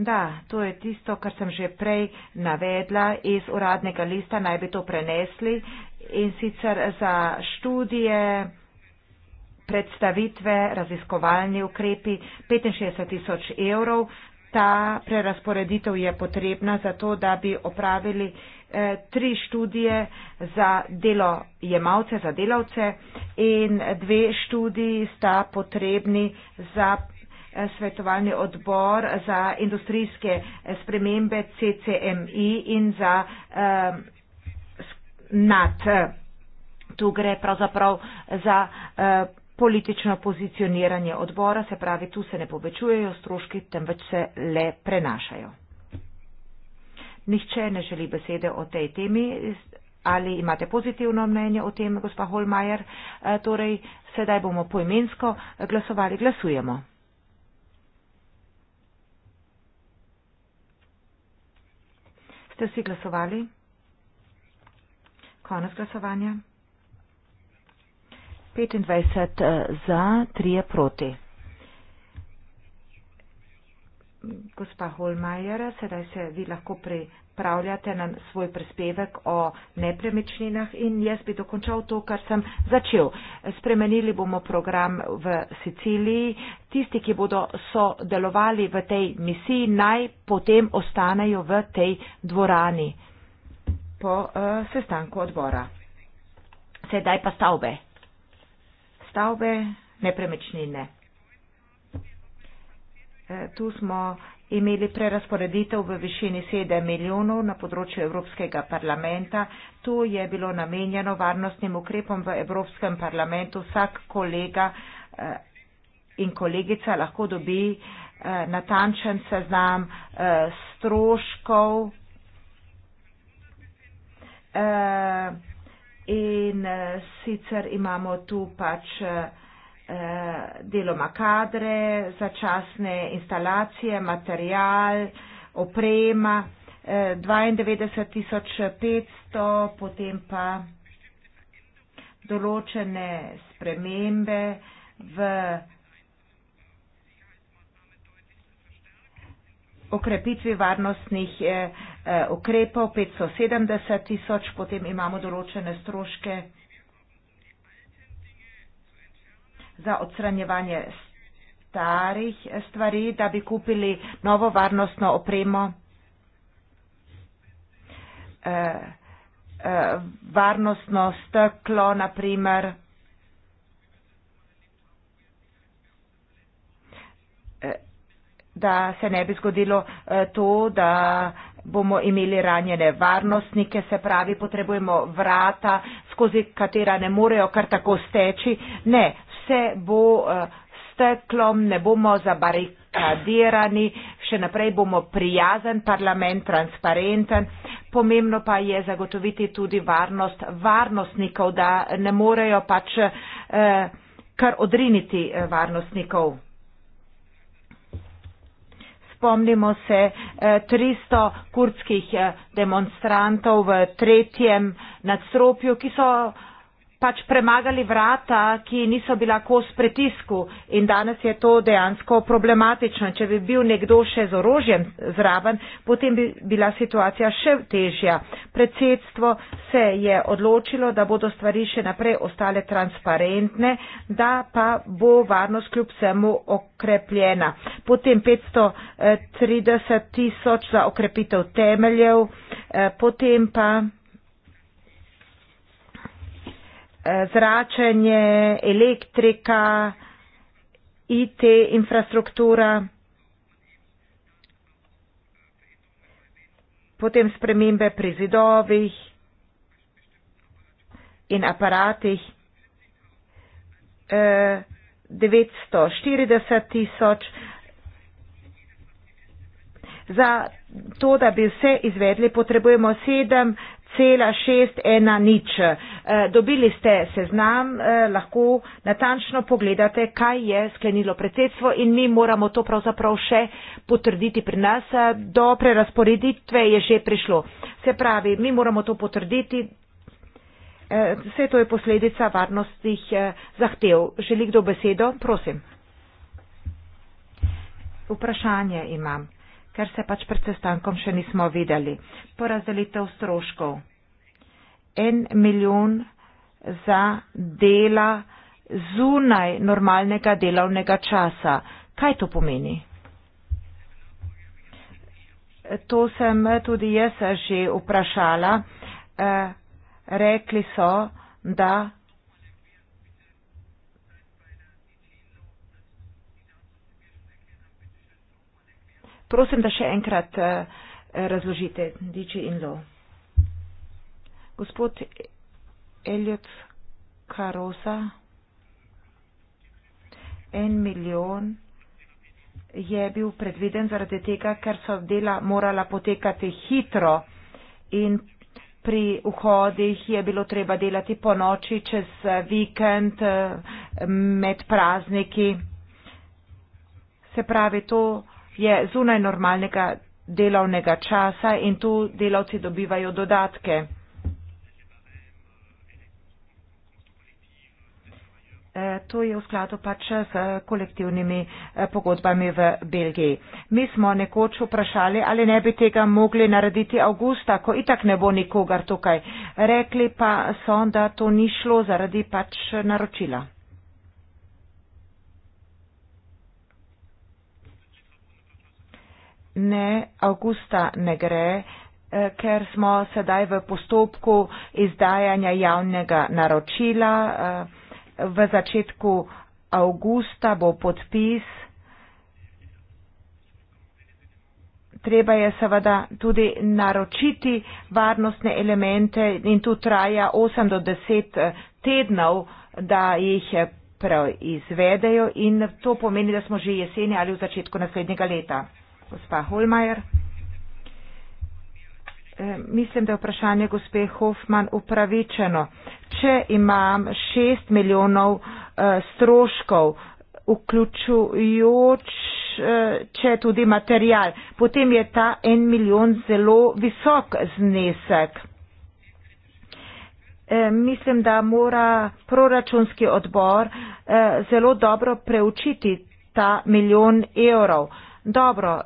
Da, to je tisto, kar sem že prej navedla iz uradnega lista, naj bi to prenesli in sicer za študije, predstavitve, raziskovalni ukrepi 65 tisoč evrov. Ta prerasporeditev je potrebna za to, da bi opravili Eh, tri študije za delo jemalce, za delavce in dve študiji sta potrebni za eh, svetovalni odbor za industrijske eh, spremembe CCMI in za eh, NAT. Tu gre pravzaprav za eh, politično pozicioniranje odbora, se pravi, tu se ne povečujejo stroški, temveč se le prenašajo. Nihče ne želi besede o tej temi. Ali imate pozitivno mnenje o tem, gospa Holmajer? E, torej, sedaj bomo poimensko glasovali. Glasujemo. Ste vsi glasovali? Konec glasovanja. 25 e, za, 3 proti gospa Holmajer, sedaj se vi lahko pripravljate na svoj prispevek o nepremičninah in jaz bi dokončal to, kar sem začel. Spremenili bomo program v Siciliji. Tisti, ki bodo sodelovali v tej misiji, naj potem ostanejo v tej dvorani po uh, sestanku odbora. Sedaj pa stavbe. Stavbe, nepremičnine. Eh, tu smo imeli prerasporeditev v višini 7 milijonov na področju Evropskega parlamenta. To je bilo namenjeno varnostnim ukrepom v Evropskem parlamentu. Vsak kolega eh, in kolegica lahko dobi eh, natančen seznam stroškov in sicer imamo tu pač Eh, deloma kadre, začasne instalacije, material, oprema, 92.500, eh, potem pa določene spremembe v okrepitvi varnostnih eh, ukrepov, 570.000, potem imamo določene stroške. za odstranjevanje starih stvari, da bi kupili novo varnostno opremo. E, varnostno steklo, na primer, eh, da se ne bi zgodilo to, da bomo imeli ranjene varnostnike, se pravi, potrebujemo vrata, skozi katera ne morejo kar tako steči. Ne, se bo eh, steklom, ne bomo zabarikadirani, še naprej bomo prijazen parlament, transparenten. Pomembno pa je zagotoviti tudi varnost varnostnikov, da ne morejo pač eh, kar odriniti eh, varnostnikov. Spomnimo se eh, 300 kurdskih eh, demonstrantov v tretjem nadstropju, ki so pač premagali vrata, ki niso bila kos pritisku in danes je to dejansko problematično. Če bi bil nekdo še z orožjem zraven, potem bi bila situacija še težja. Predsedstvo se je odločilo, da bodo stvari še naprej ostale transparentne, da pa bo varnost kljub vsemu okrepljena. Potem 530 eh, tisoč za okrepitev temeljev, eh, potem pa. Eh, zračenje, elektrika, IT infrastruktura, potem spremembe pri zidovih in aparatih. 940 eh, tisoč. Za to, da bi vse izvedli, potrebujemo 7 cela šest ena nič. Eh, dobili ste seznam, eh, lahko natančno pogledate, kaj je sklenilo predsedstvo in mi moramo to pravzaprav še potrditi pri nas. Eh, do prerasporeditve je že prišlo. Se pravi, mi moramo to potrditi. Vse to je posledica varnostnih zahtev. Želi kdo besedo? Prosim. Vprašanje imam ker se pač pred sestankom še nismo videli. Porazdelitev stroškov. En milijon za dela zunaj normalnega delovnega časa. Kaj to pomeni? To sem tudi jaz že vprašala. Eh, rekli so, da Prosim, da še enkrat eh, razložite diči in lo. Gospod Eliot Karosa, en milijon je bil predviden zaradi tega, ker so dela morala potekati hitro in pri vhodih je bilo treba delati po noči, čez eh, vikend, eh, med prazniki. Se pravi, to je zunaj normalnega delovnega časa in tu delavci dobivajo dodatke. E, to je v skladu pač s kolektivnimi e, pogodbami v Belgiji. Mi smo nekoč vprašali, ali ne bi tega mogli narediti avgusta, ko itak ne bo nikogar tukaj. Rekli pa so, da to ni šlo zaradi pač naročila. Ne, avgusta ne gre, eh, ker smo sedaj v postopku izdajanja javnega naročila. Eh, v začetku avgusta bo podpis. Treba je seveda tudi naročiti varnostne elemente in tu traja 8 do 10 eh, tednov, da jih proizvedejo in to pomeni, da smo že jeseni ali v začetku naslednjega leta gospa Holmajer. E, mislim, da je vprašanje gospe Hoffman upravičeno. Če imam 6 milijonov e, stroškov, vključujoč, e, če tudi material, potem je ta 1 milijon zelo visok znesek. Mislim, da mora proračunski odbor zelo dobro preučiti ta milijon evrov. Dobro,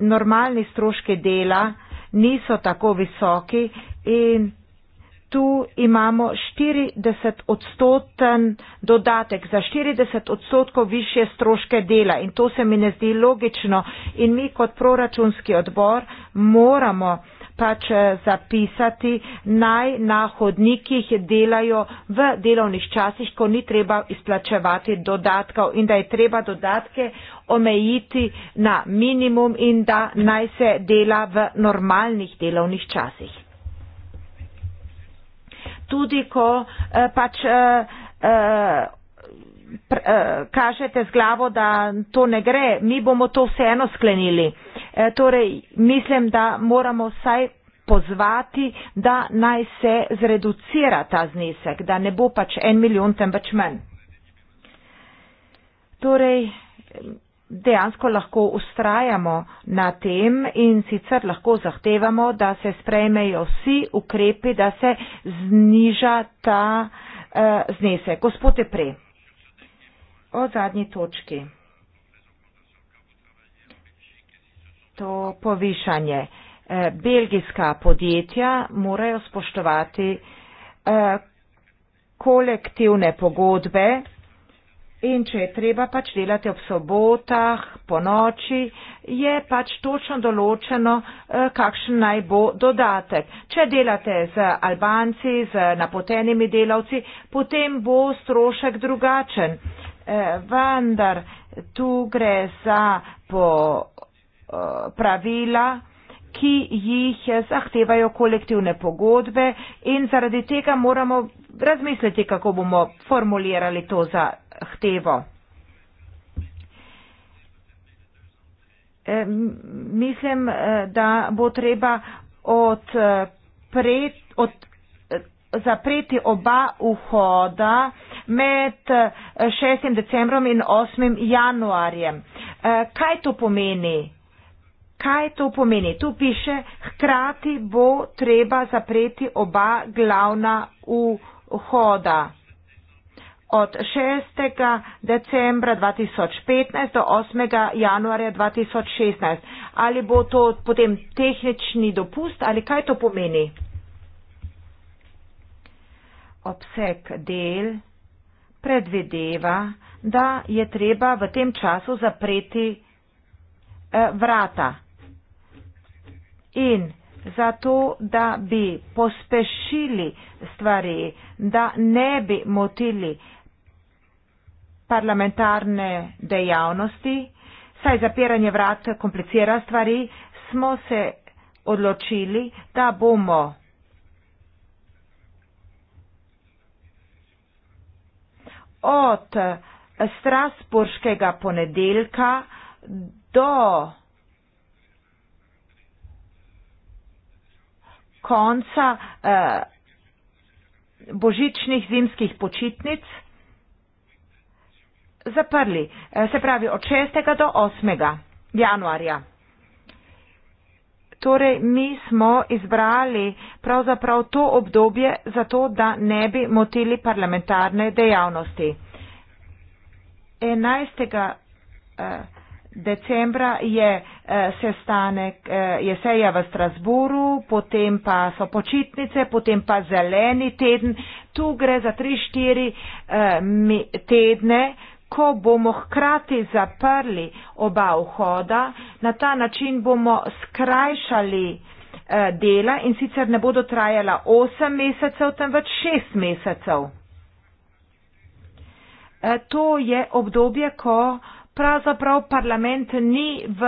normalni stroški dela niso tako visoki in tu imamo 40 odstoten dodatek za 40 odstotkov više stroške dela in to se mi ne zdi logično in mi kot proračunski odbor moramo uh, pač eh, zapisati, naj na hodnikih delajo v delovnih časih, ko ni treba izplačevati dodatkov in da je treba dodatke omejiti na minimum in da naj se dela v normalnih delovnih časih. Tudi ko eh, pač eh, eh, eh kažete z glavo, da to ne gre, mi bomo to vseeno sklenili. E, torej, mislim, da moramo vsaj pozvati, da naj se zreducira ta znesek, da ne bo pač en milijon, temveč manj. Torej, dejansko lahko ustrajamo na tem in sicer lahko zahtevamo, da se sprejmejo vsi ukrepi, da se zniža ta uh, znesek. Gospod je prej. O zadnji točki. to povišanje. Eh, belgijska podjetja morajo spoštovati eh, kolektivne pogodbe in če je treba pač delati ob sobotah, po noči, je pač točno določeno, eh, kakšen naj bo dodatek. Če delate z Albanci, z napotenimi delavci, potem bo strošek drugačen. Vendar tu gre za po Eh, pravila, ki jih zahtevajo kolektivne pogodbe in zaradi tega moramo razmisliti, kako bomo formulirali to zahtevo. Eh, mislim, eh, da bo treba odpret, od, zapreti oba vhoda med 6. decembrom in 8. januarjem. Kaj to pomeni? Kaj to pomeni? Tu piše, hkrati bo treba zapreti oba glavna vhoda. Od 6. decembra 2015 do 8. januarja 2016. Ali bo to potem tehnični dopust ali kaj to pomeni? Obseg del predvideva, da je treba v tem času zapreti eh, vrata. In zato, da bi pospešili stvari, da ne bi motili parlamentarne dejavnosti, saj zapiranje vrat komplicira stvari, smo se odločili, da bomo od Strasburškega ponedeljka do konca eh, božičnih zimskih počitnic zaprli, eh, se pravi od 6. do 8. januarja. Torej, mi smo izbrali pravzaprav to obdobje zato, da ne bi motili parlamentarne dejavnosti. 11. Eh, Decembra je eh, sestanek eh, jeseja v Strasburu, potem pa so počitnice, potem pa zeleni teden. Tu gre za 3-4 eh, tedne, ko bomo hkrati zaprli oba vhoda. Na ta način bomo skrajšali eh, dela in sicer ne bodo trajala 8 mesecev, temveč 6 mesecev. Eh, to je obdobje, ko eh, pravzaprav parlament ni v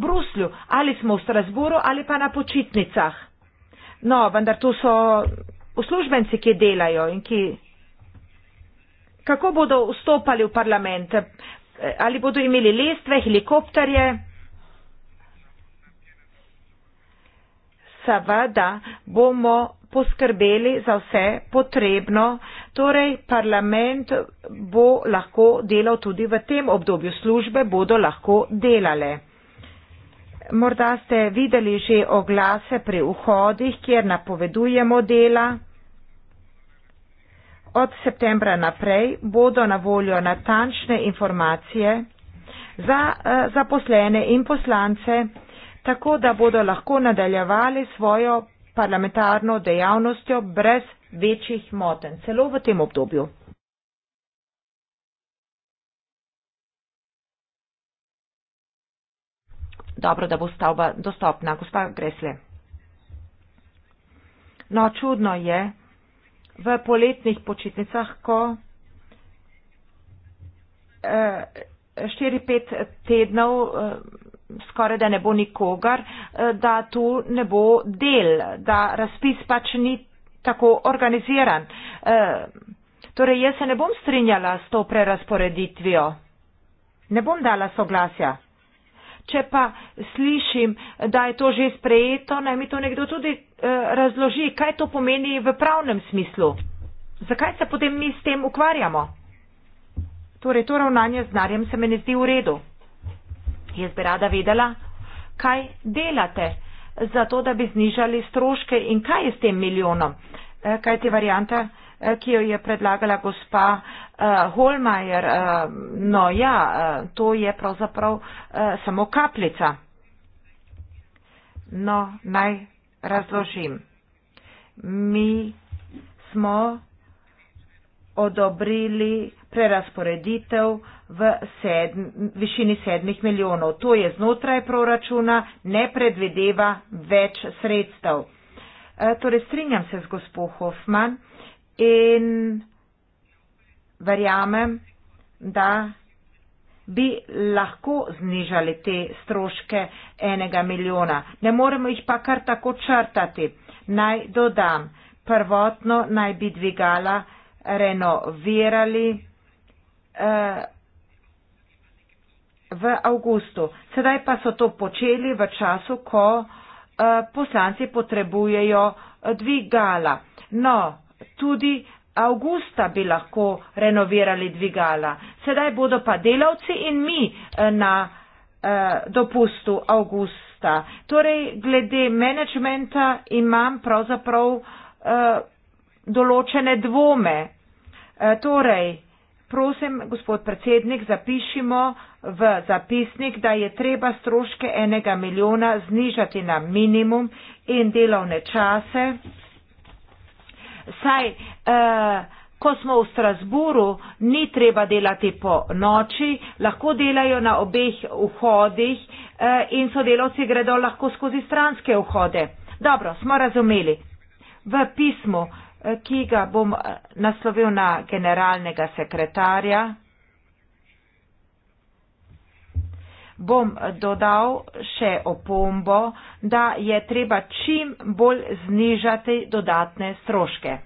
Bruslju, ali smo v Strasburu ali pa na počitnicah. No, vendar tu so uslužbenci, ki delajo in ki. Kako bodo vstopali v parlament? Ali bodo imeli lestve, helikopterje? Seveda bomo poskrbeli za vse potrebno. Torej, parlament bo lahko delal tudi v tem obdobju. Službe bodo lahko delale. Morda ste videli že oglase pri vhodih, kjer napovedujemo dela. Od septembra naprej bodo na voljo natančne informacije za eh, zaposlene in poslance, tako da bodo lahko nadaljevali svojo parlamentarno dejavnostjo brez večjih moten, celo v tem obdobju. Dobro, da bo stavba dostopna. Gospa Gresle. No, čudno je v poletnih počitnicah, ko eh, 4-5 tednov eh, skoraj da ne bo nikogar, eh, da tu ne bo del, da razpis pač ni tako organiziran. Eh, torej, jaz se ne bom strinjala s to prerasporeditvijo. Ne bom dala soglasja. Če pa slišim, da je to že sprejeto, naj mi to nekdo tudi eh, razloži, kaj to pomeni v pravnem smislu. Zakaj se potem mi s tem ukvarjamo? Torej, to ravnanje z narjem se meni zdi v redu. Jaz bi rada vedela, kaj delate za to, da bi znižali stroške in kaj je s tem milijonom. Eh, kaj ti varianta, eh, ki jo je predlagala gospa eh, Holmajer, no ja, to je pravzaprav samo kapljica. No, naj razložim. Mi smo odobrili prerasporeditev v sedm, višini sedmih milijonov. To je znotraj proračuna, ne predvideva več sredstev. E, torej, strinjam se z gospo Hoffman in verjamem, da bi lahko znižali te stroške enega milijona. Ne moremo jih pa kar tako črtati. Naj dodam, prvotno naj bi dvigala renovirali Eh, v avgustu. Sedaj pa so to počeli v času, ko eh, poslanci potrebujejo eh, dvigala. No, tudi avgusta bi lahko renovirali dvigala. Sedaj bodo pa delavci in mi na dopustu avgusta. Torej, glede menedžmenta imam pravzaprav določene dvome. Torej, Prosim, gospod predsednik, zapišimo v zapisnik, da je treba stroške enega milijona znižati na minimum in delovne čase. Saj, eh, ko smo v Strasburu, ni treba delati po noči, lahko delajo na obeh vhodih eh, in sodelovci gredo lahko skozi stranske vhode. Dobro, smo razumeli. V pismu ki ga bom eh, naslovil na generalnega sekretarja. Bom eh, dodal še opombo, da je treba čim bolj znižati dodatne stroške.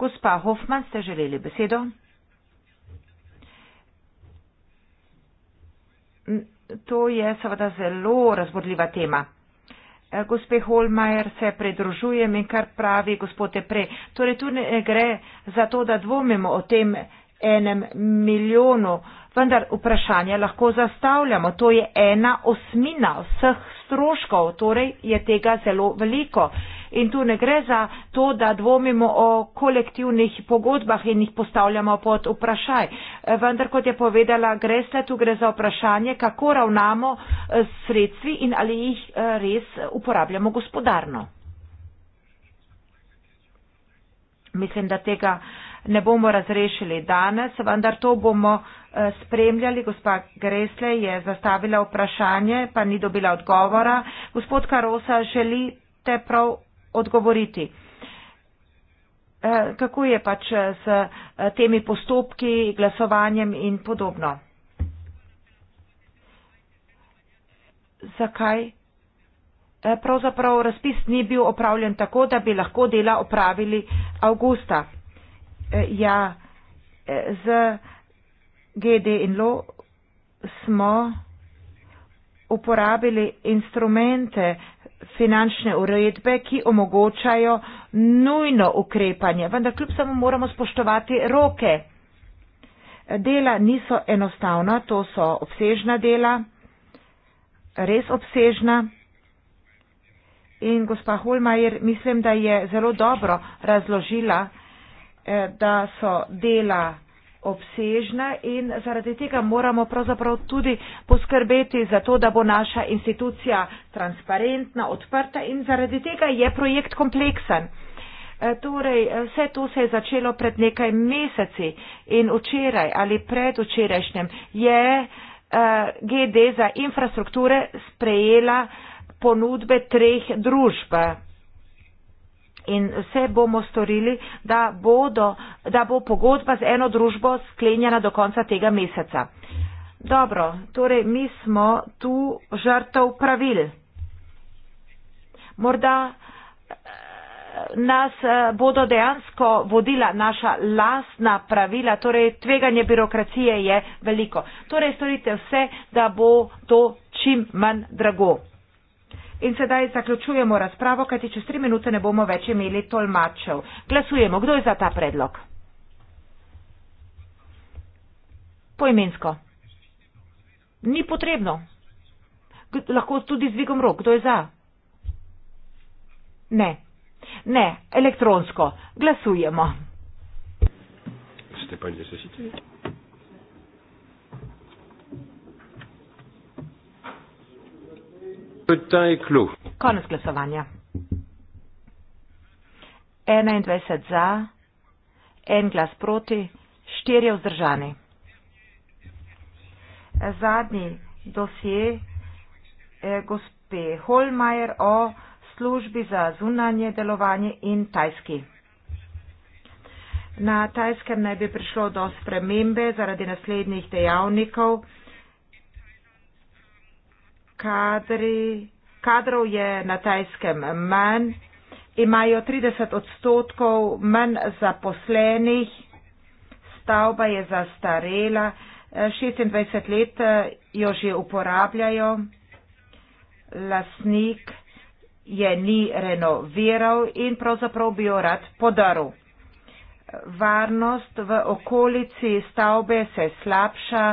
Gospa Hoffman, ste želeli besedo? To je seveda zelo razbodljiva tema. Eh, gospe Holmajer se pridružujem in kar pravi gospode prej. Torej, tu ne gre za to, da dvomimo o tem enem milijonu, vendar vprašanje lahko zastavljamo. To je ena osmina vseh stroškov, torej je tega zelo veliko. In tu ne gre za to, da dvomimo o kolektivnih pogodbah in jih postavljamo pod vprašaj. Eh, vendar, kot je povedala Gresle, tu gre za vprašanje, kako ravnamo eh, s sredstvi in ali jih eh, res uporabljamo gospodarno. Mislim, da tega. Uh, ne bomo razrešili danes, vendar to bomo eh, spremljali. Gospa Gresle je zastavila vprašanje, pa ni dobila odgovora. Gospod Karosa, želite prav odgovoriti? Eh, kako je pač s eh, temi postopki, glasovanjem in podobno? Zakaj? Pravzaprav razpis ni bil opravljen tako, da bi lahko dela opravili avgusta ja, z GD in LO smo uporabili instrumente finančne uredbe, ki omogočajo nujno ukrepanje, vendar kljub samo moramo spoštovati roke. Dela niso enostavna, to so obsežna dela, res obsežna. In gospa Holmajer, mislim, da je zelo dobro razložila, Eh, da so dela obsežna in zaradi tega moramo pravzaprav tudi poskrbeti za to, da bo naša institucija transparentna, odprta in zaradi tega je projekt kompleksen. Eh, torej, eh, vse to se je začelo pred nekaj meseci in včeraj ali predvčerajšnjem je GD za infrastrukture sprejela ponudbe treh družb in vse bomo storili, da, bodo, da bo pogodba z eno družbo sklenjena do konca tega meseca. Dobro, torej mi smo tu žrtev pravil. Morda eh, nas eh, bodo dejansko vodila naša lastna pravila, torej tveganje birokracije je veliko. Torej storite vse, da bo to čim manj drago. In sedaj zaključujemo razpravo, kajti čez tri minute ne bomo več imeli tolmačev. Glasujemo, kdo je za ta predlog? Poimensko. Ni potrebno. G lahko tudi z dvigom rok, kdo je za? Ne. Ne, elektronsko. Glasujemo. Ste pa nesesitelji? Skupaj je klo. Konec glasovanja. 21 za, en glas proti, štirje vzdržani. Zadnji dosje eh, gospe Holmajer o službi za zunanje delovanje in tajski. Na tajskem naj bi prišlo do spremembe zaradi naslednjih dejavnikov kadri, kadrov je na tajskem manj, imajo 30 odstotkov manj zaposlenih, stavba je zastarela, 26 eh, let eh, jo že uporabljajo, lasnik je ni renoviral in pravzaprav bi jo rad podaril. Varnost v okolici stavbe se slabša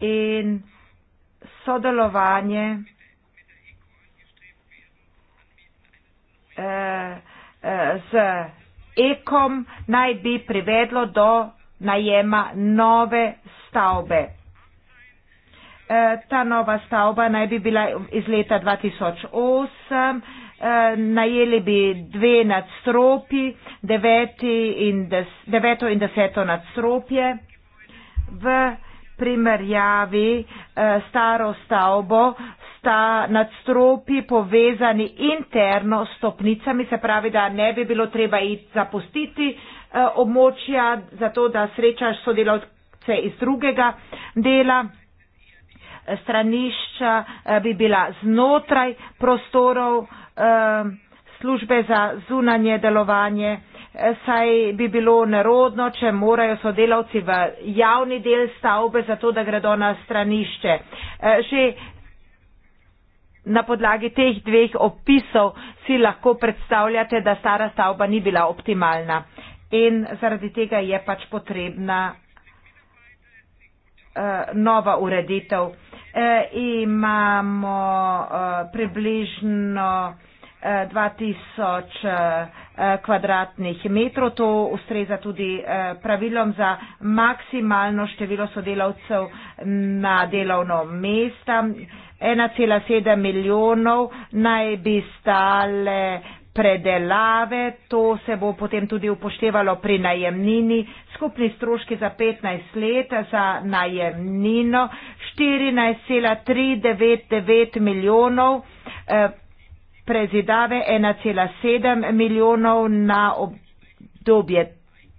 in sodelovanje eh, eh, z ekom naj bi privedlo do najema nove stavbe. Eh, ta nova stavba naj bi bila iz leta 2008, najeli bi dve nadstropi, deveto in deseto nadstropje. V primerjavi eh, staro stavbo sta nadstropi povezani interno s stopnicami, se pravi, da ne bi bilo treba iti zapustiti eh, območja, zato da srečaš sodelavce iz drugega dela. Stranišča eh, bi bila znotraj prostorov službe za zunanje delovanje saj bi bilo nerodno, če morajo sodelavci v javni del stavbe za to, da gredo na stranišče. Eh, že na podlagi teh dveh opisov si lahko predstavljate, da stara stavba ni bila optimalna in zaradi tega je pač potrebna eh, nova ureditev. Eh, imamo približno 2000 Eh, kvadratnih metrov. To ustreza tudi eh, pravilom za maksimalno število sodelavcev na delovno mesto. 1,7 milijonov naj bi stale predelave, to se bo potem tudi upoštevalo pri najemnini, skupni stroški za 15 let za najemnino 14,399 milijonov. Eh, prezidave 1,7 milijonov na obdobje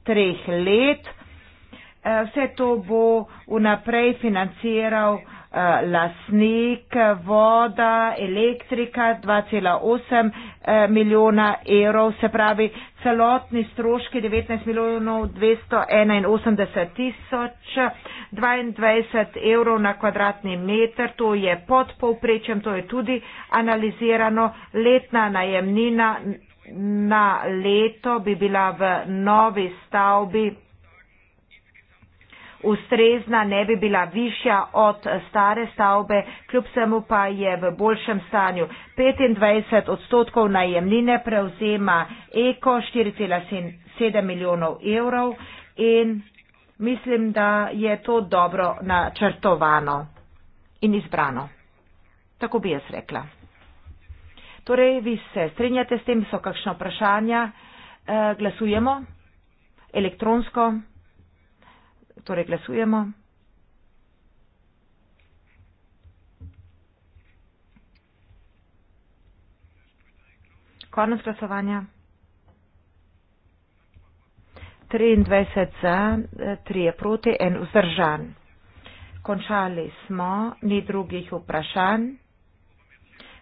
treh let. Eh, vse to bo vnaprej financiral Eh, lasnik, voda, elektrika 2,8 eh, milijona evrov, se pravi celotni stroški 19 milijonov 281 tisoč 22 evrov na kvadratni meter, to je pod povprečjem, to je tudi analizirano, letna najemnina na leto bi bila v novi stavbi ustrezna, ne bi bila višja od stare stavbe, kljub vsemu pa je v boljšem stanju. 25 odstotkov najemnine prevzema Eko, 4,7 milijonov evrov in mislim, da je to dobro načrtovano in izbrano. Tako bi jaz rekla. Torej, vi se strinjate s tem, so kakšno vprašanja, eh, glasujemo elektronsko torej glasujemo. Konec glasovanja. 23 za, 3 je proti, en vzdržan. Končali smo, ni drugih vprašanj.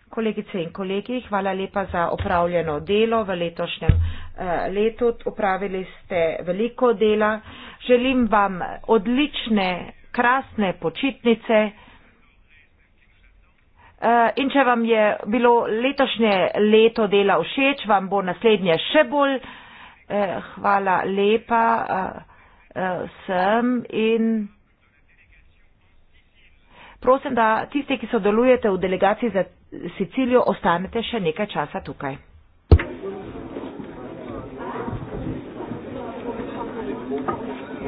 Kolegice in kolegi, hvala lepa za opravljeno delo v letošnjem eh, letu. Upravili ste veliko dela. Želim vam odlične, krasne počitnice. Eh, in če vam je bilo letošnje leto dela všeč, vam bo naslednje še bolj. Eh, hvala lepa vsem in. Prosim, da tiste, ki sodelujete v delegaciji za Sicilijo ostanete še nekaj časa tukaj.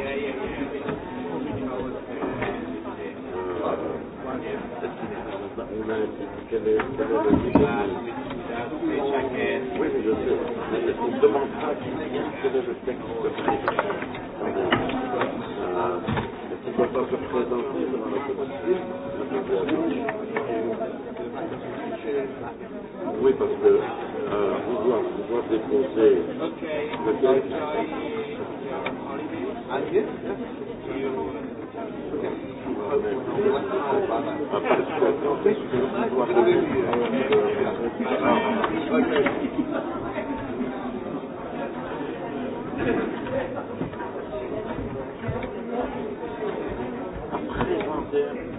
Je pa to, kar se je zgodilo. Oui, parce que euh, on, doit, on doit défoncer. Ok. Le Thank euh, you.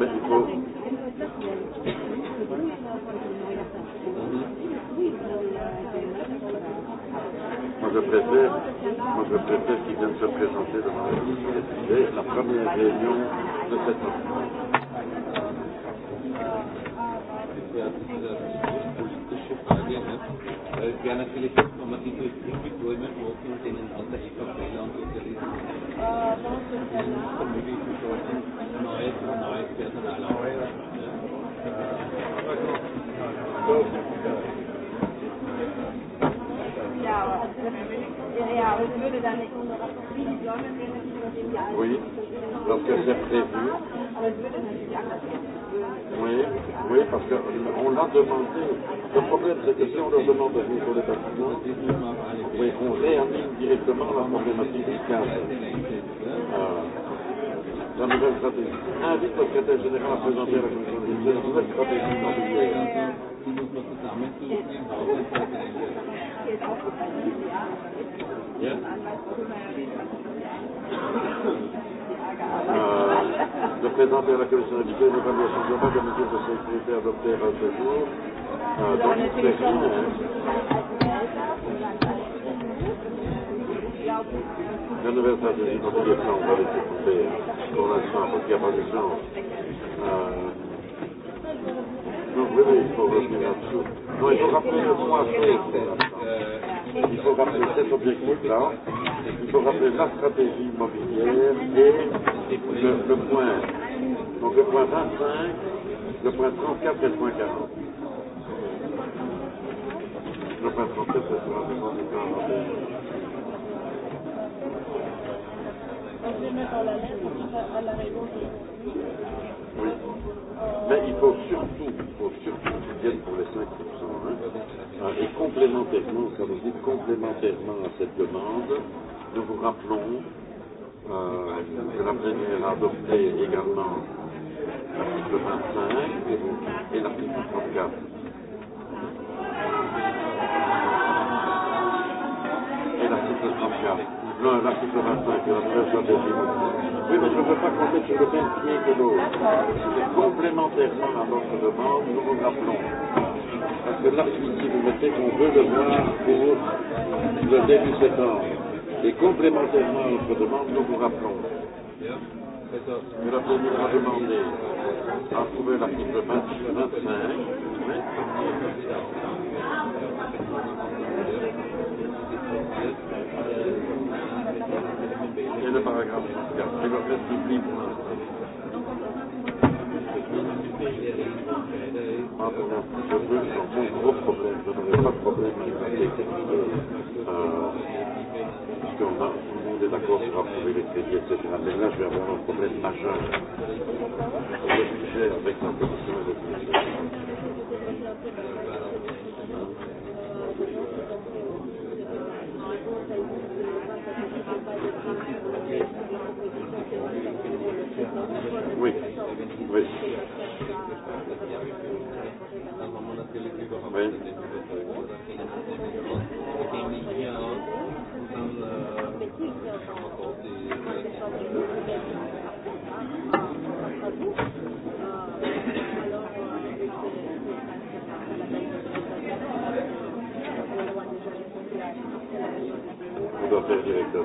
México. Moi, je préfère, moi, je préfère qu'ils viennent se présenter devant la société, la première réunion de cette année. Thank you. Oui, parce que c'est prévu. Oui, oui, parce qu'on l'a demandé. Le problème, c'est que si on leur demande de venir pour les bâtiments, oui, on réanime directement la problématique du 15. Euh, dans les autres athées. Un des secrétaires général a présenté la commission des athées. Vous êtes athées, vous êtes athées. De présenter à la commission des athées une évaluation de la mesure de sécurité adoptée à ce jour. Thank you. Bien nouvelle stratégie dans tous les plans. On va laisser tomber pour l'instant parce qu'il n'y a pas de chance. Euh... Donc oui, il faut revenir à dessous. Non, il faut rappeler le trois choses pour l'instant. Il faut rappeler cet objectif-là. Il faut rappeler la stratégie immobilière et le, le point. Donc le point 25, le point 34 et le point 40. Le point 34 et le point 40. Mais il faut surtout, il faut surtout qu'ils viennent pour les 5%. Hein. Euh, et complémentairement, ça vous dit complémentairement à cette demande, nous vous rappelons euh, que la Première a adopté également l'article 25 et, et l'article 34. Et l'article 34. Non, l'article 25, la presse de Oui, mais je ne veux pas compter sur le même pied que l'autre. Complémentairement à notre demande, nous vous rappelons. Parce que l'article, vous mettez qu'on veut le voir pour le début septembre. Et complémentairement à notre demande, nous vous rappelons. Que la Première a demandé à trouver l'article 25. 25 oui. et le paragraphe. Je vais faire ce clip. Je veux sur mon gros problème, je n'aurai pas de problème avec la technique, puisque tout le monde est d'accord sur approuver les crédits, etc. Mais là, je vais avoir un problème majeur avec le budget, avec l'intégration et le budget. Welt, in dem wir unterwegs sind, mit dem ich hier aus unserem Kammerkorps die Welt Unser Feldirektor.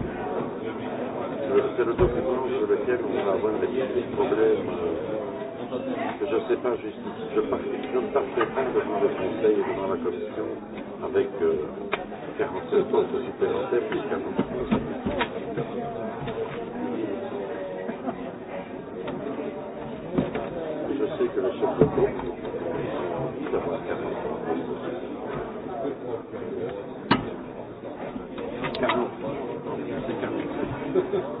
le document, sur lequel on va avoir des problèmes euh, que je ne sais pas justifier. Je ne partais pas devant le Conseil et devant la Commission avec euh, 47 autres supplémentaires, puisqu'à mon Je sais que le chef de compte, Thank you.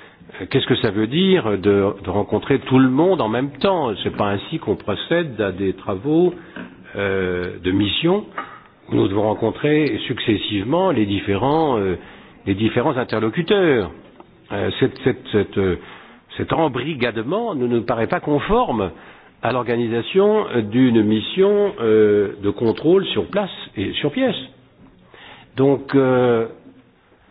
qu'est-ce que ça veut dire de, de rencontrer tout le monde en même temps C'est pas ainsi qu'on procède à des travaux euh, de mission. Nous devons rencontrer successivement les différents, euh, les différents interlocuteurs. Euh, cette, cette, cette, euh, cet embrigadement ne nous paraît pas conforme à l'organisation d'une mission euh, de contrôle sur place et sur pièce. Donc, euh,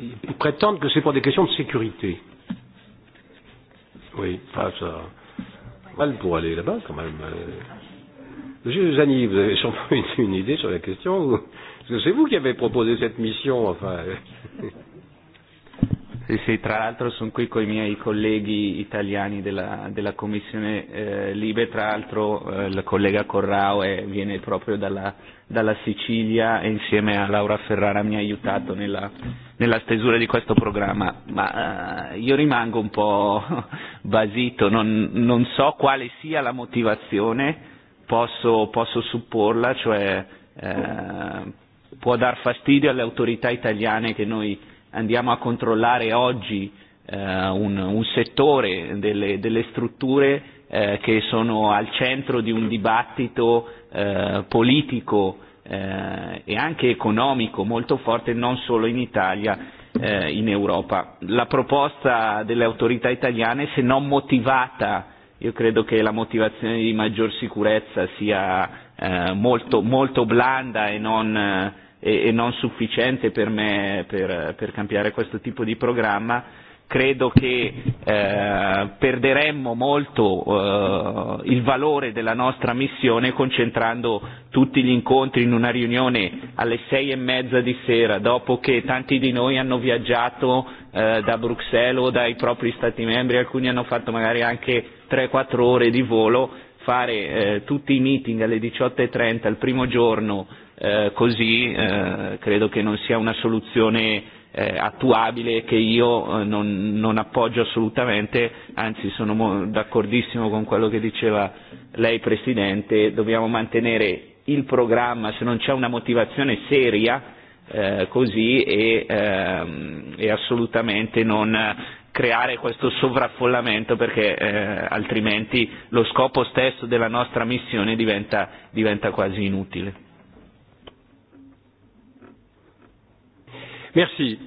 ils prétendent que c'est pour des questions de sécurité. Oui, ah, ça. Mal pour aller là-bas, quand même. Euh. Monsieur Zani, vous avez sûrement une, une idée sur la question ou... Parce que c'est vous qui avez proposé cette mission, enfin. Sì, sì, tra l'altro sono qui con i miei colleghi italiani della, della Commissione eh, Libe, tra l'altro eh, il collega Corrao è, eh, viene proprio dalla, dalla Sicilia e insieme a Laura Ferrara mi ha aiutato nella, nella stesura di questo programma, ma eh, io rimango un po' basito, non, non so quale sia la motivazione, posso, posso supporla, cioè eh, può dar fastidio alle autorità italiane che noi andiamo a controllare oggi eh, un, un settore delle, delle strutture eh, che sono al centro di un dibattito eh, politico eh, e anche economico molto forte non solo in Italia eh, in Europa. La proposta delle autorità italiane, se non motivata, io credo che la motivazione di maggior sicurezza sia eh, molto, molto blanda e non eh, e, e non sufficiente per me per, per cambiare questo tipo di programma, credo che eh, perderemmo molto eh, il valore della nostra missione concentrando tutti gli incontri in una riunione alle sei e mezza di sera, dopo che tanti di noi hanno viaggiato eh, da Bruxelles o dai propri Stati membri, alcuni hanno fatto magari anche 3-4 ore di volo, fare eh, tutti i meeting alle 18.30 e il primo giorno eh, così eh, credo che non sia una soluzione eh, attuabile che io eh, non, non appoggio assolutamente, anzi sono mo- d'accordissimo con quello che diceva lei Presidente, dobbiamo mantenere il programma se non c'è una motivazione seria eh, così e, ehm, e assolutamente non creare questo sovraffollamento perché eh, altrimenti lo scopo stesso della nostra missione diventa, diventa quasi inutile. Merci.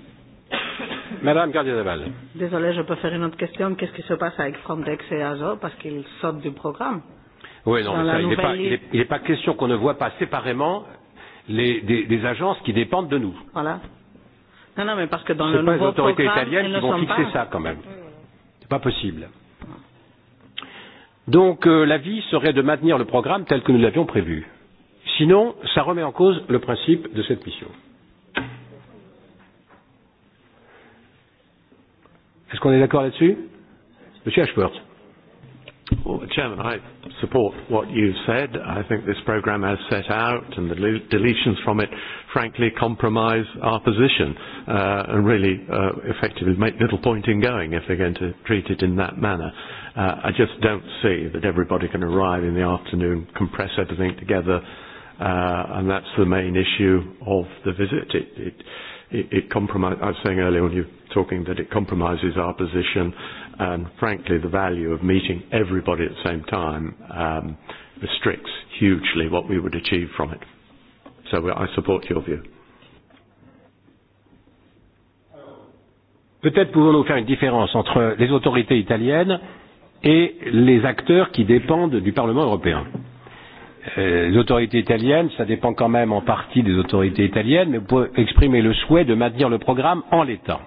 Madame Gardiazabal. Désolée, je peux faire une autre question. Qu'est-ce qui se passe avec Frontex et Azov parce qu'ils sortent du programme Oui, non, mais ça, il n'est pas, il il pas question qu'on ne voit pas séparément les, des, des agences qui dépendent de nous. Voilà. Non, non, mais parce que dans le nouveau programme, ils ne sont pas les autorités italiennes qui vont fixer pas. ça quand même. Ce n'est pas possible. Donc, euh, l'avis serait de maintenir le programme tel que nous l'avions prévu. Sinon, ça remet en cause le principe de cette mission. Est-ce qu'on est d'accord là-dessus Monsieur Ashworth. Well, Chairman, I support what you've said. I think this program has set out and the deletions from it, frankly, compromise our position uh, and really uh, effectively make little point in going if they're going to treat it in that manner. Uh, I just don't see that everybody can arrive in the afternoon, compress everything together, uh, and that's the main issue of the visit. It, it, uh, it compromise. I was saying earlier when you were talking that it compromises our position, and frankly, the value of meeting everybody at the same time um, restricts hugely what we would achieve from it. So I support your view. Peut-être pouvons-nous faire une différence entre les autorités italiennes et les acteurs qui dépendent du Parlement européen euh, autorités italiennes, ça dépend quand même en partie des autorités italiennes, mais pour exprimer le souhait de maintenir le programme en l'état.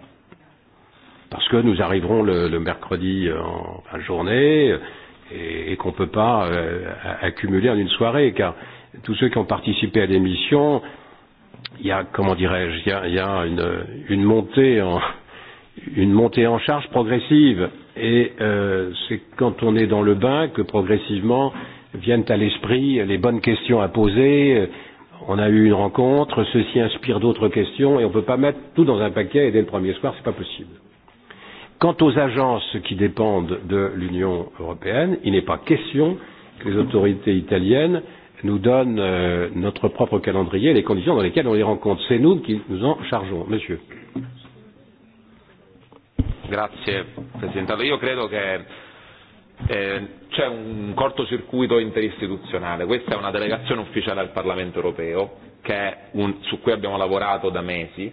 Parce que nous arriverons le, le mercredi euh, en fin de journée et, et qu'on ne peut pas euh, accumuler en une soirée, car tous ceux qui ont participé à l'émission, il y a, comment dirais-je, il y a, y a une, une, montée en, une montée en charge progressive. Et euh, c'est quand on est dans le bain que progressivement euh, viennent à l'esprit les bonnes questions à poser. On a eu une rencontre, ceci inspire d'autres questions et on ne peut pas mettre tout dans un paquet et dès le premier soir, ce n'est pas possible. Quant aux agences qui dépendent de l'Union européenne, il n'est pas question que les autorités italiennes nous donnent euh, notre propre calendrier et les conditions dans lesquelles on les rencontre. C'est nous qui nous en chargeons. Monsieur. Grazie, Presidente. Io credo che... Eh, c'è un cortocircuito interistituzionale, questa è una delegazione ufficiale al Parlamento europeo che è un, su cui abbiamo lavorato da mesi,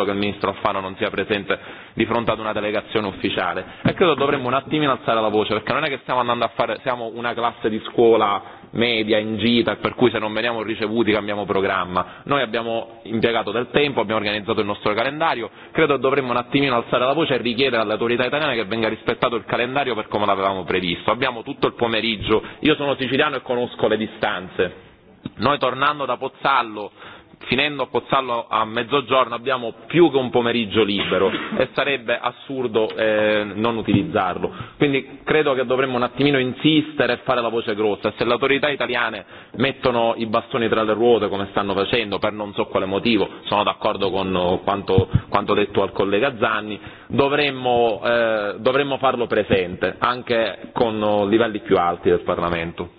assurdo che il ministro Alfano non sia presente di fronte ad una delegazione ufficiale. E credo dovremmo un attimino alzare la voce, perché non è che stiamo andando a fare, siamo una classe di scuola media in gita, per cui se non veniamo ricevuti cambiamo programma. Noi abbiamo impiegato del tempo, abbiamo organizzato il nostro calendario, credo dovremmo un attimino alzare la voce e richiedere alle autorità italiane che venga rispettato il calendario per come l'avevamo previsto. Abbiamo tutto il pomeriggio, io sono siciliano e conosco le distanze. Noi tornando da Pozzallo finendo a Pozzallo a mezzogiorno abbiamo più che un pomeriggio libero e sarebbe assurdo eh, non utilizzarlo. Quindi credo che dovremmo un attimino insistere e fare la voce grossa. Se le autorità italiane mettono i bastoni tra le ruote come stanno facendo per non so quale motivo, sono d'accordo con eh, quanto, quanto detto al collega Zanni, dovremmo, eh, dovremmo farlo presente anche con livelli più alti del Parlamento.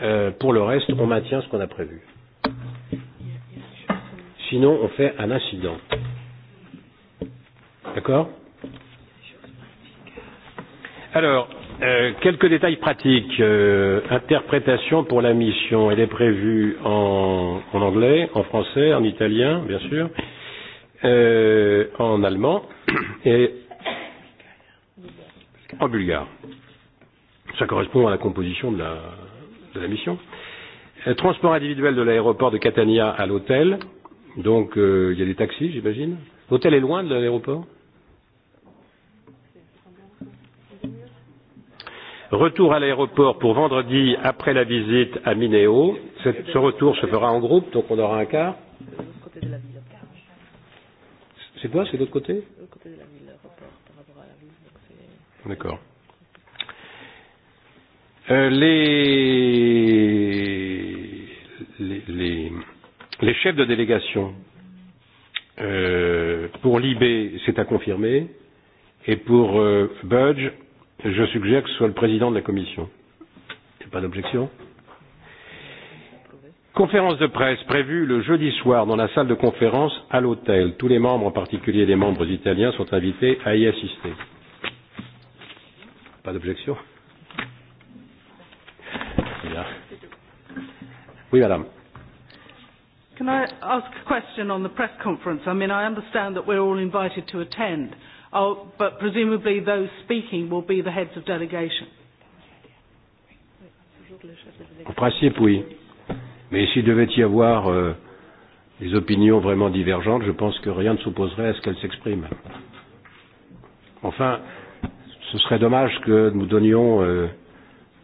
Euh, pour le reste, on maintient ce qu'on a prévu. Sinon, on fait un incident. D'accord Alors, euh, quelques détails pratiques. Euh, interprétation pour la mission, elle est prévue en, en anglais, en français, en italien, bien sûr, euh, en allemand et en bulgare. Ça correspond à la composition de la, de la mission. Euh, transport individuel de l'aéroport de Catania à l'hôtel. Donc euh, il euh, y a des taxis, j'imagine. L'hôtel est loin de l'aéroport. Retour à l'aéroport pour vendredi après la visite à Mineo. Cette, ce retour se fera en groupe, donc on aura un quart. C'est quoi, c'est l'autre côté D'accord. La les, eh, les, les chefs de délégation euh, pour l'IB, c'est à confirmer, et pour euh, Budge, je suggère que ce soit le président de la commission. Pas d'objection. Conférence de presse prévue le jeudi soir dans la salle de conférence à l'hôtel. Tous les membres, en particulier les membres italiens, sont invités à y assister. Pas d'objection. Oui, madame. Can I ask a question on the press conference? I mean, I understand that we're all invited to attend, I'll, oh, but presumably those speaking will be the heads of delegation. En principe, oui. Mais s'il devait y avoir euh, des euh, opinions vraiment divergentes, je pense que rien ne s'opposerait à ce qu'elles s'expriment. Enfin, ce serait dommage que nous donnions. Euh,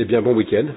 Eh bien, bon week-end.